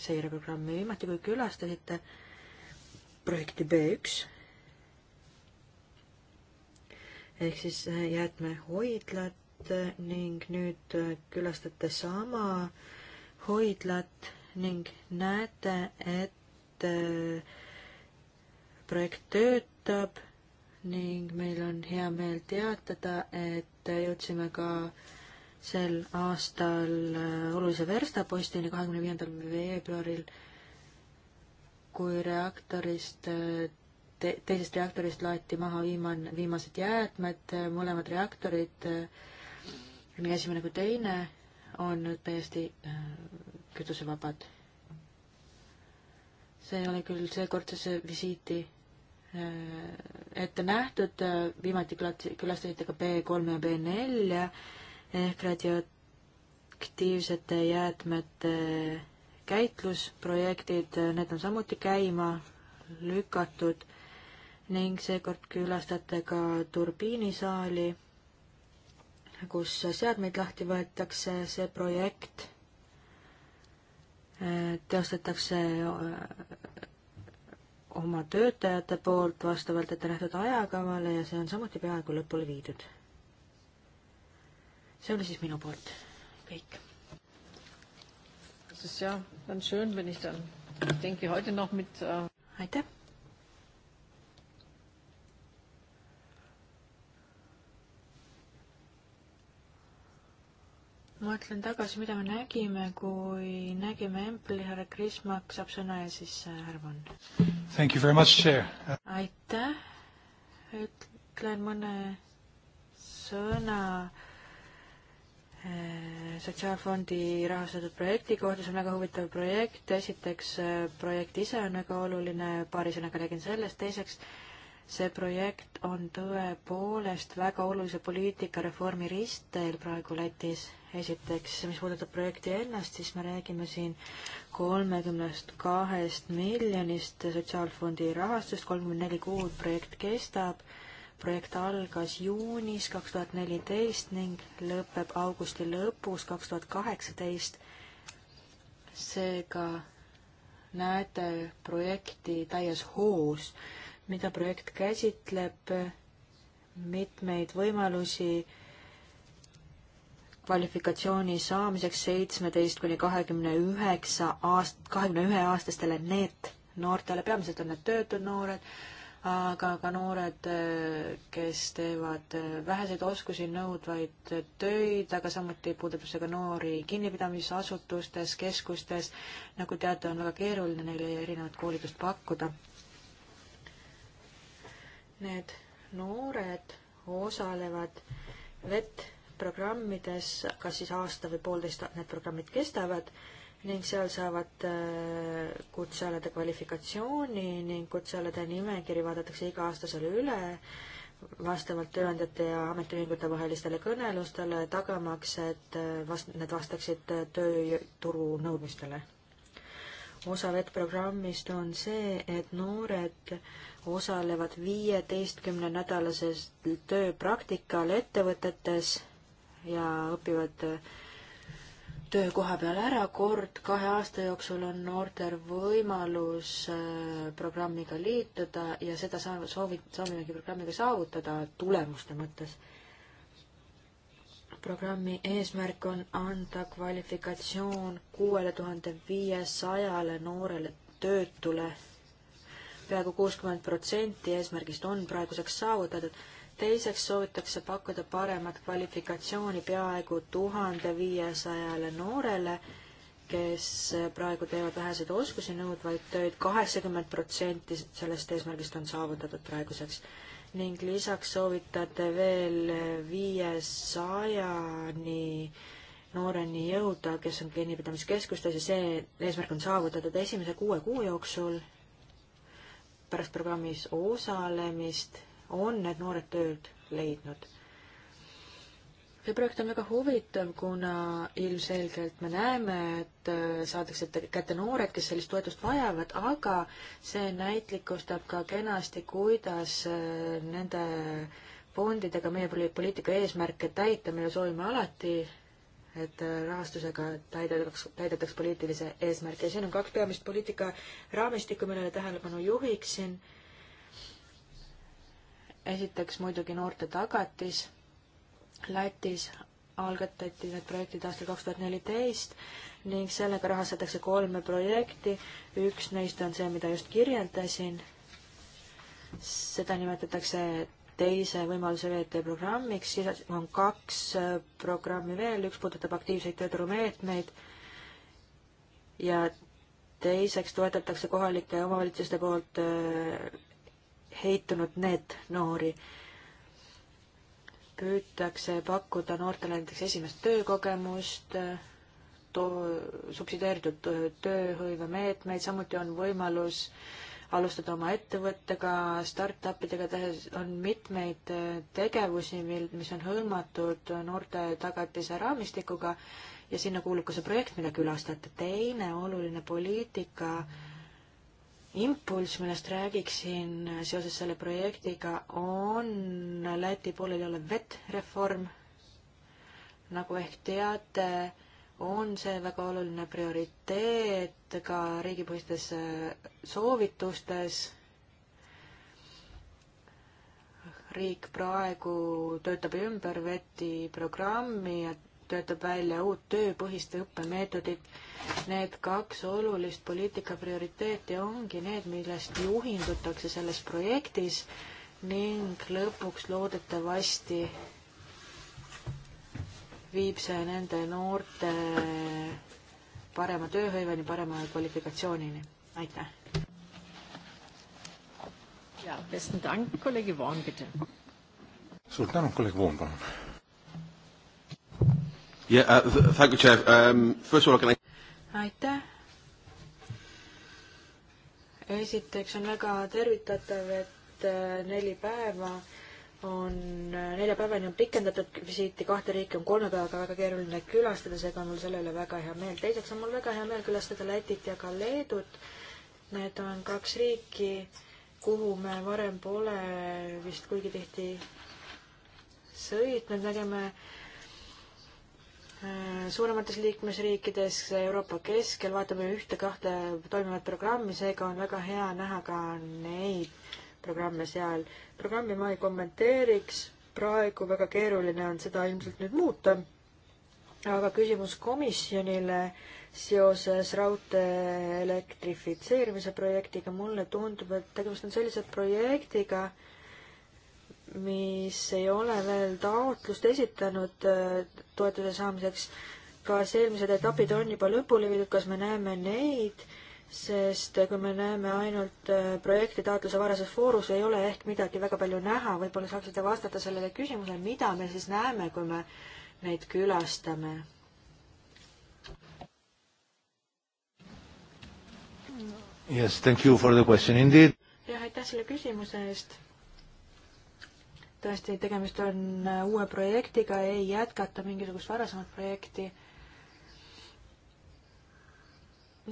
seireprogrammi. viimati, kui külastasite projekti B1 ehk siis äh, jäätmehoidlad, ning nüüd külastate sama hoidlat ning näete, et projekt töötab ning meil on hea meel teatada, et jõudsime ka sel aastal äh, olulise verstapostini kahekümne viiendal veebruaril, kui reaktorist äh, te, teisest reaktorist laeti maha viimane, viimased jäätmed, äh, mõlemad reaktorid äh, nii esimene kui teine on nüüd täiesti äh, kütusevabad. see ei ole küll seekordsesse visiiti äh, ette nähtud, viimati külastasite ka B3 ja B4 ehk radioaktiivsete jäätmete käitlusprojektid, need on samuti käima lükatud ning seekord külastate ka turbiinisaali kus seadmeid lahti võetakse, see projekt äh, teostatakse äh, oma töötajate poolt vastavalt ette nähtud ajakavale ja see on samuti peaaegu lõpule viidud. see oli siis minu poolt kõik. Äh, aitäh! mõtlen tagasi, mida me nägime, kui nägime Empli, härra Krismak saab sõna ja siis äh, härra Von. Thank you very much, Chair. aitäh, ütlen mõne sõna äh, sotsiaalfondi rahastatud projekti kohta, see on väga huvitav projekt, esiteks äh, projekt ise on väga oluline, paari sõnaga räägin sellest, teiseks äh, see projekt on tõepoolest väga olulise poliitikareformi ristteel praegu Lätis. esiteks, mis puudutab projekti ennast, siis me räägime siin kolmekümnest kahest miljonist sotsiaalfondi rahastust, kolmkümmend neli kuud projekt kestab. projekt algas juunis kaks tuhat neliteist ning lõpeb augusti lõpus kaks tuhat kaheksateist. seega näete projekti täies hoos mida projekt käsitleb, mitmeid võimalusi kvalifikatsiooni saamiseks seitsmeteist kuni kahekümne üheksa aast-, kahekümne ühe aastastele NEET-noortele, peamiselt on need töötud noored, aga ka noored, kes teevad väheseid oskusi nõudvaid töid, aga samuti puudutab see ka noori kinnipidamisasutustes, keskustes. nagu teate, on väga keeruline neile erinevat koolitust pakkuda need noored osalevad VET programmides, kas siis aasta või poolteist need programmid kestavad ning seal saavad äh, kutsealade kvalifikatsiooni ning kutsealade nimekiri vaadatakse iga-aastasele üle vastavalt tööandjate ja ametiühingute vahelistele kõnelustele, tagamaks, et äh, vast-, need vastaksid äh, tööturu nõudmistele osa VET programmist on see, et noored osalevad viieteistkümnenädalases tööpraktikal ettevõtetes ja õpivad töö koha peal ära kord kahe aasta jooksul on noortel võimalus äh, programmiga liituda ja seda soovi, soovimegi programmiga saavutada tulemuste mõttes programmi eesmärk on anda kvalifikatsioon kuuele tuhande viiesajale noorele töötule. peaaegu kuuskümmend protsenti eesmärgist on praeguseks saavutatud. teiseks soovitakse pakkuda paremat kvalifikatsiooni peaaegu tuhande viiesajale noorele, kes praegu teevad väheseid oskusi nõudvaid töid. kaheksakümmend protsenti sellest eesmärgist on saavutatud praeguseks ning lisaks soovitate veel viiesajani nooreni jõuda, kes on kinnipidamiskeskustes ja see eesmärk on saavutatud esimese kuue kuu jooksul. pärast programmis osalemist on need noored tööd leidnud see projekt on väga huvitav, kuna ilmselgelt me näeme, et äh, saadakse kätte noored, kes sellist toetust vajavad, aga see näitlikustab ka kenasti, kuidas äh, nende fondidega meie poliitika eesmärke täita, me ju soovime alati, et äh, rahastusega täidetaks, täidetaks poliitilise eesmärgi ja siin on kaks peamist poliitika raamistikku, millele tähelepanu juhiksin. esiteks muidugi noorte tagatis Lätis algatati need projektid aastal kaks tuhat neliteist ning sellega rahastatakse kolme projekti. üks neist on see, mida just kirjeldasin. seda nimetatakse teise võimaluse VT programmiks, siis on kaks äh, programmi veel, üks puudutab aktiivseid tööturumeetmeid ja teiseks toetatakse kohalike omavalitsuste poolt äh, heitunud NEET-noori püütakse pakkuda noortele näiteks esimest töökogemust, subsideeritud tööhõivemeetmeid, samuti on võimalus alustada oma ettevõttega, startup idega tehes on mitmeid äh, tegevusi, mil, mis on hõlmatud noorte tagatise raamistikuga ja sinna kuulub ka see projekt, mida külastate. teine oluline poliitika mm -hmm impulss, millest räägiksin seoses selle projektiga, on Läti pooleli olev vettreform. nagu ehk teate, on see väga oluline prioriteet ka riigipõhistes äh, soovitustes. riik praegu töötab ümber VET-i programmi, et töötab välja uut tööpõhist õppemeetodit. Need kaks olulist poliitika prioriteeti ongi need, millest juhindutakse selles projektis ning lõpuks loodetavasti viib see nende noorte parema tööhõiveni, parema kvalifikatsioonini. aitäh! ja, besten Dank, kolleeg Ivan, bitte! suur tänu, kolleeg Voon, palun! Yeah, uh, thank you, Chair. Um, first of all, can I... aitäh. esiteks on väga tervitatav, et äh, neli päeva on, äh, nelja päevani on pikendatud visiiti, kahte riiki on kolme päevaga väga keeruline külastada, seega on mul selle üle väga hea meel. teiseks on mul väga hea meel külastada Lätit ja ka Leedut. Need on kaks riiki, kuhu me varem pole vist kuigi tihti sõitnud, nägime äh, Äh, suuremates liikmesriikides Euroopa keskel, vaatame ühte-kahte toimivat programmi, seega on väga hea näha ka neid programme seal. programmi ma ei kommenteeriks, praegu väga keeruline on seda ilmselt nüüd muuta. aga küsimus komisjonile seoses raudtee elektrifitseerimise projektiga, mulle tundub, et tegemist on sellise projektiga, mis ei ole veel taotlust esitanud äh, toetuse saamiseks, kas eelmised etapid on juba lõpule viidud, kas me näeme neid, sest kui me näeme ainult äh, projekti taotluse varases voorus, ei ole ehk midagi väga palju näha, võib-olla saaksite vastata sellele küsimusele, mida me siis näeme, kui me neid külastame? Yes, thank you for the question indeed. jah, aitäh selle küsimuse eest tõesti, tegemist on äh, uue projektiga, ei jätkata mingisugust varasemat projekti.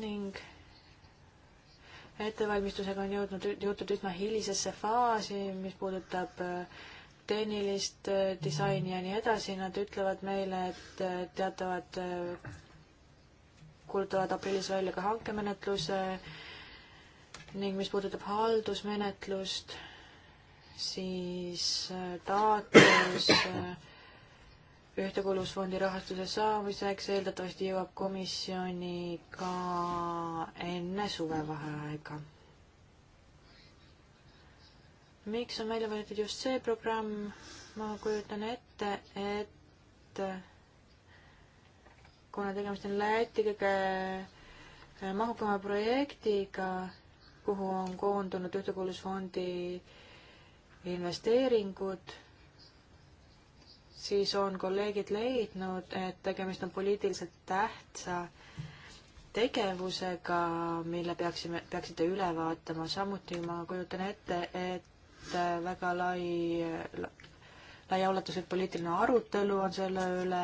ning ettevalmistusega on jõudnud, jõutud üsna hilisesse faasi, mis puudutab äh, tehnilist äh, disaini ja nii edasi, nad ütlevad meile, et teatavad, kuulutavad aprillis välja ka hankemenetluse ning mis puudutab haldusmenetlust siis äh, taotlus äh, ühtekuuluvusfondi rahastuse saamiseks eeldatavasti jõuab komisjoni ka enne suvevaheaega. miks on välja valitud just see programm? ma kujutan ette, et äh, kuna tegemist on Läti kõige mahukama projektiga, kuhu on koondunud Ühtekuuluvusfondi investeeringud, siis on kolleegid leidnud, et tegemist on poliitiliselt tähtsa tegevusega, mille peaksime, peaksite üle vaatama, samuti ma kujutan ette, et väga lai, laiaulatuslik poliitiline arutelu on selle üle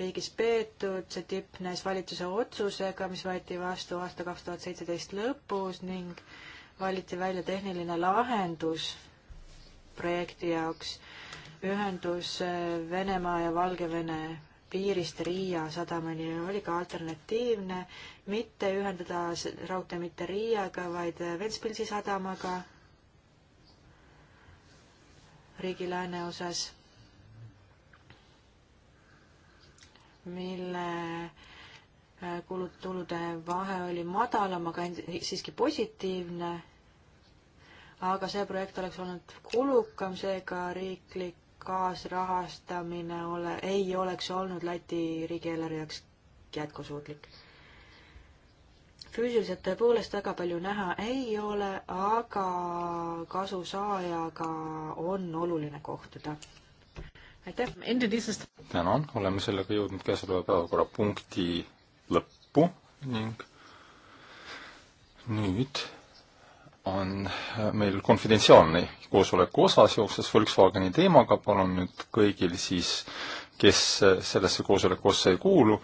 riigis peetud, see tipnes valitsuse otsusega, mis võeti vastu aasta kaks tuhat seitseteist lõpus ning valiti välja tehniline lahendus projekti jaoks ühendus äh, Venemaa ja Valgevene piirist Riia sadamani oli ka alternatiivne, mitte ühendada raudtee mitte Riiaga, vaid äh, Ventspilsi sadamaga riigi lääneosas, mille äh, kulud, tulude vahe oli madalam, aga siiski positiivne aga see projekt oleks olnud kulukam, seega riiklik kaasrahastamine ole, ei oleks olnud Läti riigieelarve jaoks jätkusuutlik. füüsiliselt tõepoolest väga palju näha ei ole, aga kasusaajaga on oluline kohtuda. aitäh! tänan, oleme sellega jõudnud käesoleva päevakorrapunkti lõppu ning nüüd on äh, meil konfidentsiaalne koosoleku osa seoses Volkswageni teemaga, palun nüüd kõigil siis, kes äh, sellesse koosoleku ossa ei kuulu,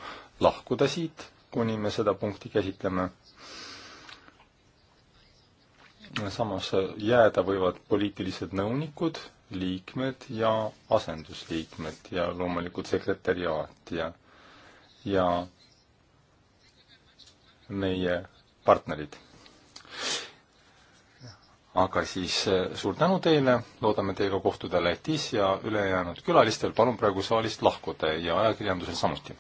lahkuda siit, kuni me seda punkti käsitleme. samas äh, jääda võivad poliitilised nõunikud, liikmed ja asendusliikmed ja loomulikult sekretäriaat ja, ja meie partnerid aga siis eh, suur tänu teile, loodame teiega kohtuda Lätis ja ülejäänud külalistel palun praegu saalist lahkuda ja ajakirjandusel samuti.